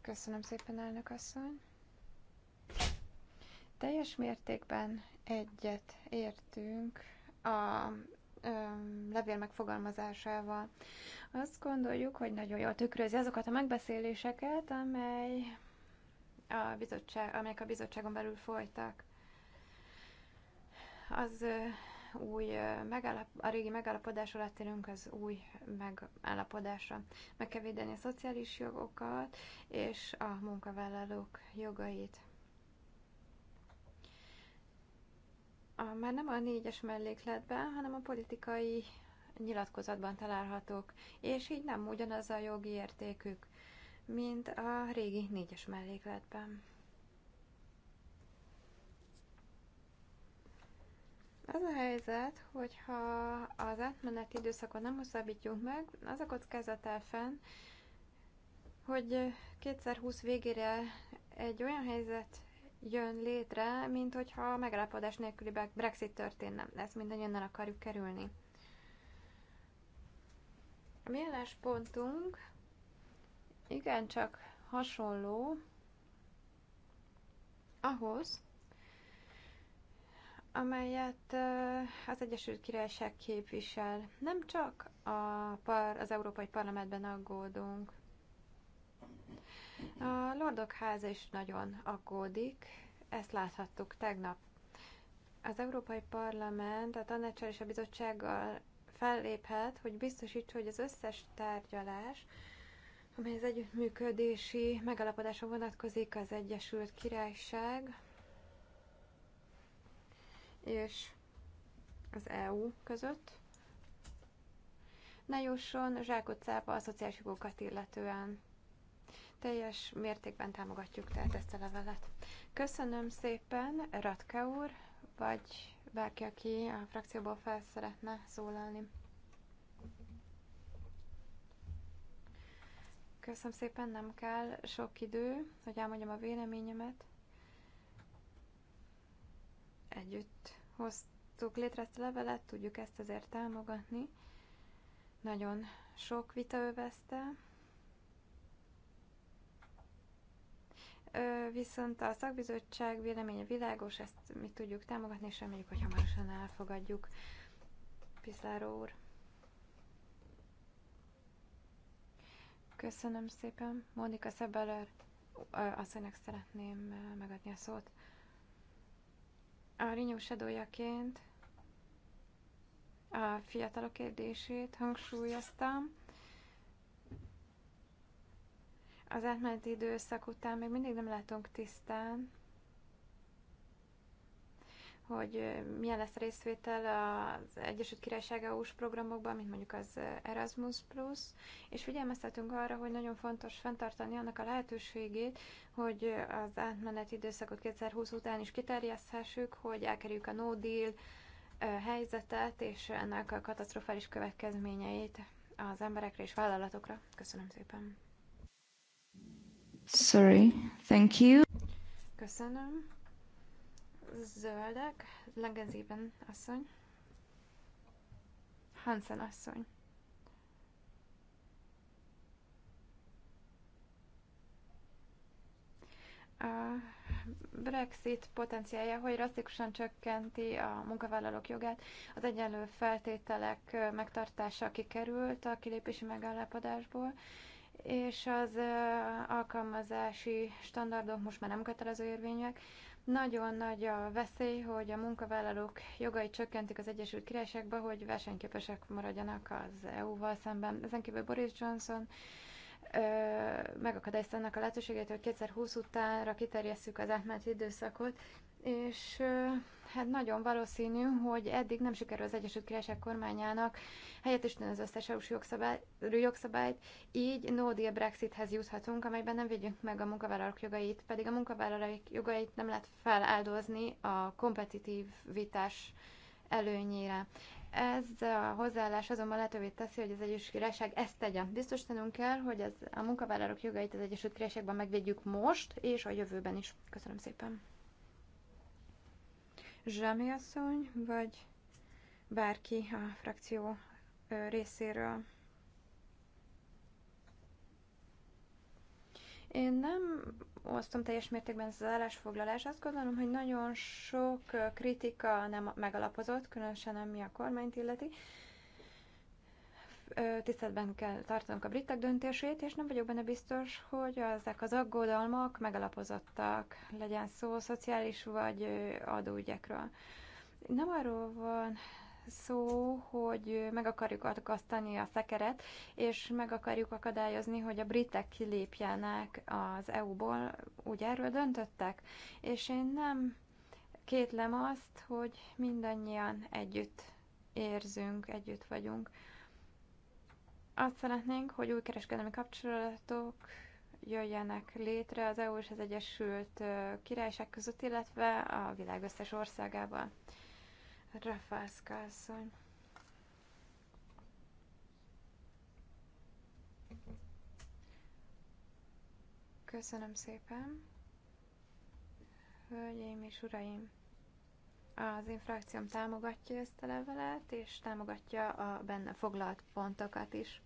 Köszönöm szépen, elnök asszony. Teljes mértékben egyet értünk a levél megfogalmazásával. Azt gondoljuk, hogy nagyon jól tükrözi azokat a megbeszéléseket, amely a bizottság, amelyek a bizottságon belül folytak. Az új megállap, a régi megállapodás alatt élünk az új megállapodásra. Meg kell védeni a szociális jogokat és a munkavállalók jogait. a, már nem a négyes mellékletben, hanem a politikai nyilatkozatban találhatók, és így nem ugyanaz a jogi értékük, mint a régi négyes mellékletben. Az a helyzet, hogyha az átmeneti időszakon nem hosszabbítjuk meg, az a kockázat áll fenn, hogy 2020 végére egy olyan helyzet jön létre, mint hogyha megállapodás nélküli Brexit történne. Ezt mindannyian akarjuk kerülni. A mi álláspontunk igencsak hasonló ahhoz, amelyet az Egyesült Királyság képvisel. Nem csak a par, az Európai Parlamentben aggódunk a Lordok háza is nagyon aggódik, ezt láthattuk tegnap. Az Európai Parlament a tanácsal és a bizottsággal felléphet, hogy biztosítsa, hogy az összes tárgyalás, amely az együttműködési megalapodáson vonatkozik az Egyesült Királyság és az EU között, ne jusson zsákutcába a szociális jogokat illetően teljes mértékben támogatjuk tehát ezt a levelet. Köszönöm szépen, Ratke úr, vagy bárki, aki a frakcióból fel szeretne szólalni. Köszönöm szépen, nem kell sok idő, hogy elmondjam a véleményemet. Együtt hoztuk létre ezt a levelet, tudjuk ezt azért támogatni. Nagyon sok vita övezte, viszont a szakbizottság véleménye világos, ezt mi tudjuk támogatni, és reméljük, hogy hamarosan elfogadjuk. Piszláró úr. Köszönöm szépen. Mónika Szebeler asszonynak szeretném megadni a szót. A Rinyó a fiatalok kérdését hangsúlyoztam. Az átmeneti időszak után még mindig nem látunk tisztán, hogy milyen lesz a részvétel az Egyesült Királyság EU-s programokban, mint mondjuk az Erasmus+, Plus, és figyelmeztetünk arra, hogy nagyon fontos fenntartani annak a lehetőségét, hogy az átmeneti időszakot 2020 után is kiterjeszthessük, hogy elkerüljük a no deal helyzetet és ennek a katasztrofális következményeit az emberekre és vállalatokra. Köszönöm szépen! Sorry, thank you. Köszönöm. Zöldek, Langenzében asszony. Hansen asszony. A Brexit potenciálja, hogy drasztikusan csökkenti a munkavállalók jogát, az egyenlő feltételek megtartása kikerült a kilépési megállapodásból, és az alkalmazási standardok most már nem kötelező érvények. Nagyon nagy a veszély, hogy a munkavállalók jogai csökkentik az Egyesült Királyságba, hogy versenyképesek maradjanak az EU-val szemben. Ezen kívül Boris Johnson megakadályozta annak a lehetőségét, hogy 2020 utánra kiterjesszük az átmeneti időszakot, és hát nagyon valószínű, hogy eddig nem sikerül az Egyesült Királyság kormányának helyettesíteni az összes EU-s jogszabály, jogszabályt, így no deal Brexithez juthatunk, amelyben nem védjük meg a munkavállalók jogait, pedig a munkavállalók jogait nem lehet feláldozni a kompetitív vitás előnyére. Ez a hozzáállás azonban lehetővé teszi, hogy az Egyesült Királyság ezt tegye. tennünk kell, hogy ez a munkavállalók jogait az Egyesült Királyságban megvédjük most és a jövőben is. Köszönöm szépen! Zsami asszony, vagy bárki a frakció részéről. Én nem osztom teljes mértékben ezt az állásfoglalást. Azt gondolom, hogy nagyon sok kritika nem megalapozott, különösen ami a kormányt illeti tiszteletben kell tartanunk a britek döntését, és nem vagyok benne biztos, hogy ezek az aggodalmak megalapozottak, legyen szó szociális vagy adóügyekről. Nem arról van szó, hogy meg akarjuk akasztani a szekeret, és meg akarjuk akadályozni, hogy a britek kilépjenek az EU-ból, úgy erről döntöttek, és én nem kétlem azt, hogy mindannyian együtt érzünk, együtt vagyunk. Azt szeretnénk, hogy új kereskedelmi kapcsolatok jöjjenek létre az EU és az Egyesült Királyság között, illetve a világ összes országában. Rafalszka Köszönöm szépen. Hölgyeim és uraim, az én frakcióm támogatja ezt a levelet, és támogatja a benne foglalt pontokat is.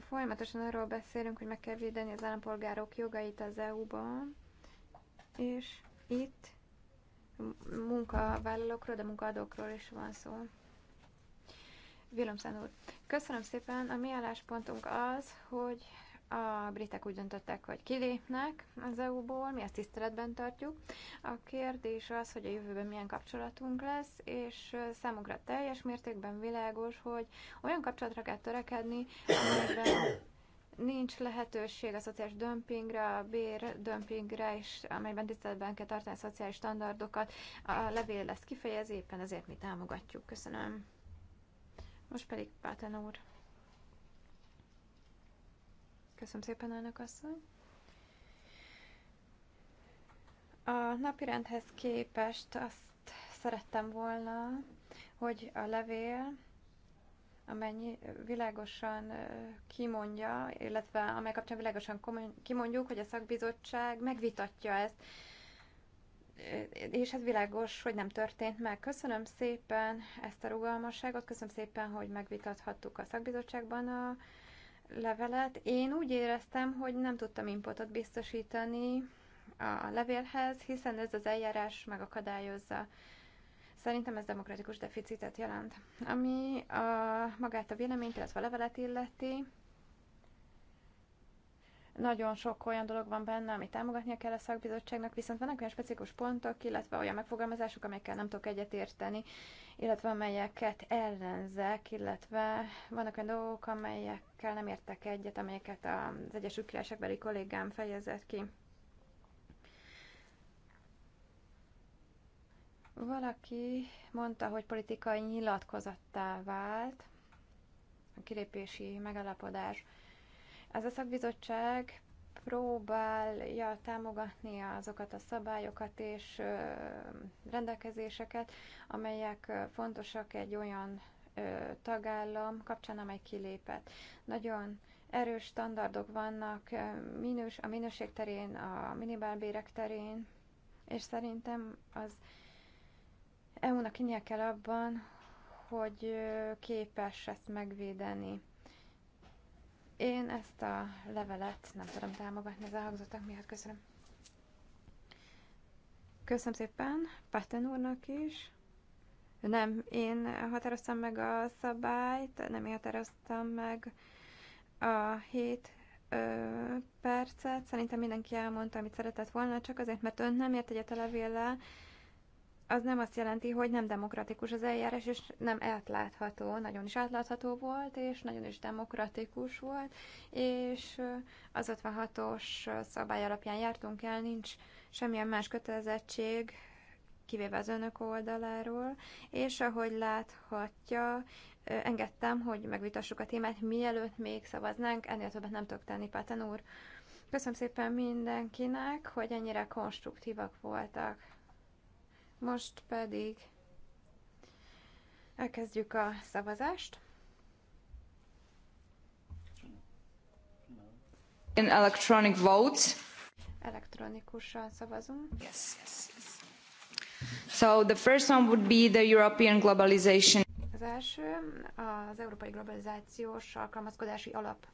Folyamatosan arról beszélünk, hogy meg kell védeni az állampolgárok jogait az EU-ban, és itt munkavállalókról, de munkaadókról is van szó. Vilomszán úr, köszönöm szépen. A mi álláspontunk az, hogy a britek úgy döntöttek, hogy kilépnek az EU-ból, mi ezt tiszteletben tartjuk. A kérdés az, hogy a jövőben milyen kapcsolatunk lesz, és számukra teljes mértékben világos, hogy olyan kapcsolatra kell törekedni, amelyben nincs lehetőség a szociális dömpingre, a bér dömpingre, és amelyben tiszteletben kell tartani a szociális standardokat. A levél lesz, kifejez, éppen ezért mi támogatjuk. Köszönöm. Most pedig Páten úr. Köszönöm szépen, elnök asszony. A napirendhez képest azt szerettem volna, hogy a levél, amennyi világosan kimondja, illetve amely kapcsán világosan kimondjuk, hogy a szakbizottság megvitatja ezt, és ez világos, hogy nem történt meg. Köszönöm szépen ezt a rugalmasságot, köszönöm szépen, hogy megvitathattuk a szakbizottságban a levelet. Én úgy éreztem, hogy nem tudtam importot biztosítani a levélhez, hiszen ez az eljárás megakadályozza. Szerintem ez demokratikus deficitet jelent. Ami a, magát a véleményt, illetve a levelet illeti, nagyon sok olyan dolog van benne, amit támogatnia kell a szakbizottságnak, viszont vannak olyan specifikus pontok, illetve olyan megfogalmazások, amelyekkel nem tudok egyetérteni, illetve amelyeket ellenzek, illetve vannak olyan dolgok, amelyekkel nem értek egyet, amelyeket az Egyesült Királyságbeli kollégám fejezett ki. Valaki mondta, hogy politikai nyilatkozattá vált a kilépési megalapodás. Ez a szakbizottság próbálja támogatni azokat a szabályokat és rendelkezéseket, amelyek fontosak egy olyan tagállam kapcsán, amely kilépett. Nagyon erős standardok vannak minős, a minőség terén, a minimálbérek terén, és szerintem az EU-nak kell abban, hogy képes ezt megvédeni. Én ezt a levelet nem tudom támogatni az elhangzottak miatt. Köszönöm. Köszönöm szépen Patten úrnak is. Nem, én határoztam meg a szabályt, nem én határoztam meg a 7 ö, percet. Szerintem mindenki elmondta, amit szeretett volna, csak azért, mert ön nem ért egyet a levéllel, az nem azt jelenti, hogy nem demokratikus az eljárás, és nem átlátható, nagyon is átlátható volt, és nagyon is demokratikus volt, és az 56-os szabály alapján jártunk el, nincs semmilyen más kötelezettség, kivéve az önök oldaláról, és ahogy láthatja, engedtem, hogy megvitassuk a témát, mielőtt még szavaznánk, ennél többet nem tudok tenni, Páten úr. Köszönöm szépen mindenkinek, hogy ennyire konstruktívak voltak. Most pedig elkezdjük a szavazást. In electronic vote. Elektronikusan szavazunk. Yes, yes, yes. So the first one would be the European globalization. Az első az európai globalizációs alkalmazkodási alap.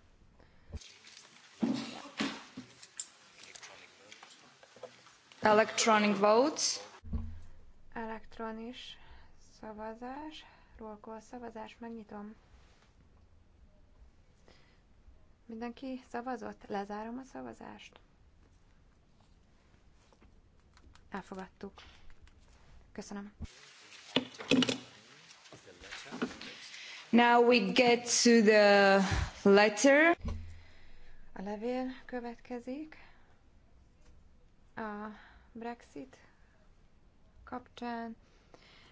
Electronic votes. Elektronis szavazás, roll szavazás, megnyitom. Mindenki szavazott? Lezárom a szavazást. Elfogadtuk. Köszönöm. Now we get to the letter. A levél következik. A Brexit kapcsán.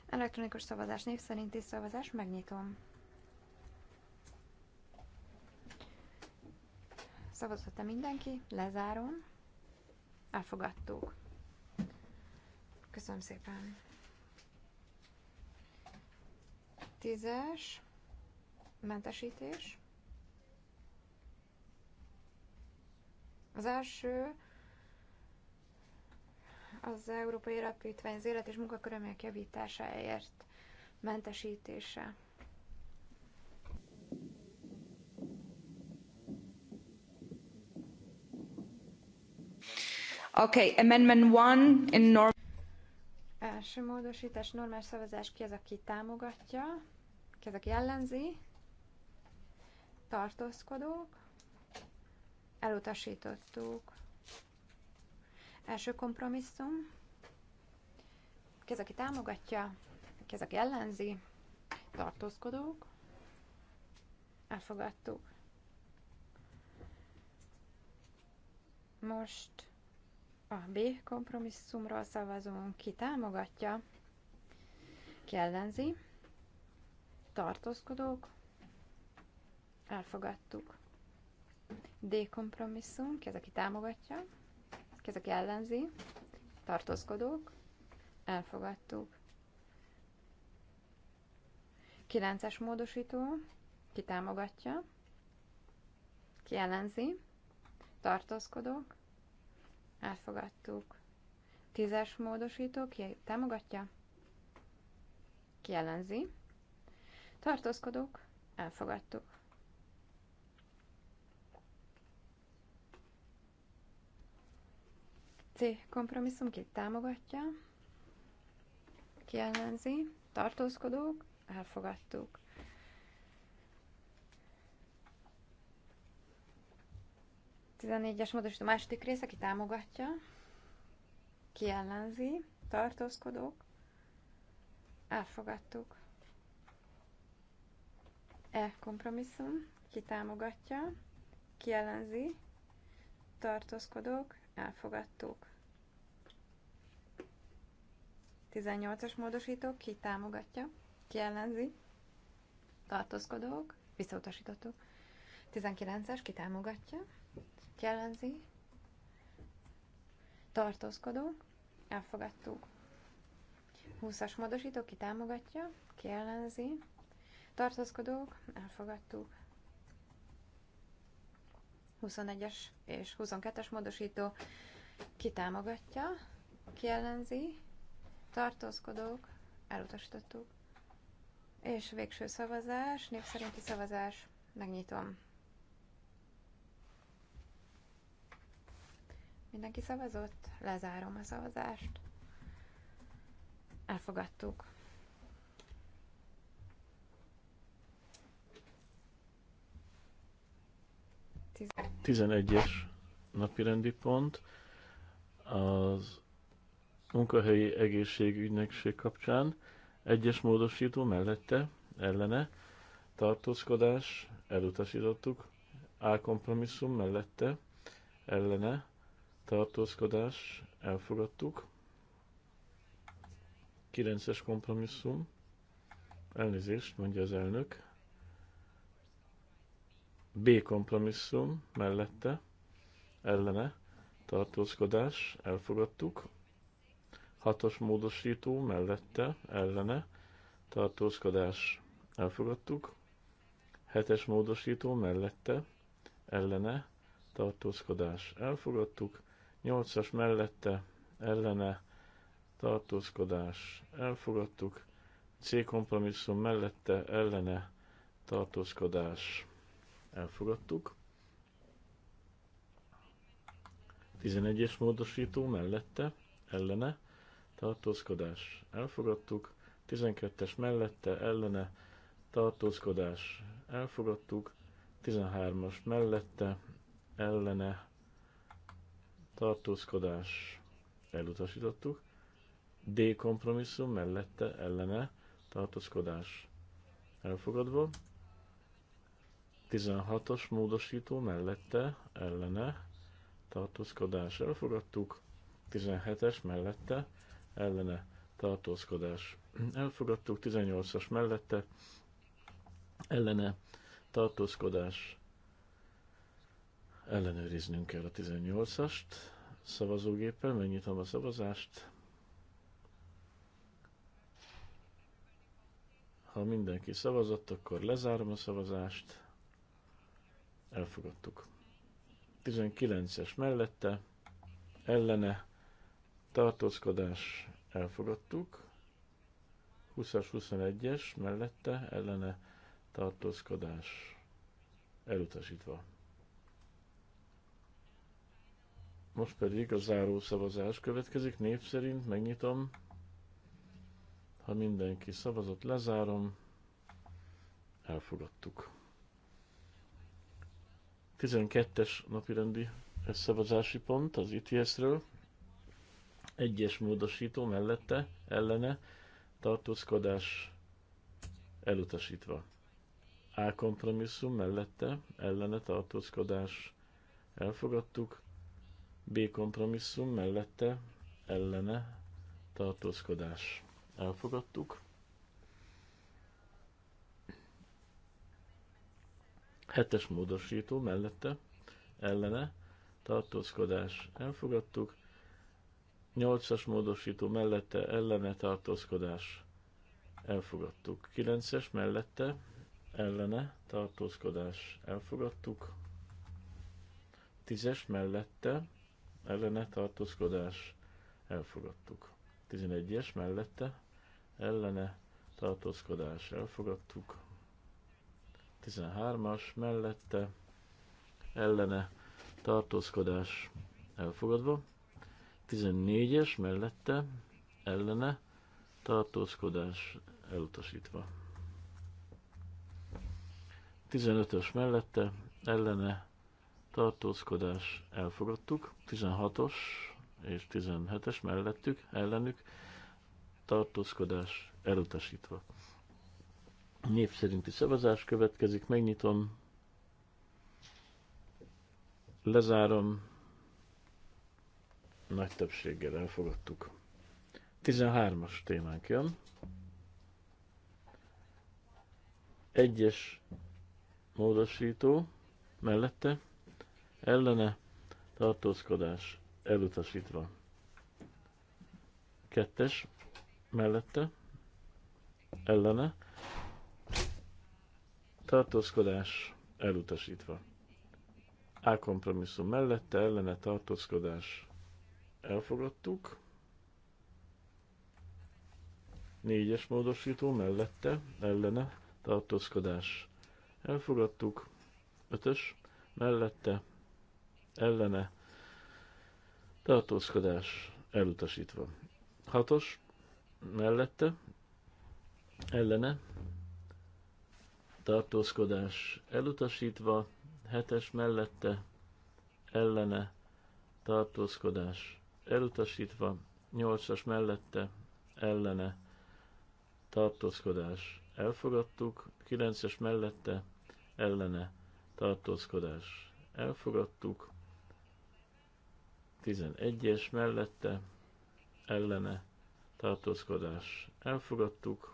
Elektronikus szavazás név szerinti szavazás, megnyitom. Szavazott-e mindenki? Lezárom. Elfogadtuk. Köszönöm szépen. Tízes. Mentesítés. Az első az Európai Alapítvány az élet és munkakörülmények javításáért mentesítése. Okay, amendment one in norm... Első módosítás, normál szavazás, ki az, aki támogatja, ki az, aki ellenzi, tartózkodók, elutasítottuk. Első kompromisszum. kez aki támogatja, kez aki ellenzi, tartózkodók. Elfogadtuk. Most a B kompromisszumról szavazunk, ki támogatja, ki ellenzi, tartózkodók, elfogadtuk. D kompromisszum, ki az, aki támogatja, aki jellemzi, tartózkodók, elfogadtuk. 9-es módosító, ki támogatja, ki ellenzi, tartózkodók, elfogadtuk. 10-es módosító, ki támogatja, ki ellenzi, tartózkodók, elfogadtuk. C kompromisszum ki támogatja, ki ellenzi, tartózkodók, elfogadtuk. es módosító második része, ki támogatja, ki ellenzi, tartózkodók, elfogadtuk. E kompromisszum, ki támogatja, ki ellenzi, tartózkodók, elfogadtuk. 18-as módosítók, ki támogatja, ki ellenzi, tartózkodók, visszautasítottuk. 19-es, ki támogatja, ki ellenzi, tartózkodók, elfogadtuk. 20-as módosítók, ki támogatja, ki ellenzi, tartózkodók, elfogadtuk. 21-es és 22-es módosító, ki támogatja, ki ellenzi, tartózkodók, elutasítottuk. És végső szavazás, népszerinti szavazás, megnyitom. Mindenki szavazott? Lezárom a szavazást. Elfogadtuk. Tizen- 11-es napirendi pont az munkahelyi egészségügynökség kapcsán. Egyes módosító mellette, ellene, tartózkodás, elutasítottuk. A kompromisszum mellette, ellene, tartózkodás, elfogadtuk. 9-es kompromisszum, elnézést, mondja az elnök. B kompromisszum mellette, ellene, tartózkodás, elfogadtuk. Hatos módosító mellette, ellene, tartózkodás elfogadtuk. Hetes módosító mellette, ellene, tartózkodás elfogadtuk. Nyolcas mellette, ellene, tartózkodás elfogadtuk. C kompromisszum mellette, ellene, tartózkodás elfogadtuk. 11-es módosító mellette, ellene, tartózkodás elfogadtuk, 12-es mellette ellene tartózkodás elfogadtuk, 13-as mellette ellene tartózkodás elutasítottuk, D kompromisszum mellette ellene tartózkodás elfogadva, 16-os módosító mellette ellene tartózkodás elfogadtuk, 17-es mellette ellene tartózkodás. Elfogadtuk 18-as mellette, ellene tartózkodás. Ellenőriznünk kell a 18-ast szavazógéppel, megnyitom a szavazást. Ha mindenki szavazott, akkor lezárom a szavazást. Elfogadtuk. 19-es mellette, ellene tartózkodás elfogadtuk, 20-as, 21-es mellette ellene tartózkodás elutasítva. Most pedig a záró szavazás következik, név szerint megnyitom. Ha mindenki szavazott, lezárom. Elfogadtuk. 12-es napirendi szavazási pont az ITS-ről. Egyes módosító mellette, ellene, tartózkodás elutasítva. A kompromisszum mellette, ellene tartózkodás elfogadtuk. B kompromisszum mellette, ellene tartózkodás elfogadtuk. Hetes módosító mellette, ellene tartózkodás elfogadtuk. 8-as módosító mellette ellene tartózkodás elfogadtuk. 9-es mellette ellene tartózkodás elfogadtuk. 10-es mellette ellene tartózkodás elfogadtuk. 11-es mellette ellene tartózkodás elfogadtuk. 13-as mellette ellene tartózkodás elfogadva. 14-es mellette ellene tartózkodás elutasítva. 15-ös mellette ellene tartózkodás elfogadtuk, 16-os és 17-es mellettük, ellenük tartózkodás elutasítva. Név szerinti szavazás következik, megnyitom, lezárom, nagy többséggel elfogadtuk. 13-as témánk jön. Egyes módosító mellette ellene tartózkodás elutasítva. Kettes mellette ellene tartózkodás elutasítva. A kompromisszum mellette ellene tartózkodás elfogadtuk. Négyes módosító mellette, ellene, tartózkodás. Elfogadtuk. Ötös mellette, ellene, tartózkodás elutasítva. Hatos mellette, ellene, tartózkodás elutasítva, hetes mellette, ellene, tartózkodás elutasítva, nyolcas mellette ellene tartózkodás elfogadtuk, kilences mellette ellene tartózkodás elfogadtuk, 11-es mellette ellene tartózkodás elfogadtuk,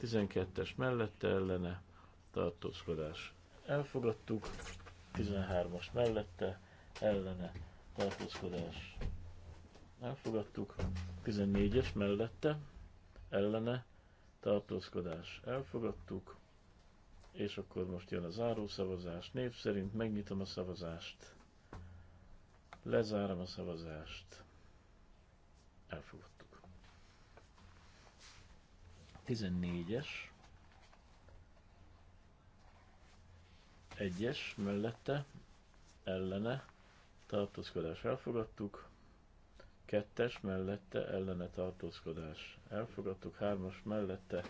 12-es mellette ellene tartózkodás elfogadtuk, 13-as mellette ellene tartózkodás elfogadtuk, 14-es mellette ellene tartózkodás elfogadtuk, és akkor most jön a zárószavazás. Név szerint megnyitom a szavazást, lezárom a szavazást, elfogadtuk. 14-es, 1-es mellette, ellene, tartózkodás elfogadtuk, kettes mellette ellene tartózkodás elfogadtuk, hármas mellette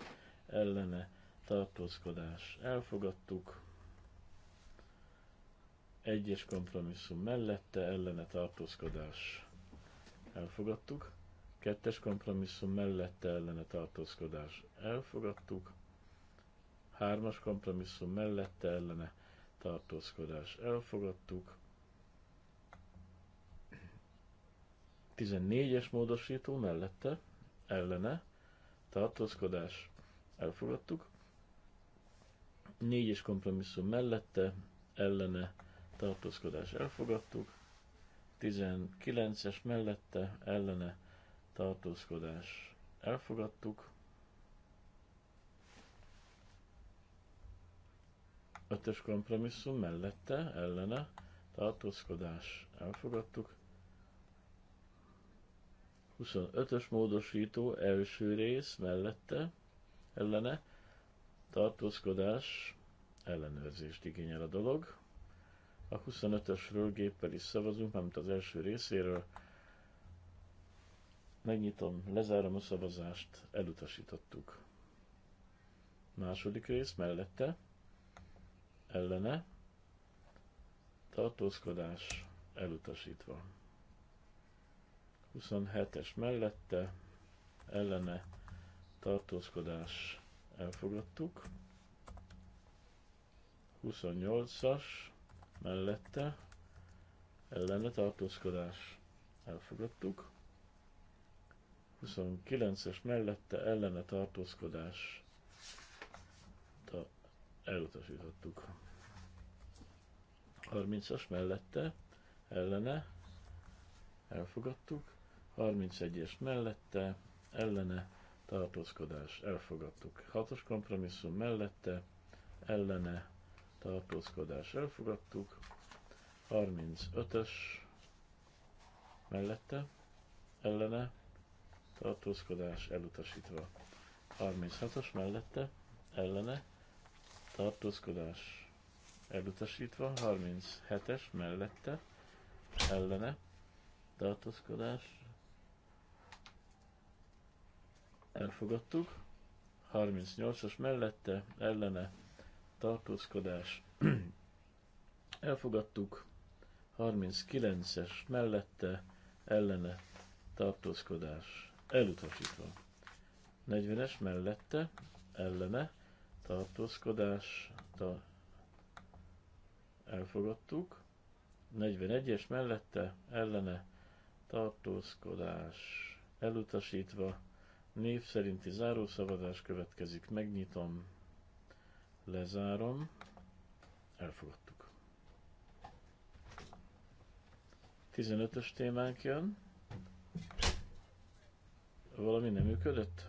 ellene tartózkodás elfogadtuk, egyes kompromisszum mellette ellene tartózkodás elfogadtuk, kettes kompromisszum mellette ellene tartózkodás elfogadtuk, hármas kompromisszum mellette ellene tartózkodás elfogadtuk, 14-es módosító mellette, ellene, tartózkodás, elfogadtuk. 4-es kompromisszum mellette, ellene, tartózkodás, elfogadtuk. 19-es mellette, ellene, tartózkodás, elfogadtuk. 5-ös kompromisszum mellette, ellene, tartózkodás, elfogadtuk. 25-ös módosító első rész mellette ellene tartózkodás ellenőrzést igényel a dolog. A 25-ösről géppel is szavazunk, mert az első részéről megnyitom, lezárom a szavazást, elutasítottuk. Második rész mellette, ellene, tartózkodás elutasítva. 27-es mellette ellene tartózkodás elfogadtuk. 28-as mellette ellene tartózkodás elfogadtuk. 29-es mellette ellene tartózkodás elutasítottuk. 30-as mellette ellene elfogadtuk. 31-es mellette, ellene tartózkodás elfogadtuk. 6-os kompromisszum mellette, ellene tartózkodás elfogadtuk. 35-ös mellette, ellene tartózkodás elutasítva. 36-os mellette, ellene tartózkodás elutasítva. 37-es mellette, ellene tartózkodás elfogadtuk. 38-as mellette, ellene, tartózkodás, elfogadtuk. 39-es mellette, ellene, tartózkodás, elutasítva. 40-es mellette, ellene, tartózkodás, ta, elfogadtuk. 41-es mellette, ellene, tartózkodás, elutasítva. Név szerinti zárószavazás következik. Megnyitom, lezárom. Elfogadtuk. 15-ös témánk jön. Valami nem működött?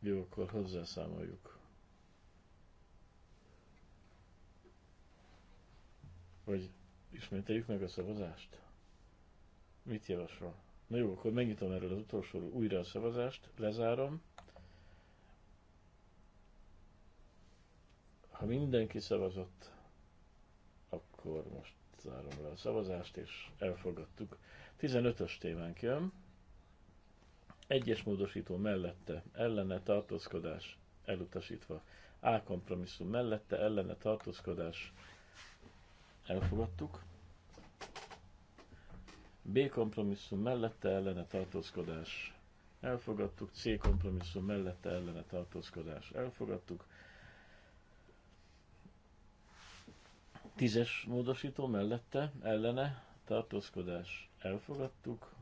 Jó, akkor hozzászámoljuk. Vagy Ismételjük meg a szavazást? Mit javasol? Na jó, akkor megnyitom erről az utolsó újra a szavazást, lezárom. Ha mindenki szavazott, akkor most zárom le a szavazást, és elfogadtuk. 15-ös témánk jön. Egyes módosító mellette, ellene tartózkodás, elutasítva. A kompromisszum mellette, ellene tartózkodás, Elfogadtuk. B kompromisszum mellette ellene tartózkodás. Elfogadtuk. C kompromisszum mellette ellene tartózkodás. Elfogadtuk. Tízes módosító mellette ellene tartózkodás. Elfogadtuk.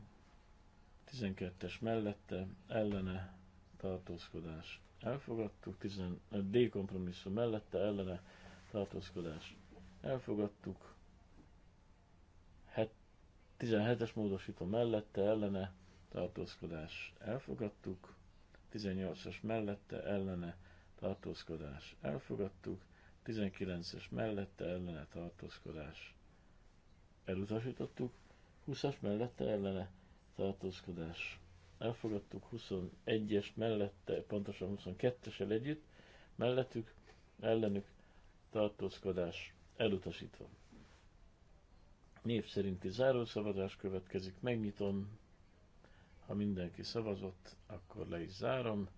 12-es mellette ellene tartózkodás. Elfogadtuk. Tizen D kompromisszum mellette ellene tartózkodás. Elfogadtuk. 17-es módosító mellette, ellene, tartózkodás. Elfogadtuk. 18-as mellette, ellene, tartózkodás. Elfogadtuk. 19-es mellette, ellene, tartózkodás. Elutasítottuk. 20-as mellette, ellene, tartózkodás. Elfogadtuk 21-es mellette, pontosan 22-esel együtt, mellettük, ellenük tartózkodás Elutasítva. Név szerinti zárószavazás következik. Megnyitom. Ha mindenki szavazott, akkor le is zárom.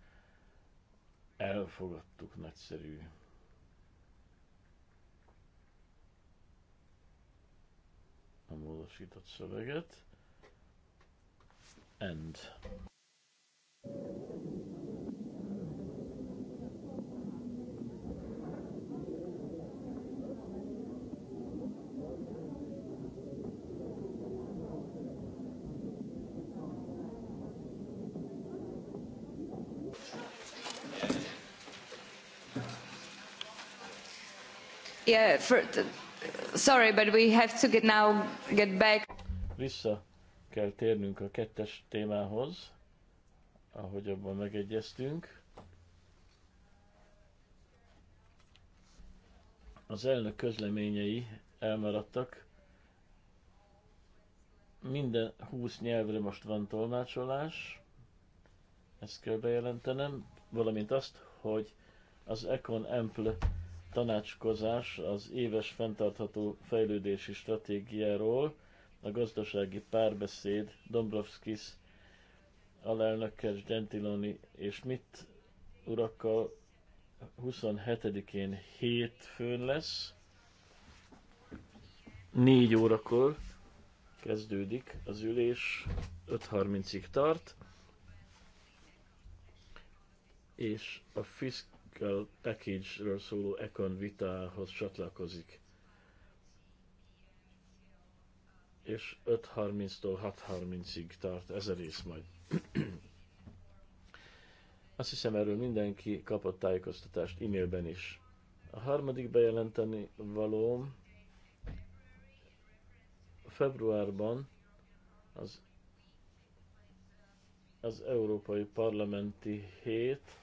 Elfogadtuk, nagyszerű. A módosított szöveget. End. Yeah, for, sorry, but we have to get now get back. Vissza kell térnünk a kettes témához, ahogy abban megegyeztünk. Az elnök közleményei elmaradtak. Minden 20 nyelvre most van tolmácsolás, ezt kell bejelentenem, valamint azt, hogy az Econ Ample tanácskozás az éves fenntartható fejlődési stratégiáról, a gazdasági párbeszéd Dombrovskis alelnökkel, Gentiloni és mit urakkal 27-én hétfőn lesz. 4 órakor kezdődik az ülés, 5.30-ig tart, és a FISK Chemical Package-ről szóló Econ vitához csatlakozik. És 5.30-tól 6.30-ig tart ez a rész majd. Azt hiszem erről mindenki kapott tájékoztatást e-mailben is. A harmadik bejelenteni valóm februárban az, az Európai Parlamenti Hét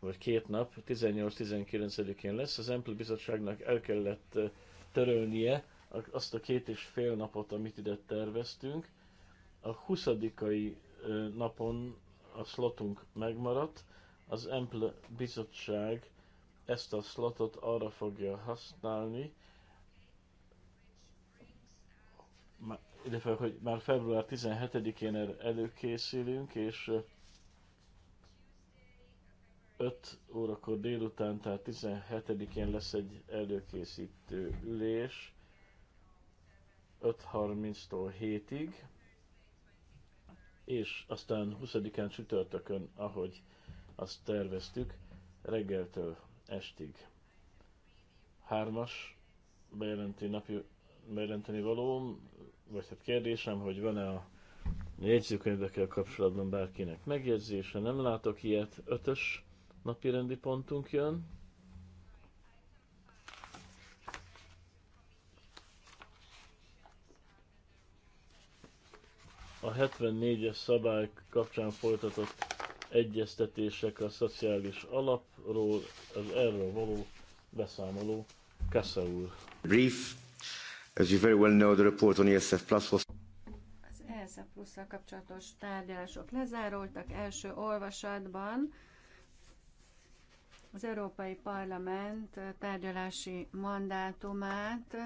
vagy két nap, 18-19-én lesz, az Ample Bizottságnak el kellett törölnie azt a két és fél napot, amit ide terveztünk. A 20 napon a slotunk megmaradt, az Ample Bizottság ezt a slotot arra fogja használni, illetve, hogy már február 17-én előkészülünk, és 5 órakor délután, tehát 17-én lesz egy előkészítő ülés 5.30-tól 7-ig, és aztán 20-án csütörtökön, ahogy azt terveztük, reggeltől estig. Hármas bejelenti napi, bejelenteni valóm, vagy hát kérdésem, hogy van-e a jegyzőkönyvekkel kapcsolatban bárkinek megjegyzése, nem látok ilyet. Ötös napirendi pontunk jön. A 74-es szabály kapcsán folytatott egyeztetések a szociális alapról, az erről való beszámoló Kassa úr. Brief. As you very well know, the report on ESF Plus was az ESF plusz kapcsolatos tárgyalások lezárultak első olvasatban. Az Európai Parlament tárgyalási mandátumát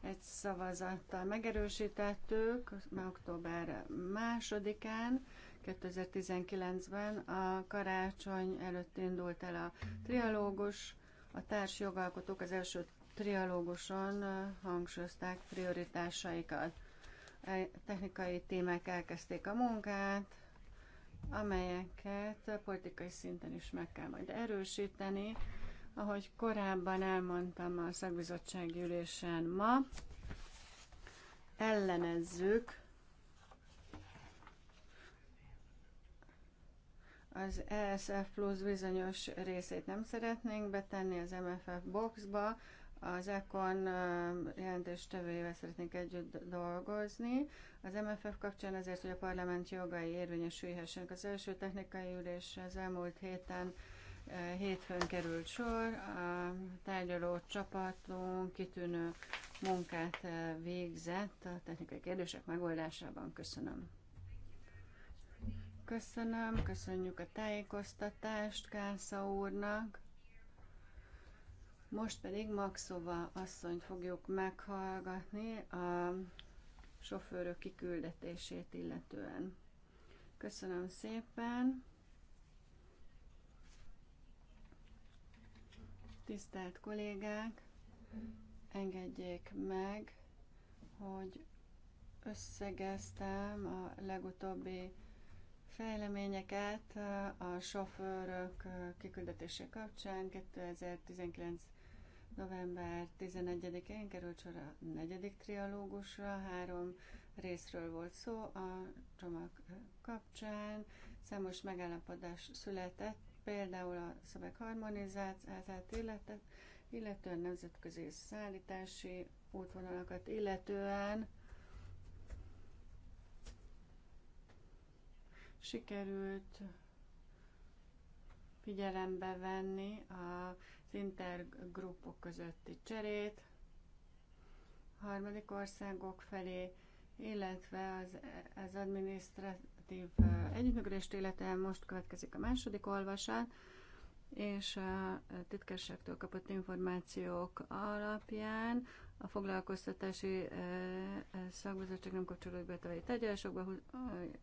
egy szavazattal megerősítettük, már október másodikán, 2019-ben a karácsony előtt indult el a trialógus, a társ jogalkotók az első trialóguson hangsúlyozták prioritásaikat. A technikai témák elkezdték a munkát, amelyeket politikai szinten is meg kell majd erősíteni. Ahogy korábban elmondtam a szakbizottsági ülésen ma, ellenezzük az ESF plusz bizonyos részét nem szeretnénk betenni az MFF boxba, az ECON jelentéstevőjével szeretnénk együtt dolgozni. Az MFF kapcsán azért, hogy a parlament jogai érvényesülhessenek. Az első technikai ülés az elmúlt héten hétfőn került sor. A tárgyaló csapatunk kitűnő munkát végzett a technikai kérdések megoldásában. Köszönöm. Köszönöm, köszönjük a tájékoztatást Kásza úrnak. Most pedig Maxova asszonyt fogjuk meghallgatni a sofőrök kiküldetését illetően. Köszönöm szépen! Tisztelt kollégák, engedjék meg, hogy összegeztem a legutóbbi fejleményeket a sofőrök kiküldetése kapcsán 2019. November 11-én került sor a negyedik trialógusra, három részről volt szó a csomag kapcsán, számos megállapodás született, például a szöveg harmonizációját illetően nemzetközi szállítási útvonalakat illetően sikerült figyelembe venni a az intergrupok közötti cserét harmadik országok felé, illetve az, az adminisztratív együttműködést, illetve most következik a második olvasat, és a titkességtől kapott információk alapján a foglalkoztatási szakbizottság nem kapcsolódik be további tárgyalásokba.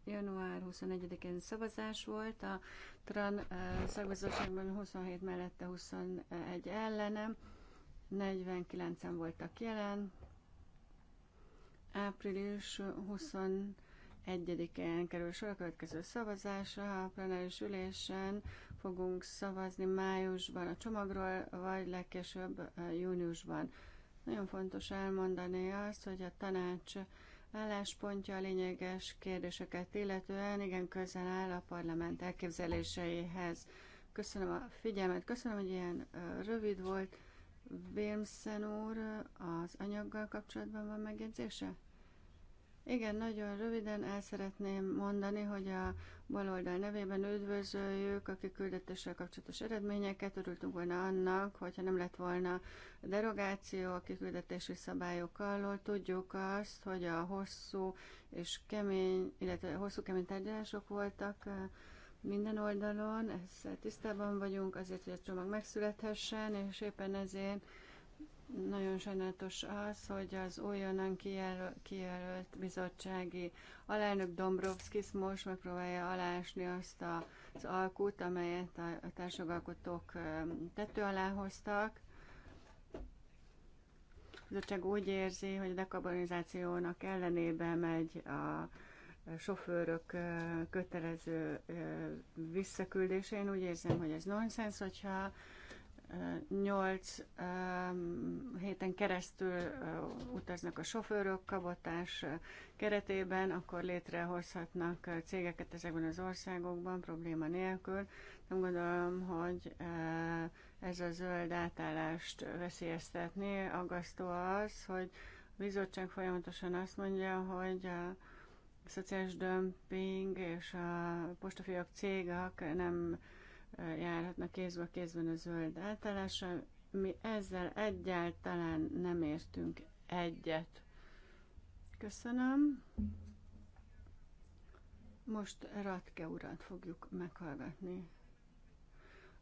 Január 21-én szavazás volt, a TRAN szakbizottságban 27 mellette 21 ellenem, 49-en voltak jelen. Április 21-én kerül sor a következő szavazásra, a plenáris ülésen fogunk szavazni májusban a csomagról, vagy legkésőbb júniusban. Nagyon fontos elmondani azt, hogy a tanács álláspontja a lényeges kérdéseket illetően igen közel áll a parlament elképzeléseihez. Köszönöm a figyelmet, köszönöm, hogy ilyen rövid volt. Wilmsen úr az anyaggal kapcsolatban van megjegyzése? Igen, nagyon röviden el szeretném mondani, hogy a baloldal nevében üdvözöljük a kiküldetéssel kapcsolatos eredményeket. Örültünk volna annak, hogyha nem lett volna derogáció a kiküldetési szabályok alól. Tudjuk azt, hogy a hosszú és kemény, illetve hosszú kemény tárgyalások voltak eh, minden oldalon, ezzel tisztában vagyunk, azért, hogy a csomag megszülethessen, és éppen ezért nagyon sajnálatos az, hogy az újonnan kijelölt, bizottsági alelnök Dombrovskis most megpróbálja alásni azt az alkut, amelyet a társadalkotók tető alá hoztak. Ez csak úgy érzi, hogy a dekarbonizációnak ellenében megy a sofőrök kötelező visszaküldésén úgy érzem, hogy ez nonsens, hogyha Nyolc héten keresztül utaznak a sofőrök kabotás keretében, akkor létrehozhatnak cégeket ezekben az országokban probléma nélkül. Nem gondolom, hogy ez a zöld átállást veszélyeztetné. Aggasztó az, hogy a bizottság folyamatosan azt mondja, hogy a szociális dömping és a postafiak cégek nem járhatnak kézbe a kézben a zöld általása. Mi ezzel egyáltalán nem értünk egyet. Köszönöm. Most Ratke urat fogjuk meghallgatni.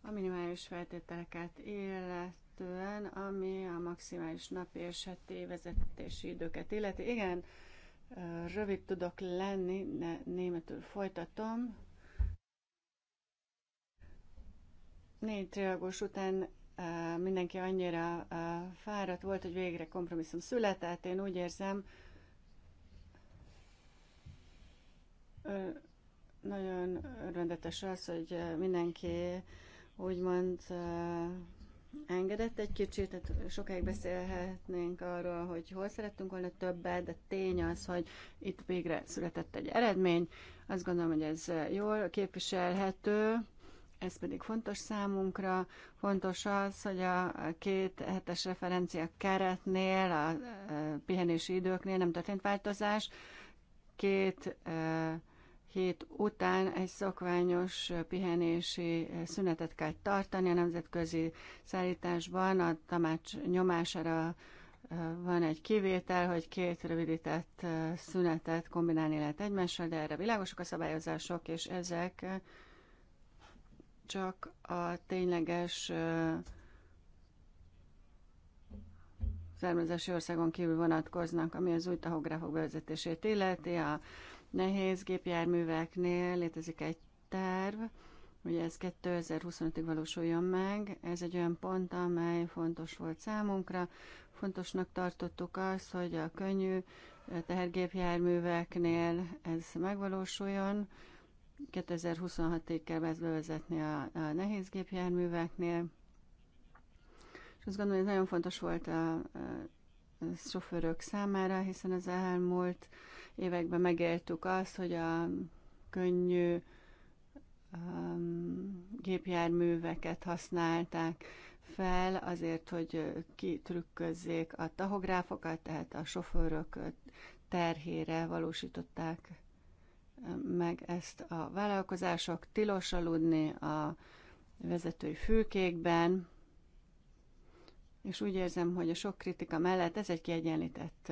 A minimális feltételeket illetően, ami a maximális napi és heti vezetési időket illeti. Igen, rövid tudok lenni, de németül folytatom. négy triagos után mindenki annyira fáradt volt, hogy végre kompromisszum született. Én úgy érzem, nagyon örvendetes az, hogy mindenki úgymond engedett egy kicsit, tehát sokáig beszélhetnénk arról, hogy hol szerettünk volna többet, de tény az, hogy itt végre született egy eredmény. Azt gondolom, hogy ez jól képviselhető ez pedig fontos számunkra. Fontos az, hogy a két hetes referencia keretnél, a pihenési időknél nem történt változás. Két hét után egy szokványos pihenési szünetet kell tartani a nemzetközi szállításban. A tamács nyomására van egy kivétel, hogy két rövidített szünetet kombinálni lehet egymással, de erre világosak a szabályozások, és ezek csak a tényleges származási országon kívül vonatkoznak, ami az új tahográfok bevezetését illeti. A nehéz gépjárműveknél létezik egy terv, ugye ez 2025-ig valósuljon meg. Ez egy olyan pont, amely fontos volt számunkra. Fontosnak tartottuk azt, hogy a könnyű tehergépjárműveknél ez megvalósuljon, 2026-ig kell ezt bevezetni a, a nehézgépjárműveknél. És azt gondolom, hogy nagyon fontos volt a, a sofőrök számára, hiszen az elmúlt években megéltük azt, hogy a könnyű um, gépjárműveket használták fel azért, hogy kitrükközzék a tahográfokat, tehát a sofőrök terhére valósították meg ezt a vállalkozások, tilos aludni a vezetői fülkékben, és úgy érzem, hogy a sok kritika mellett ez egy kiegyenlített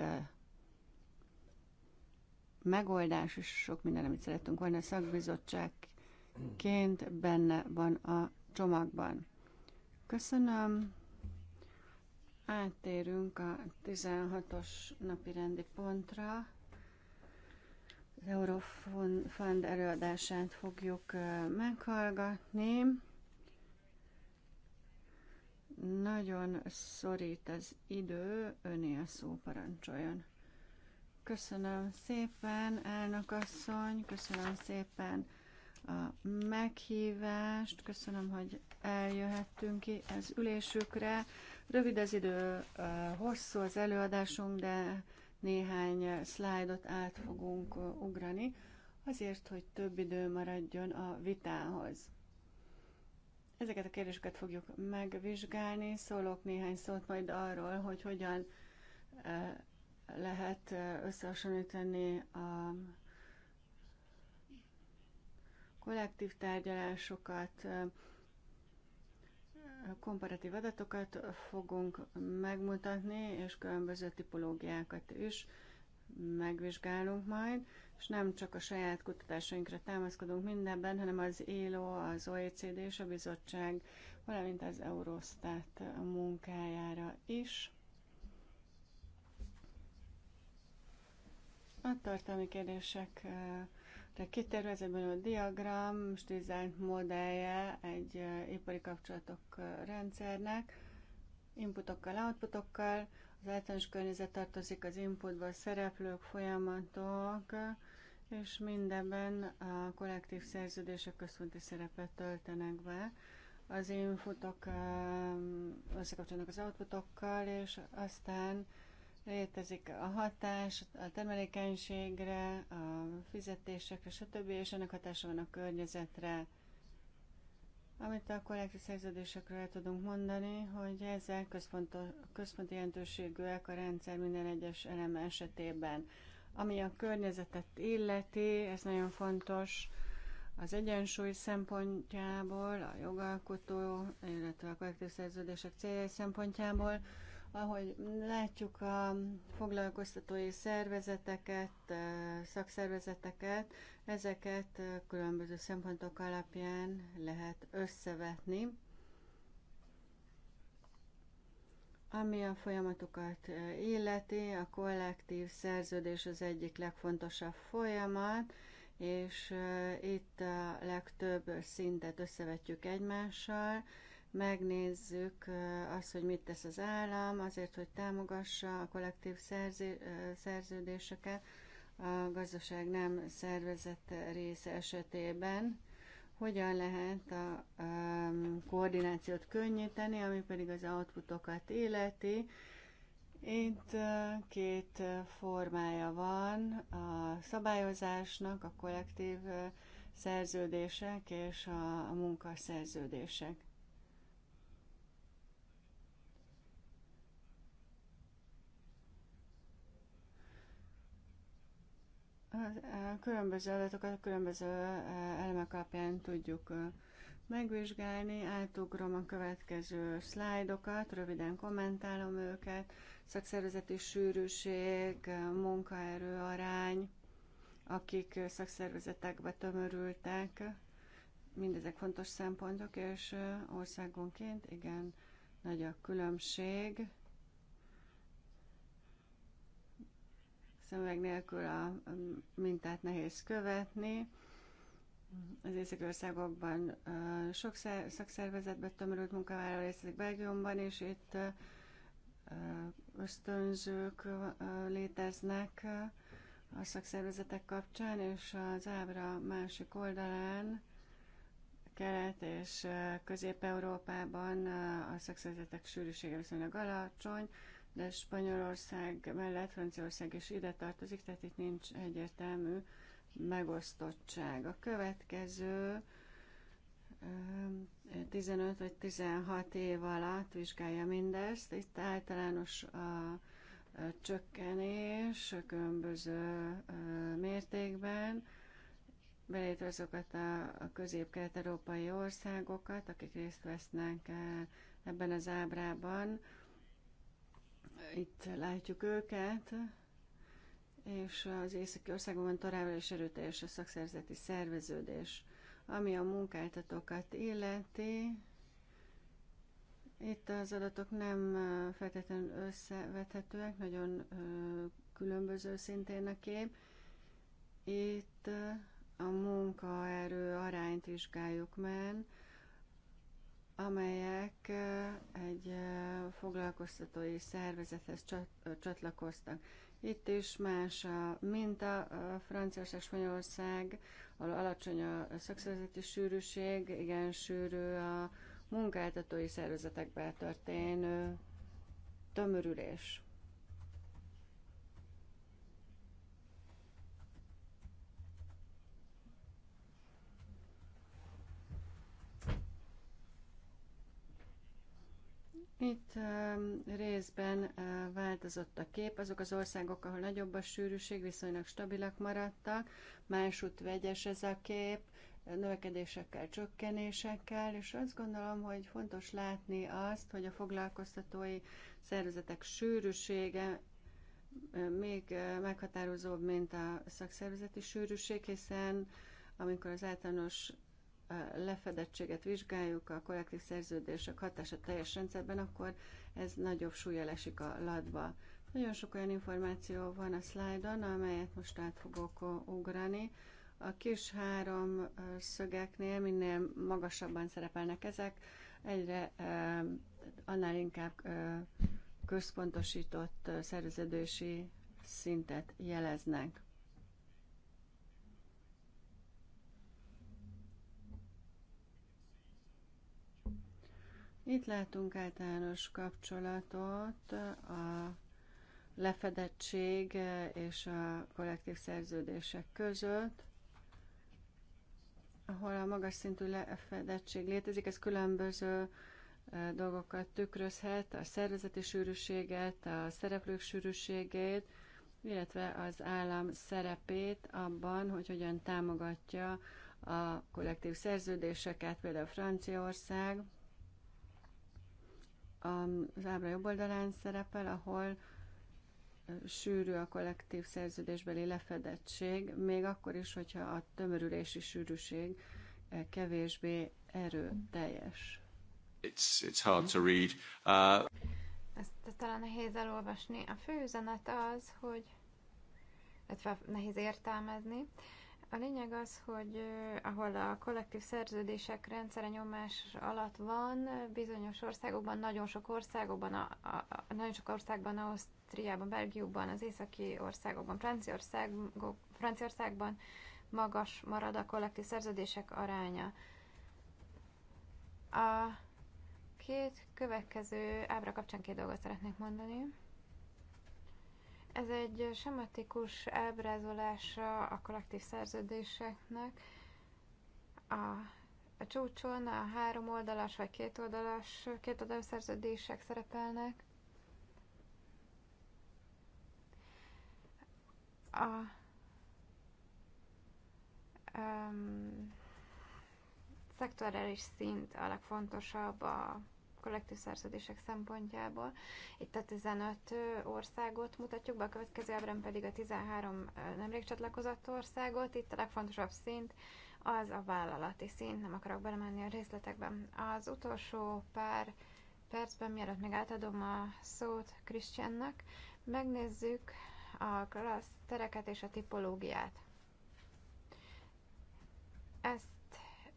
megoldás, és sok minden, amit szerettünk volna a szakbizottságként benne van a csomagban. Köszönöm. Áttérünk a 16-os napi rendi pontra. Az Eurofund előadását fogjuk meghallgatni. Nagyon szorít az idő, öné a szó parancsoljon. Köszönöm szépen, elnök asszony, köszönöm szépen a meghívást, köszönöm, hogy eljöhettünk ki ez ülésükre. Rövid az idő, hosszú az előadásunk, de néhány eh, szlájdot át fogunk eh, ugrani, azért, hogy több idő maradjon a vitához. Ezeket a kérdéseket fogjuk megvizsgálni, szólok néhány szót majd arról, hogy hogyan eh, lehet összehasonlítani a kollektív tárgyalásokat, komparatív adatokat fogunk megmutatni, és különböző tipológiákat is megvizsgálunk majd, és nem csak a saját kutatásainkra támaszkodunk mindenben, hanem az ILO, az OECD és a bizottság, valamint az Eurostat munkájára is. A tartalmi kérdések tehát kiterve a diagram stilizált modellje egy ipari kapcsolatok rendszernek, inputokkal, outputokkal, az általános környezet tartozik az a szereplők, folyamatok, és mindenben a kollektív szerződések központi szerepet töltenek be. Az inputok összekapcsolnak az outputokkal, és aztán létezik a hatás a termelékenységre, a fizetésekre, stb., és ennek hatása van a környezetre. Amit a kollektív szerződésekről el tudunk mondani, hogy ezzel központi jelentőségűek a rendszer minden egyes eleme esetében. Ami a környezetet illeti, ez nagyon fontos az egyensúly szempontjából, a jogalkotó, illetve a kollektív szerződések céljai szempontjából, ahogy látjuk a foglalkoztatói szervezeteket, szakszervezeteket, ezeket különböző szempontok alapján lehet összevetni, Ami a folyamatokat illeti, a kollektív szerződés az egyik legfontosabb folyamat, és itt a legtöbb szintet összevetjük egymással, megnézzük azt, hogy mit tesz az állam azért, hogy támogassa a kollektív szerződéseket a gazdaság nem szervezett része esetében, hogyan lehet a koordinációt könnyíteni, ami pedig az outputokat illeti. Itt két formája van a szabályozásnak, a kollektív szerződések és a, a munkaszerződések. A különböző adatokat a különböző elemek alapján tudjuk megvizsgálni, átugrom a következő szlájdokat, röviden kommentálom őket, szakszervezeti sűrűség, munkaerő arány, akik szakszervezetekbe tömörültek, mindezek fontos szempontok, és országonként igen nagy a különbség. szemüveg nélkül a mintát nehéz követni. Az Észak-országokban sok szakszervezetben tömörült munkavállaló részletek Belgiumban, és itt ösztönzők léteznek a szakszervezetek kapcsán, és az ábra másik oldalán Kelet és Közép-Európában a szakszervezetek sűrűsége viszonylag alacsony, de Spanyolország mellett Franciaország is ide tartozik, tehát itt nincs egyértelmű megosztottság. A következő 15 vagy 16 év alatt vizsgálja mindezt. Itt általános a csökkenés különböző mértékben, belétve azokat a közép-kelet-európai országokat, akik részt vesznek ebben az ábrában, itt látjuk őket, és az északi országokban továbbra és erőteljes a szakszerzeti szerveződés, ami a munkáltatókat illeti. Itt az adatok nem feltétlenül összevethetőek, nagyon különböző szintén a kép. Itt a munkaerő arányt vizsgáljuk meg, amelyek egy foglalkoztatói szervezethez csatlakoztak. Itt is más a minta, Franciaország, Spanyolország, ahol alacsony a szakszervezeti sűrűség, igen sűrű a munkáltatói szervezetekben történő tömörülés. Itt részben változott a kép, azok az országok, ahol nagyobb a sűrűség, viszonylag stabilak maradtak, másút vegyes ez a kép, növekedésekkel, csökkenésekkel, és azt gondolom, hogy fontos látni azt, hogy a foglalkoztatói szervezetek sűrűsége még meghatározóbb, mint a szakszervezeti sűrűség, hiszen amikor az általános lefedettséget vizsgáljuk, a kollektív szerződések hatása teljes rendszerben, akkor ez nagyobb súlya esik a ladba. Nagyon sok olyan információ van a szlájdon, amelyet most át fogok ugrani. A kis három szögeknél minél magasabban szerepelnek ezek, egyre annál inkább központosított szerződési szintet jeleznek. Itt látunk általános kapcsolatot a lefedettség és a kollektív szerződések között, ahol a magas szintű lefedettség létezik, ez különböző dolgokat tükrözhet, a szervezeti sűrűséget, a szereplők sűrűségét, illetve az állam szerepét abban, hogy hogyan támogatja a kollektív szerződéseket, például Franciaország, az ábra jobb oldalán szerepel, ahol sűrű a kollektív szerződésbeli lefedettség, még akkor is, hogyha a tömörülési sűrűség kevésbé erőteljes. It's, it's hard to read. Uh... Ezt talán nehéz elolvasni. A fő üzenet az, hogy illetve nehéz értelmezni, a lényeg az, hogy ahol a kollektív szerződések rendszere nyomás alatt van, bizonyos országokban, nagyon sok országokban, a, a, a nagyon sok országban, Ausztriában, Belgiumban, az északi országokban, Franciaország, Franciaországban magas marad a kollektív szerződések aránya. A két következő ábra kapcsán két dolgot szeretnék mondani. Ez egy sematikus ábrázolása a kollektív szerződéseknek. A, a csúcson a három oldalas vagy két oldalas, két oldalas szerződések szerepelnek. A, um, szektorális szint a legfontosabb a kollektív szerződések szempontjából. Itt a 15 országot mutatjuk be, a következő ábrán pedig a 13 nemrég csatlakozott országot. Itt a legfontosabb szint az a vállalati szint, nem akarok belemenni a részletekben. Az utolsó pár percben, mielőtt még átadom a szót Krisztiánnak, megnézzük a klasztereket tereket és a tipológiát. Ezt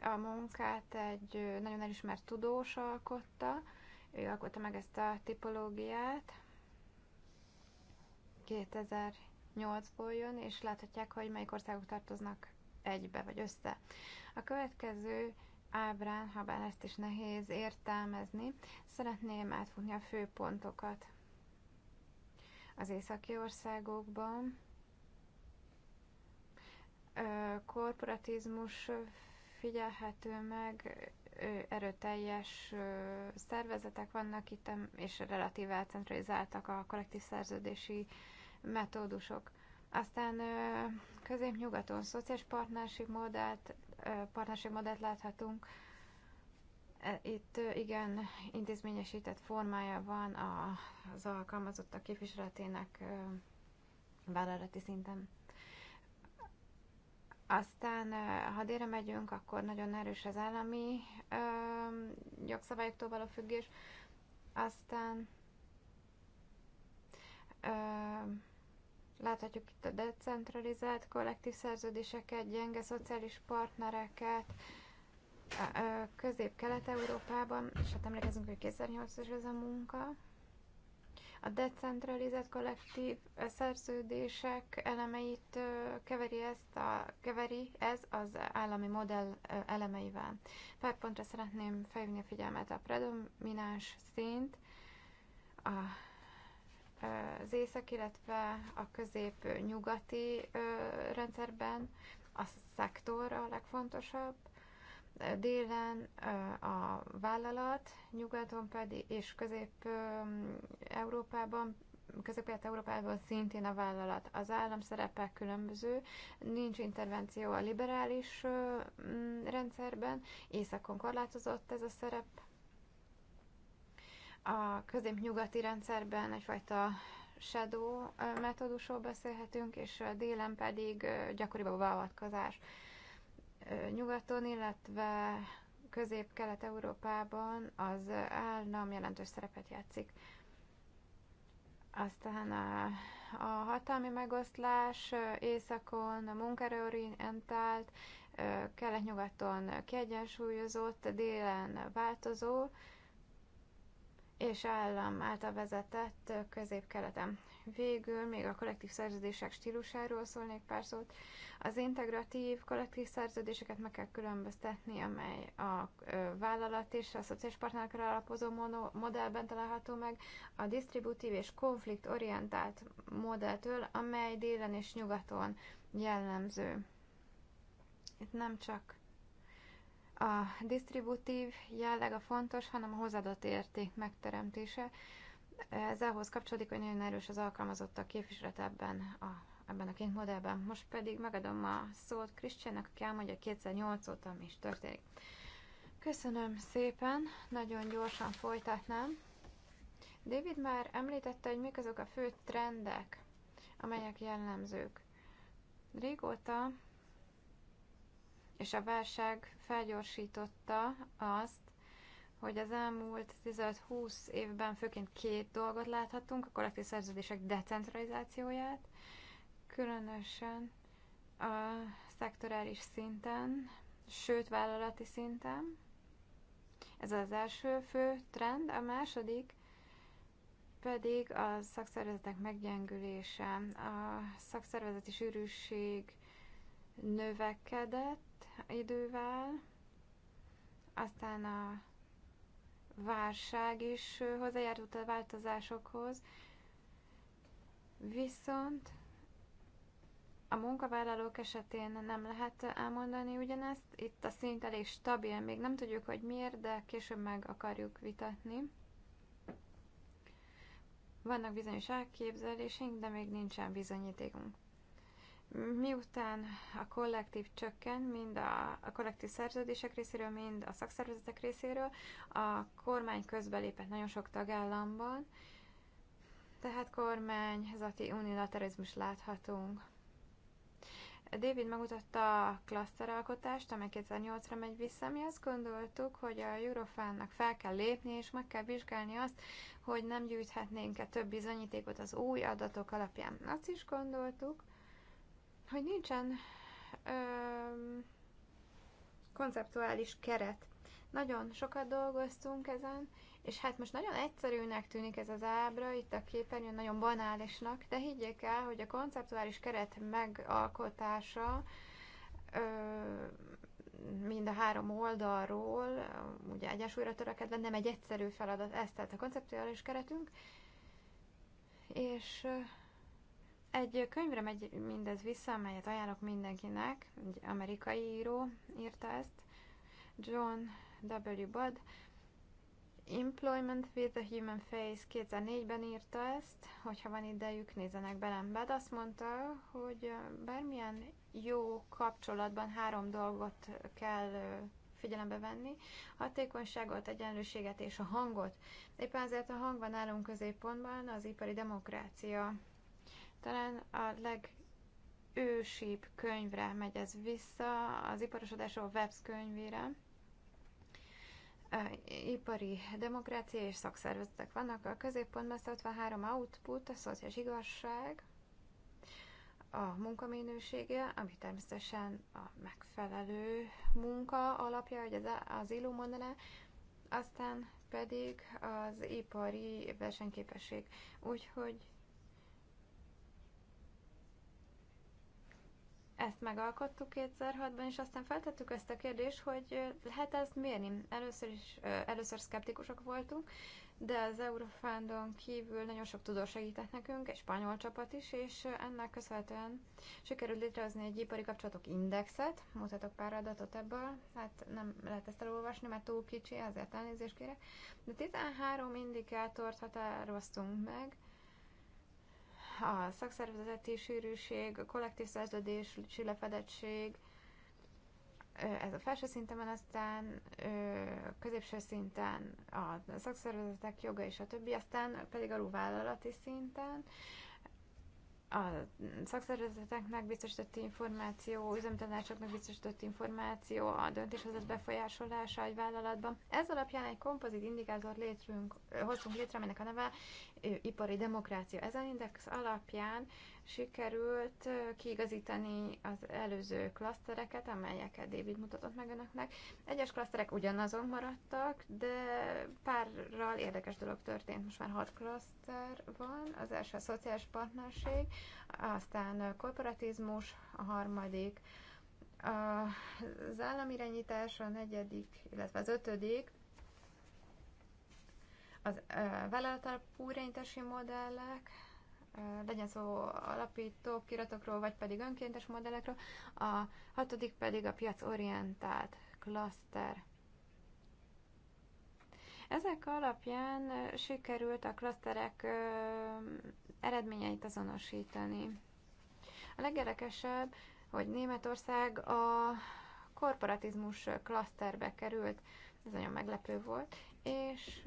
a munkát egy nagyon elismert tudós alkotta, ő alkotta meg ezt a tipológiát. 2008-ból jön, és láthatják, hogy melyik országok tartoznak egybe vagy össze. A következő ábrán, ha bár ezt is nehéz értelmezni, szeretném átfutni a fő pontokat. Az északi országokban korporatizmus figyelhető meg, erőteljes szervezetek vannak itt, és relatív elcentralizáltak a kollektív szerződési metódusok. Aztán közép-nyugaton szociális partnerség modellt, partnerség modellt láthatunk. E, itt igen intézményesített formája van az alkalmazottak képviseletének vállalati szinten. Aztán, ha délre megyünk, akkor nagyon erős az állami ö, jogszabályoktól való függés. Aztán ö, láthatjuk itt a decentralizált kollektív szerződéseket, gyenge szociális partnereket, Közép-Kelet-Európában, és hát emlékezünk, hogy 2008-as ez a munka. A decentralizált kollektív szerződések elemeit keveri, ezt a, keveri ez az állami modell elemeivel. Pár pontra szeretném felhívni a figyelmet a predomináns szint, a az észak, illetve a közép-nyugati rendszerben a szektor a legfontosabb, délen a vállalat, nyugaton pedig, és közép-európában Közép-Európában szintén a vállalat. Az állam szerepe különböző, nincs intervenció a liberális rendszerben, északon korlátozott ez a szerep. A közép-nyugati rendszerben egyfajta shadow metódusról beszélhetünk, és délen pedig gyakoribb a beavatkozás nyugaton, illetve közép-kelet-európában az állam jelentős szerepet játszik. Aztán a, a hatalmi megoszlás északon munkaerőorientált, kelet-nyugaton kiegyensúlyozott, délen változó, és állam által vezetett közép-keleten. Végül még a kollektív szerződések stílusáról szólnék pár szót. Az integratív kollektív szerződéseket meg kell különböztetni, amely a vállalat és a szociális partnerekre alapozó modellben található meg, a disztributív és konfliktorientált modelltől, amely délen és nyugaton jellemző. Itt nem csak a disztributív jelleg a fontos, hanem a hozadott érték megteremtése, ez ahhoz kapcsolódik, hogy nagyon erős az alkalmazottak képviselet ebben a, ebben a két modellben. Most pedig megadom a szót Krisztiának, aki elmondja 2008 óta mi is történik. Köszönöm szépen, nagyon gyorsan folytatnám. David már említette, hogy mik azok a fő trendek, amelyek jellemzők. Régóta és a válság felgyorsította azt, hogy az elmúlt 15-20 évben főként két dolgot láthatunk, a kollektív szerződések decentralizációját, különösen a szektorális szinten, sőt vállalati szinten. Ez az első fő trend, a második pedig a szakszervezetek meggyengülése. A szakszervezeti sűrűség növekedett idővel, aztán a válság is hozzájárult a változásokhoz, viszont a munkavállalók esetén nem lehet elmondani ugyanezt, itt a szint elég stabil, még nem tudjuk, hogy miért, de később meg akarjuk vitatni. Vannak bizonyos elképzeléseink, de még nincsen bizonyítékunk. Miután a kollektív csökken, mind a, a kollektív szerződések részéről, mind a szakszervezetek részéről, a kormány közbelépett nagyon sok tagállamban, tehát kormányzati unilaterizmus láthatunk. David megmutatta a klaszteralkotást, amely 2008-ra megy vissza. Mi azt gondoltuk, hogy a Eurofánnak fel kell lépni, és meg kell vizsgálni azt, hogy nem gyűjthetnénk-e több bizonyítékot az új adatok alapján. Azt is gondoltuk, hogy nincsen öm, konceptuális keret. Nagyon sokat dolgoztunk ezen, és hát most nagyon egyszerűnek tűnik ez az ábra, itt a képernyőn nagyon banálisnak, de higgyék el, hogy a konceptuális keret megalkotása ö, mind a három oldalról, ugye újra törekedve, nem egy egyszerű feladat, ez tehát a konceptuális keretünk, és egy könyvre megy mindez vissza, amelyet ajánlok mindenkinek, egy amerikai író írta ezt, John W. Budd, Employment with a Human Face 2004-ben írta ezt, hogyha van idejük, nézzenek belem. Bad azt mondta, hogy bármilyen jó kapcsolatban három dolgot kell figyelembe venni, hatékonyságot, egyenlőséget és a hangot. Éppen ezért a hang van nálunk középpontban, az ipari demokrácia talán a legősibb könyvre megy ez vissza, az iparosodásról Webs könyvére. Ipari demokrácia és szakszervezetek vannak a középpontban, 63 output, a szociális igazság, a munkaminősége, ami természetesen a megfelelő munka alapja, hogy az, az illó mondaná, aztán pedig az ipari versenyképesség. Úgyhogy Ezt megalkottuk 2006-ban, és aztán feltettük ezt a kérdést, hogy lehet ezt mérni. Először is, először szkeptikusok voltunk, de az Eurofundon kívül nagyon sok tudós segített nekünk, egy spanyol csapat is, és ennek köszönhetően sikerült létrehozni egy ipari kapcsolatok indexet, mutatok pár adatot ebből, hát nem lehet ezt elolvasni, mert túl kicsi, azért elnézést kérek, de 13 indikátort határoztunk meg, a szakszervezeti sűrűség, a kollektív szerződés, lefedettség, ez a felső szinten, aztán a középső szinten a szakszervezetek joga és a többi, aztán pedig a vállalati szinten a szakszervezeteknek biztosított információ, üzemtanácsoknak biztosított információ, a döntéshozat befolyásolása egy vállalatban. Ez alapján egy kompozit indikátor létrünk, hoztunk létre, aminek a neve ipari demokrácia. Ezen index alapján sikerült kiigazítani az előző klasztereket, amelyeket David mutatott meg önöknek. Egyes klaszterek ugyanazon maradtak, de párral érdekes dolog történt. Most már hat klaszter van, az első a szociális partnerség, aztán a korporatizmus, a harmadik az államirányítás, a negyedik, illetve az ötödik, az vállalatalapú irányítási modellek, legyen szó alapító kiratokról, vagy pedig önkéntes modellekről, a hatodik pedig a piacorientált klaszter. Ezek alapján sikerült a klaszterek eredményeit azonosítani. A legérdekesebb, hogy Németország a korporatizmus klaszterbe került, ez nagyon meglepő volt, és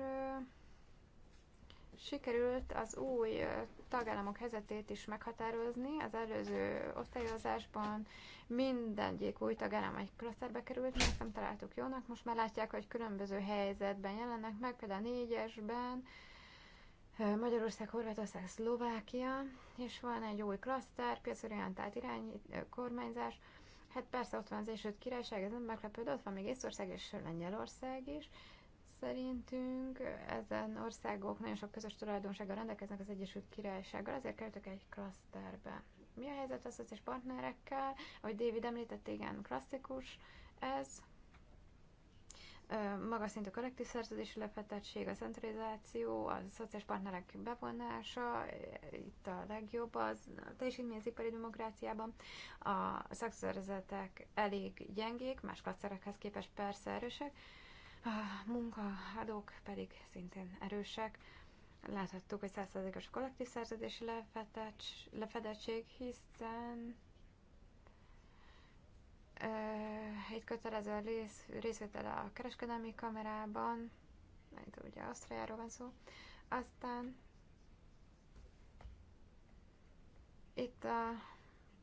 sikerült az új tagállamok helyzetét is meghatározni. Az előző osztályozásban mindegyik új tagállam egy klaszterbe került, mert nem találtuk jónak. Most már látják, hogy különböző helyzetben jelennek meg, például négyesben, Magyarország, Horvátország, Szlovákia, és van egy új klaszter, piacorientált irány, kormányzás, Hát persze ott van az első Királyság, ez nem meglepő, de ott van még Észország és Lengyelország is. Szerintünk ezen országok nagyon sok közös tulajdonsággal rendelkeznek az Egyesült Királysággal, ezért kerültek egy klaszterbe. Mi a helyzet az összes partnerekkel? Ahogy David említett, igen, klasszikus ez. Magas szintű kollektív szerződési lefetettség, a centralizáció, a szociális partnerek bevonása, itt a legjobb az teljesítményezipari demokráciában. A szakszervezetek elég gyengék, más klasszerekhez képest persze erősek, a munkaadók pedig szintén erősek. Láthattuk, hogy 100%-os a kollektív szerződési lefedettség, hiszen egy kötelező rész, részvétele a kereskedelmi kamerában, itt ugye Ausztriáról van szó, aztán itt a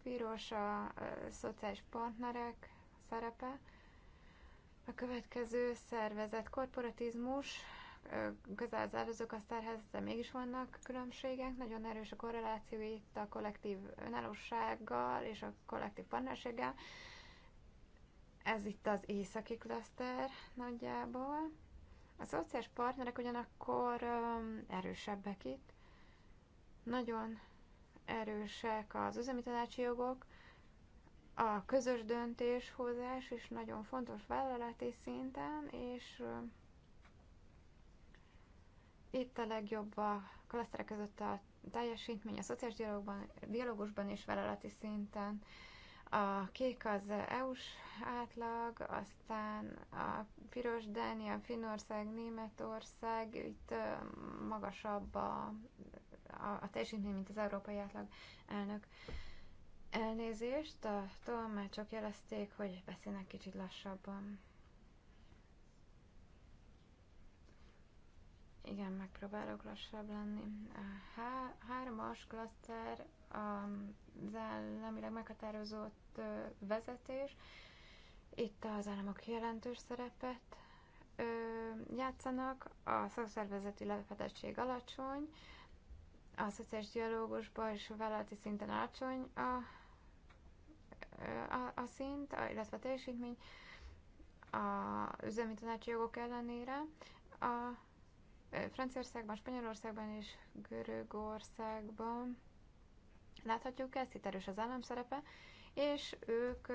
piros a, a szociális partnerek szerepe, a következő szervezet korporatizmus, közel zározók a sztárhez, de mégis vannak különbségek. Nagyon erős a korreláció itt a kollektív önállósággal és a kollektív partnerséggel. Ez itt az északi klaszter nagyjából. A szociális partnerek ugyanakkor um, erősebbek itt. Nagyon erősek az üzemi tanácsi jogok, a közös döntéshozás is nagyon fontos vállalati szinten, és itt a legjobb a klaszterek között a teljesítmény a szociális dialogban, dialogusban és vállalati szinten. A kék az EU-s átlag, aztán a piros Dánia, Finnország, Németország, itt magasabb a, a, a teljesítmény, mint az európai átlag elnök. Elnézést, a tolmácsok jelezték, hogy beszélnek kicsit lassabban. Igen, megpróbálok lassabb lenni. A hármas klaszter az államilag meghatározott vezetés. Itt az államok jelentős szerepet ö, játszanak, a szakszervezeti lefedettség alacsony, a szociális dialógusban és a vállalati szinten alacsony a a, a szint, illetve a teljesítmény a üzemi tanácsi jogok ellenére. A Franciaországban, Spanyolországban és Görögországban láthatjuk ezt, itt erős az állam szerepe, és ők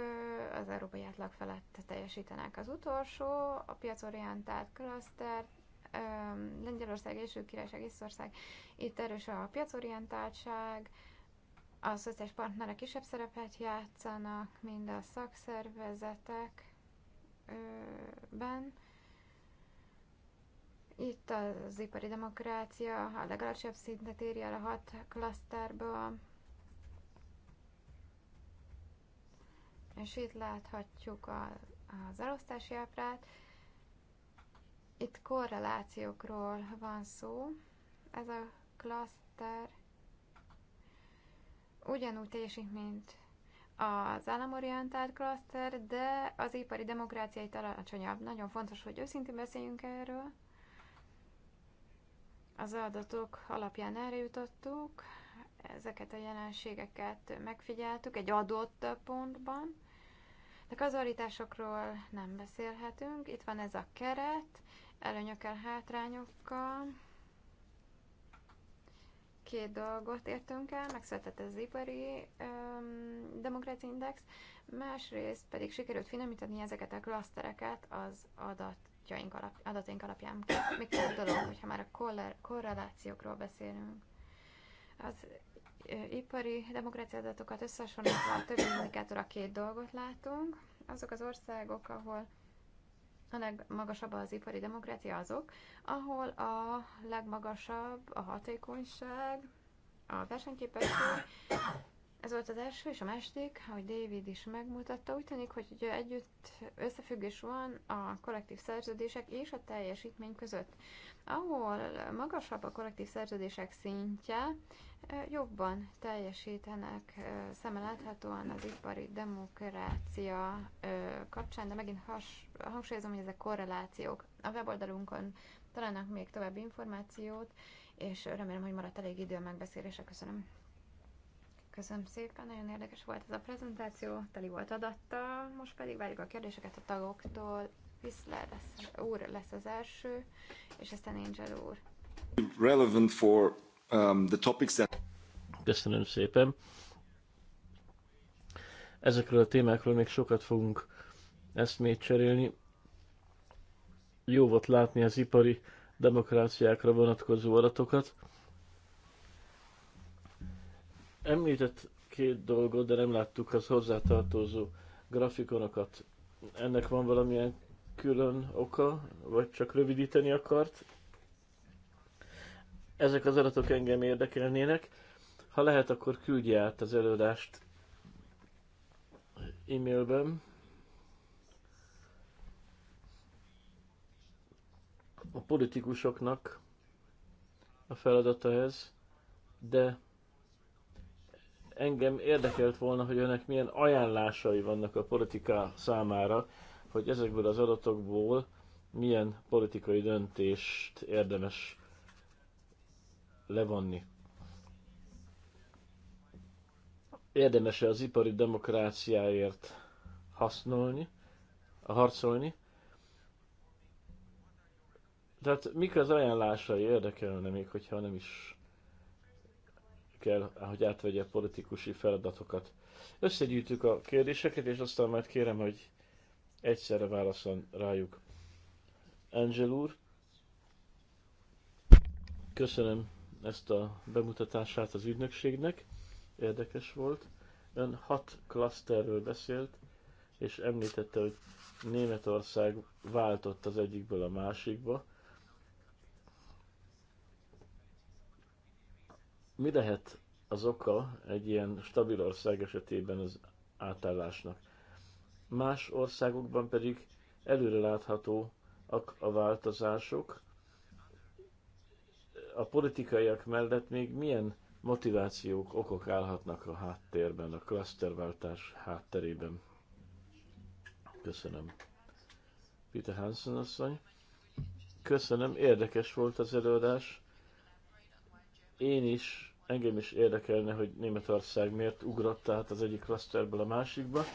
az európai átlag felett teljesítenek. Az utolsó, a piacorientált klaszter, Lengyelország, és Királyság, Észország, itt erős a piacorientáltság, a szociális partnerek kisebb szerepet játszanak, mind a szakszervezetekben. Itt az ipari demokrácia a legalacsonyabb szintet érje el a hat klaszterba, és itt láthatjuk a, az elosztási ábrát. Itt korrelációkról van szó. Ez a klaszter ugyanúgy teljesít, mint az államorientált klaszter, de az ipari demokrácia itt alacsonyabb. Nagyon fontos, hogy őszintén beszéljünk erről. Az adatok alapján erre jutottuk, ezeket a jelenségeket megfigyeltük egy adott pontban. De kazualitásokról nem beszélhetünk. Itt van ez a keret, előnyökkel, hátrányokkal két dolgot értünk el, megszületett az ipari um, demokrácia index, másrészt pedig sikerült finomítani ezeket a klasztereket az adatjaink alap, adataink alapján. Még két dolog, hogyha már a korrelációkról beszélünk. Az ipari demokrácia adatokat összehasonlítva a többi indikátor a két dolgot látunk. Azok az országok, ahol a legmagasabb az ipari demokrácia azok, ahol a legmagasabb a hatékonyság, a versenyképesség ez volt az első, és a második, ahogy David is megmutatta, úgy tűnik, hogy ugye együtt összefüggés van a kollektív szerződések és a teljesítmény között. Ahol magasabb a kollektív szerződések szintje, jobban teljesítenek szemmel láthatóan az ipari demokrácia kapcsán, de megint has, hangsúlyozom, hogy ezek korrelációk. A weboldalunkon találnak még további információt, és remélem, hogy maradt elég idő a megbeszélésre. Köszönöm. Köszönöm szépen, nagyon érdekes volt ez a prezentáció, teli volt adattal, most pedig várjuk a kérdéseket a tagoktól. Viszler lesz, úr lesz az első, és aztán Angel úr. Relevant for um, the topics that... Köszönöm szépen. Ezekről a témákról még sokat fogunk eszmét cserélni. Jó volt látni az ipari demokráciákra vonatkozó adatokat. Említett két dolgot, de nem láttuk az hozzátartozó grafikonokat. Ennek van valamilyen külön oka, vagy csak rövidíteni akart? Ezek az adatok engem érdekelnének. Ha lehet, akkor küldje át az előadást e-mailben. A politikusoknak a feladata ez, de engem érdekelt volna, hogy önnek milyen ajánlásai vannak a politika számára, hogy ezekből az adatokból milyen politikai döntést érdemes levonni. Érdemes-e az ipari demokráciáért hasznolni, harcolni? Tehát mik az ajánlásai érdekelne még, hogyha nem is kell, hogy átvegye a politikusi feladatokat. Összegyűjtük a kérdéseket, és aztán majd kérem, hogy egyszerre válaszol rájuk. Angel úr, köszönöm ezt a bemutatását az ügynökségnek, érdekes volt. Ön hat klaszterről beszélt, és említette, hogy Németország váltott az egyikből a másikba. mi lehet az oka egy ilyen stabil ország esetében az átállásnak? Más országokban pedig látható a változások. A politikaiak mellett még milyen motivációk, okok állhatnak a háttérben, a klaszterváltás hátterében? Köszönöm. Peter Hansen asszony. Köszönöm, érdekes volt az előadás én is, engem is érdekelne, hogy Németország miért ugrott át az egyik klaszterből a másikba.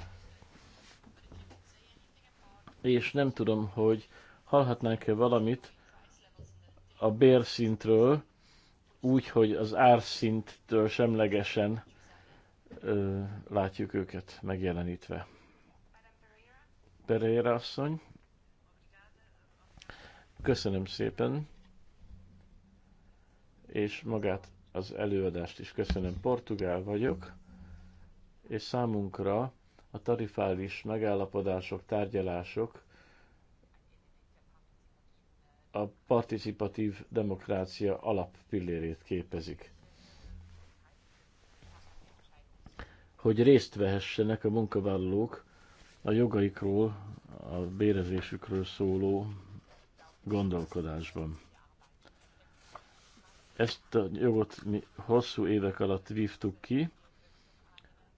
És nem tudom, hogy hallhatnánk-e valamit a bérszintről, úgy, hogy az árszinttől semlegesen ö, látjuk őket megjelenítve. Pereira asszony, köszönöm szépen és magát az előadást is köszönöm. Portugál vagyok, és számunkra a tarifális megállapodások, tárgyalások a participatív demokrácia alappillérét képezik. Hogy részt vehessenek a munkavállalók a jogaikról, a bérezésükről szóló gondolkodásban. Ezt a jogot mi hosszú évek alatt vívtuk ki,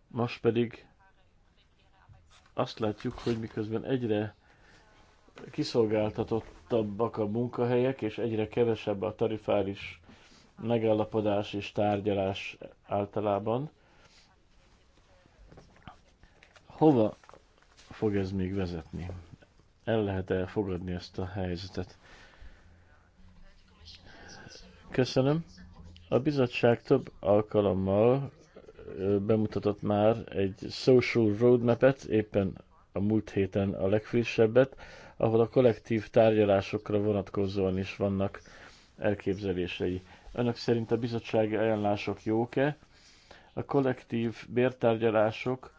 most pedig azt látjuk, hogy miközben egyre kiszolgáltatottabbak a munkahelyek, és egyre kevesebb a tarifáris megállapodás és tárgyalás általában, hova fog ez még vezetni? El lehet-e fogadni ezt a helyzetet? Köszönöm. A bizottság több alkalommal bemutatott már egy social roadmap-et, éppen a múlt héten a legfrissebbet, ahol a kollektív tárgyalásokra vonatkozóan is vannak elképzelései. Önök szerint a bizottsági ajánlások jók-e? A kollektív bértárgyalások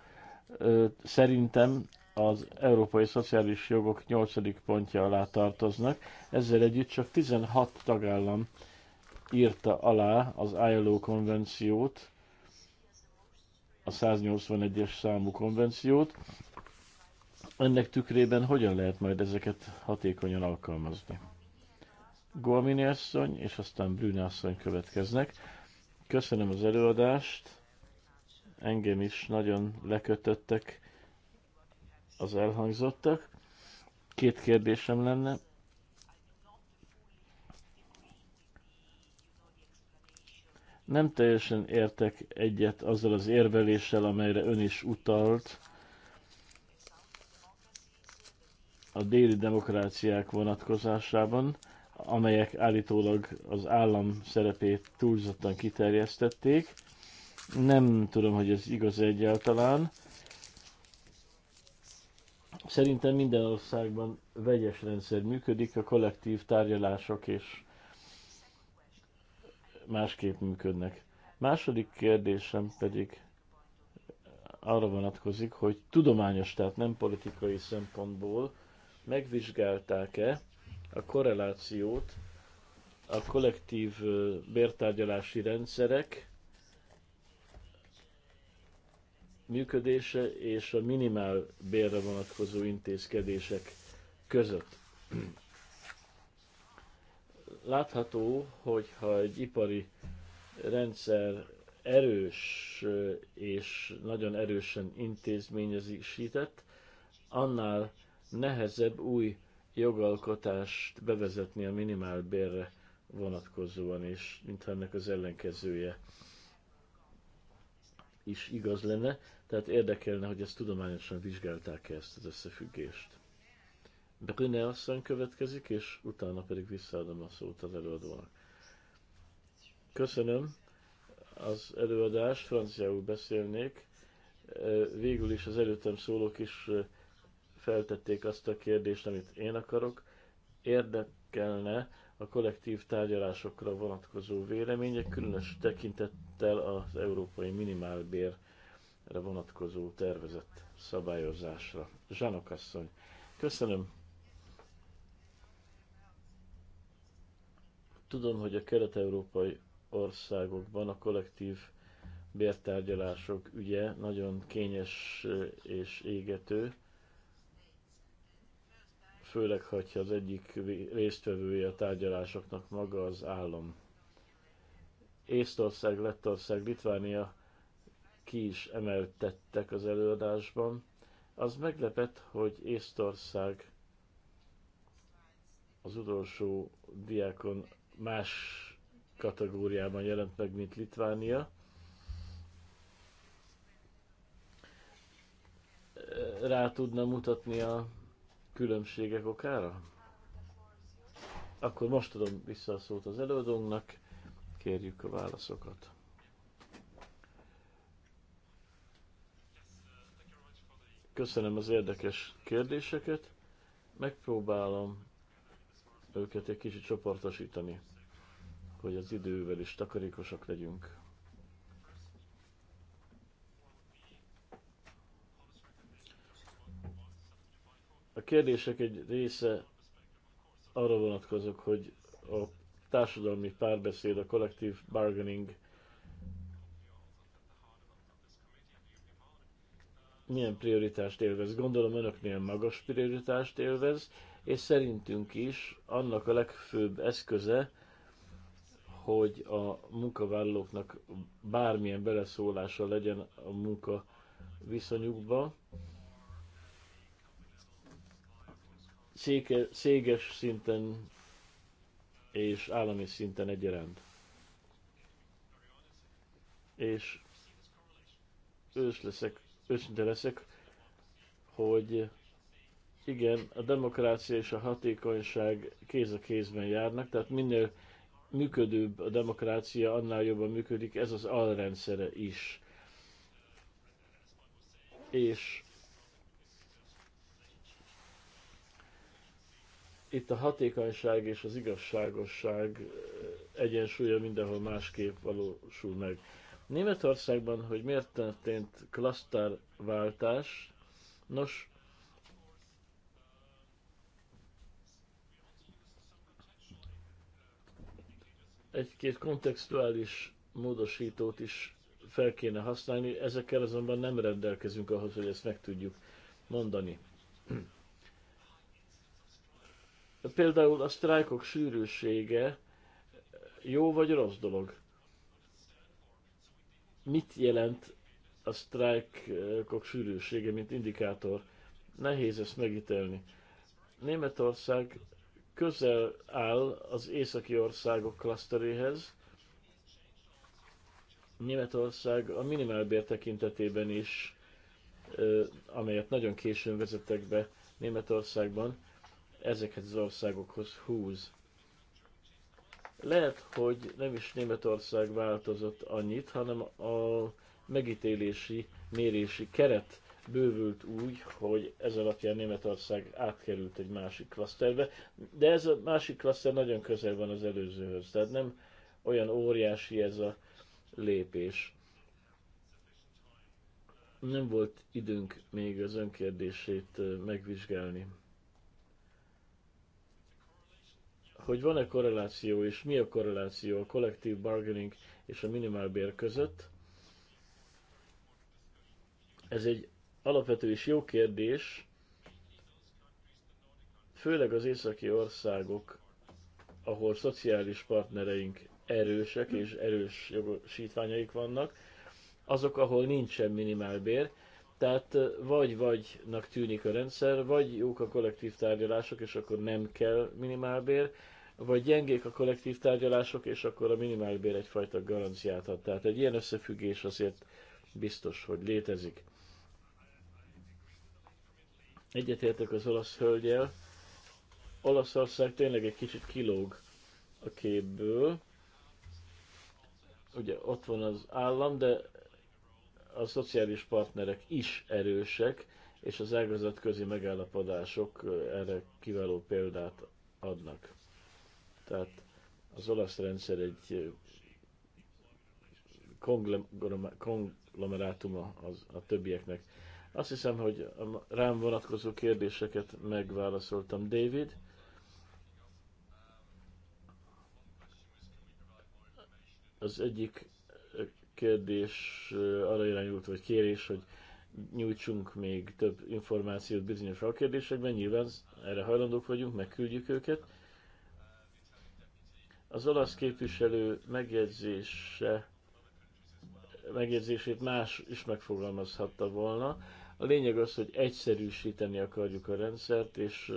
szerintem az Európai Szociális Jogok 8. pontja alá tartoznak, ezzel együtt csak 16 tagállam írta alá az ILO konvenciót, a 181-es számú konvenciót. Ennek tükrében hogyan lehet majd ezeket hatékonyan alkalmazni? Guamini asszony és aztán Brüne asszony következnek. Köszönöm az előadást, engem is nagyon lekötöttek az elhangzottak. Két kérdésem lenne. nem teljesen értek egyet azzal az érveléssel, amelyre ön is utalt, a déli demokráciák vonatkozásában, amelyek állítólag az állam szerepét túlzottan kiterjesztették. Nem tudom, hogy ez igaz egyáltalán. Szerintem minden országban vegyes rendszer működik, a kollektív tárgyalások és másképp működnek. Második kérdésem pedig arra vonatkozik, hogy tudományos, tehát nem politikai szempontból megvizsgálták-e a korrelációt a kollektív bértárgyalási rendszerek működése és a minimál bérre vonatkozó intézkedések között látható, hogy ha egy ipari rendszer erős és nagyon erősen intézményezésített, annál nehezebb új jogalkotást bevezetni a minimálbérre vonatkozóan, és mintha ennek az ellenkezője is igaz lenne. Tehát érdekelne, hogy ezt tudományosan vizsgálták -e ezt az összefüggést. Brüne asszony következik, és utána pedig visszaadom a szót az előadónak. Köszönöm az előadást, franciául beszélnék. Végül is az előttem szólók is feltették azt a kérdést, amit én akarok. Érdekelne a kollektív tárgyalásokra vonatkozó vélemények, különös tekintettel az európai minimálbérre vonatkozó tervezett szabályozásra. Zsánok asszony, köszönöm Tudom, hogy a kelet-európai országokban a kollektív bértárgyalások ügye nagyon kényes eh, és égető, főleg, ha az egyik résztvevője a tárgyalásoknak maga az állam. Észtország, Lettország, Litvánia ki is emeltettek az előadásban. Az meglepett, hogy Észtország az utolsó diákon más kategóriában jelent meg, mint Litvánia. Rá tudna mutatni a különbségek okára? Akkor most adom vissza a szót az előadónknak, kérjük a válaszokat. Köszönöm az érdekes kérdéseket, megpróbálom őket egy kicsit csoportosítani, hogy az idővel is takarékosak legyünk. A kérdések egy része arra vonatkozok, hogy a társadalmi párbeszéd, a kollektív bargaining milyen prioritást élvez. Gondolom önöknél magas prioritást élvez, és szerintünk is annak a legfőbb eszköze, hogy a munkavállalóknak bármilyen beleszólása legyen a munka viszonyukba. Széke, széges szinten és állami szinten egyaránt. És ős leszek, őszinte leszek, hogy igen, a demokrácia és a hatékonyság kéz a kézben járnak, tehát minél működőbb a demokrácia, annál jobban működik ez az alrendszere is. És itt a hatékonyság és az igazságosság eh, egyensúlya mindenhol másképp valósul meg. Németországban, hogy miért történt klasztárváltás, nos, egy-két kontextuális módosítót is fel kéne használni, ezekkel azonban nem rendelkezünk ahhoz, hogy ezt meg tudjuk mondani. Például a sztrájkok sűrűsége jó vagy rossz dolog? Mit jelent a sztrájkok sűrűsége, mint indikátor? Nehéz ezt megítelni. Németország közel áll az északi országok klaszteréhez. Németország a minimálbér tekintetében is, amelyet nagyon későn vezettek be Németországban, ezekhez az országokhoz húz. Lehet, hogy nem is Németország változott annyit, hanem a megítélési, mérési keret bővült úgy, hogy ez alapján Németország átkerült egy másik klaszterbe, de ez a másik klaszter nagyon közel van az előzőhöz, tehát nem olyan óriási ez a lépés. Nem volt időnk még az önkérdését megvizsgálni. Hogy van-e korreláció, és mi a korreláció a kollektív bargaining és a minimálbér között, ez egy alapvető és jó kérdés, főleg az északi országok, ahol szociális partnereink erősek és erős jogosítványaik vannak, azok, ahol nincsen minimálbér, tehát vagy-vagynak tűnik a rendszer, vagy jók a kollektív tárgyalások, és akkor nem kell minimálbér, vagy gyengék a kollektív tárgyalások, és akkor a minimálbér egyfajta garanciát ad. Tehát egy ilyen összefüggés azért biztos, hogy létezik. Egyetértek az olasz hölgyel. Olaszország tényleg egy kicsit kilóg a képből. Ugye ott van az állam, de a szociális partnerek is erősek, és az ágazatközi megállapodások eh, erre kiváló példát adnak. Tehát az olasz rendszer egy eh, konglomerátuma az, a többieknek. Azt hiszem, hogy a rám vonatkozó kérdéseket megválaszoltam. David? Az egyik kérdés arra irányult, vagy kérés, hogy nyújtsunk még több információt bizonyos alkérdésekben, nyilván erre hajlandók vagyunk, megküldjük őket. Az olasz képviselő megjegyzése, megjegyzését más is megfogalmazhatta volna. A lényeg az, hogy egyszerűsíteni akarjuk a rendszert, és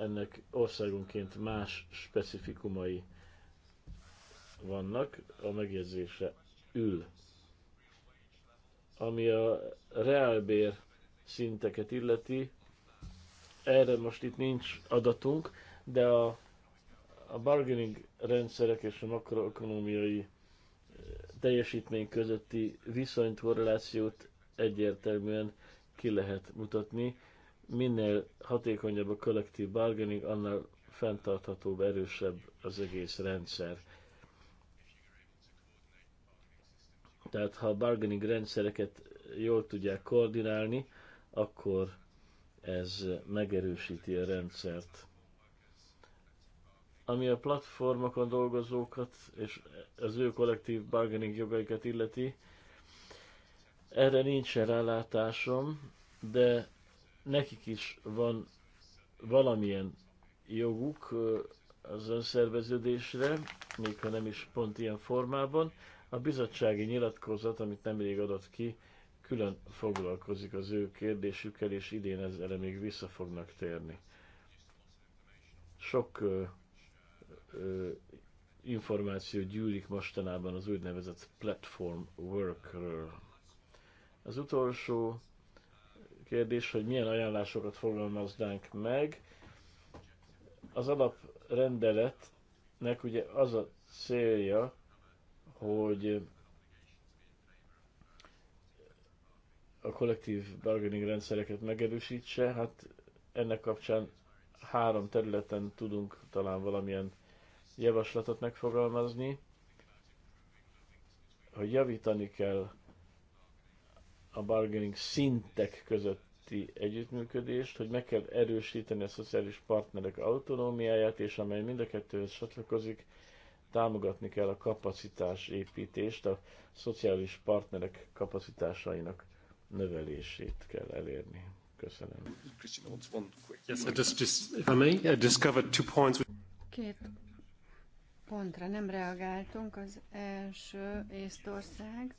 ennek országonként más specifikumai vannak, a megjegyzése ül. Ami a reálbér szinteket illeti, erre most itt nincs adatunk, de a, a bargaining rendszerek és a makroekonomiai teljesítmény közötti viszonyt, korrelációt egyértelműen ki lehet mutatni. Minél hatékonyabb a kollektív bargaining, annál fenntarthatóbb, erősebb az egész rendszer. Tehát ha a bargaining rendszereket jól tudják koordinálni, akkor ez megerősíti a rendszert. Ami a platformokon dolgozókat és az ő kollektív bargaining jogaikat illeti, erre nincsen rálátásom, de nekik is van valamilyen joguk az önszerveződésre, még ha nem is pont ilyen formában. A bizottsági nyilatkozat, amit nemrég adott ki, külön foglalkozik az ő kérdésükkel, és idén ezzel még vissza fognak térni. Sok ö, ö, információ gyűlik mostanában az úgynevezett platform workről. Az utolsó kérdés, hogy milyen ajánlásokat fogalmaznánk meg. Az alaprendeletnek ugye az a célja, hogy a kollektív bargaining rendszereket megerősítse, hát ennek kapcsán három területen tudunk talán valamilyen javaslatot megfogalmazni, hogy javítani kell a bargaining szintek közötti együttműködést, hogy meg kell erősíteni a szociális partnerek autonómiáját, és amely mind a kettőhöz csatlakozik, támogatni kell a kapacitás építést, a szociális partnerek kapacitásainak növelését kell elérni. Köszönöm. Két pontra nem reagáltunk. Az első Észtország.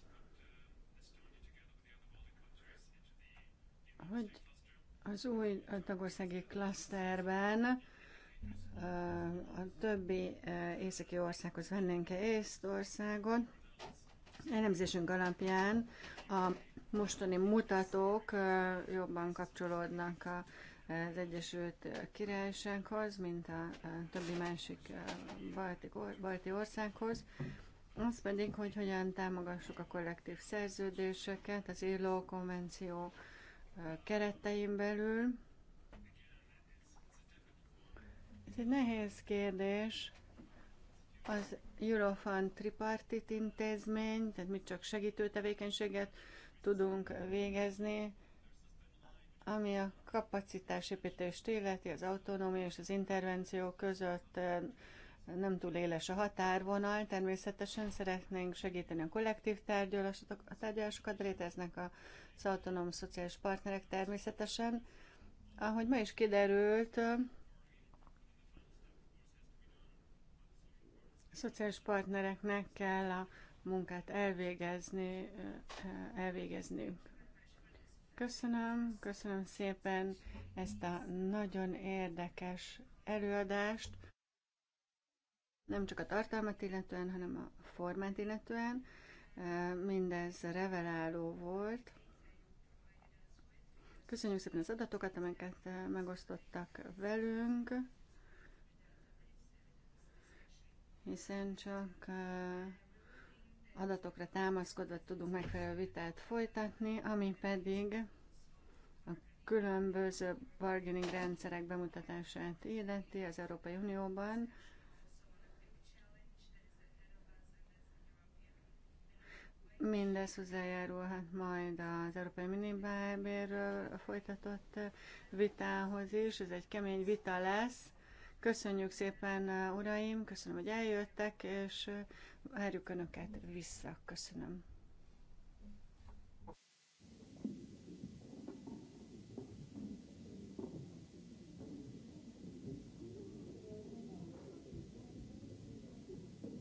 hogy az új tagországi klaszterben a többi északi országhoz vennénk-e Észtországot. Elemzésünk alapján a mostani mutatók jobban kapcsolódnak az Egyesült Királysághoz, mint a többi másik balti országhoz. Az pedig, hogy hogyan támogassuk a kollektív szerződéseket, az ILO konvenció keretein belül. Ez egy nehéz kérdés. Az Eurofund tripartit intézmény, tehát mi csak segítő tevékenységet tudunk végezni, ami a kapacitásépítést illeti, az autonómia és az intervenció között eh, nem túl éles a határvonal. Természetesen szeretnénk segíteni a kollektív tárgyalásokat, a tárgyalásokat léteznek a az autonóm szociális partnerek természetesen. Ahogy ma is kiderült, a szociális partnereknek kell a munkát elvégezni, elvégezni. Köszönöm, köszönöm szépen ezt a nagyon érdekes előadást, nem csak a tartalmat illetően, hanem a formát illetően. Mindez reveláló volt. Köszönjük szépen az adatokat, amelyeket eh, megosztottak velünk, hiszen csak eh, adatokra támaszkodva tudunk megfelelő vitát folytatni, ami pedig a különböző bargaining rendszerek bemutatását illeti az Európai Unióban. Mindez hozzájárulhat majd az Európai Minibárbérről folytatott vitához is. Ez egy kemény vita lesz. Köszönjük szépen, uraim, köszönöm, hogy eljöttek, és eh, várjuk Önöket vissza. Köszönöm.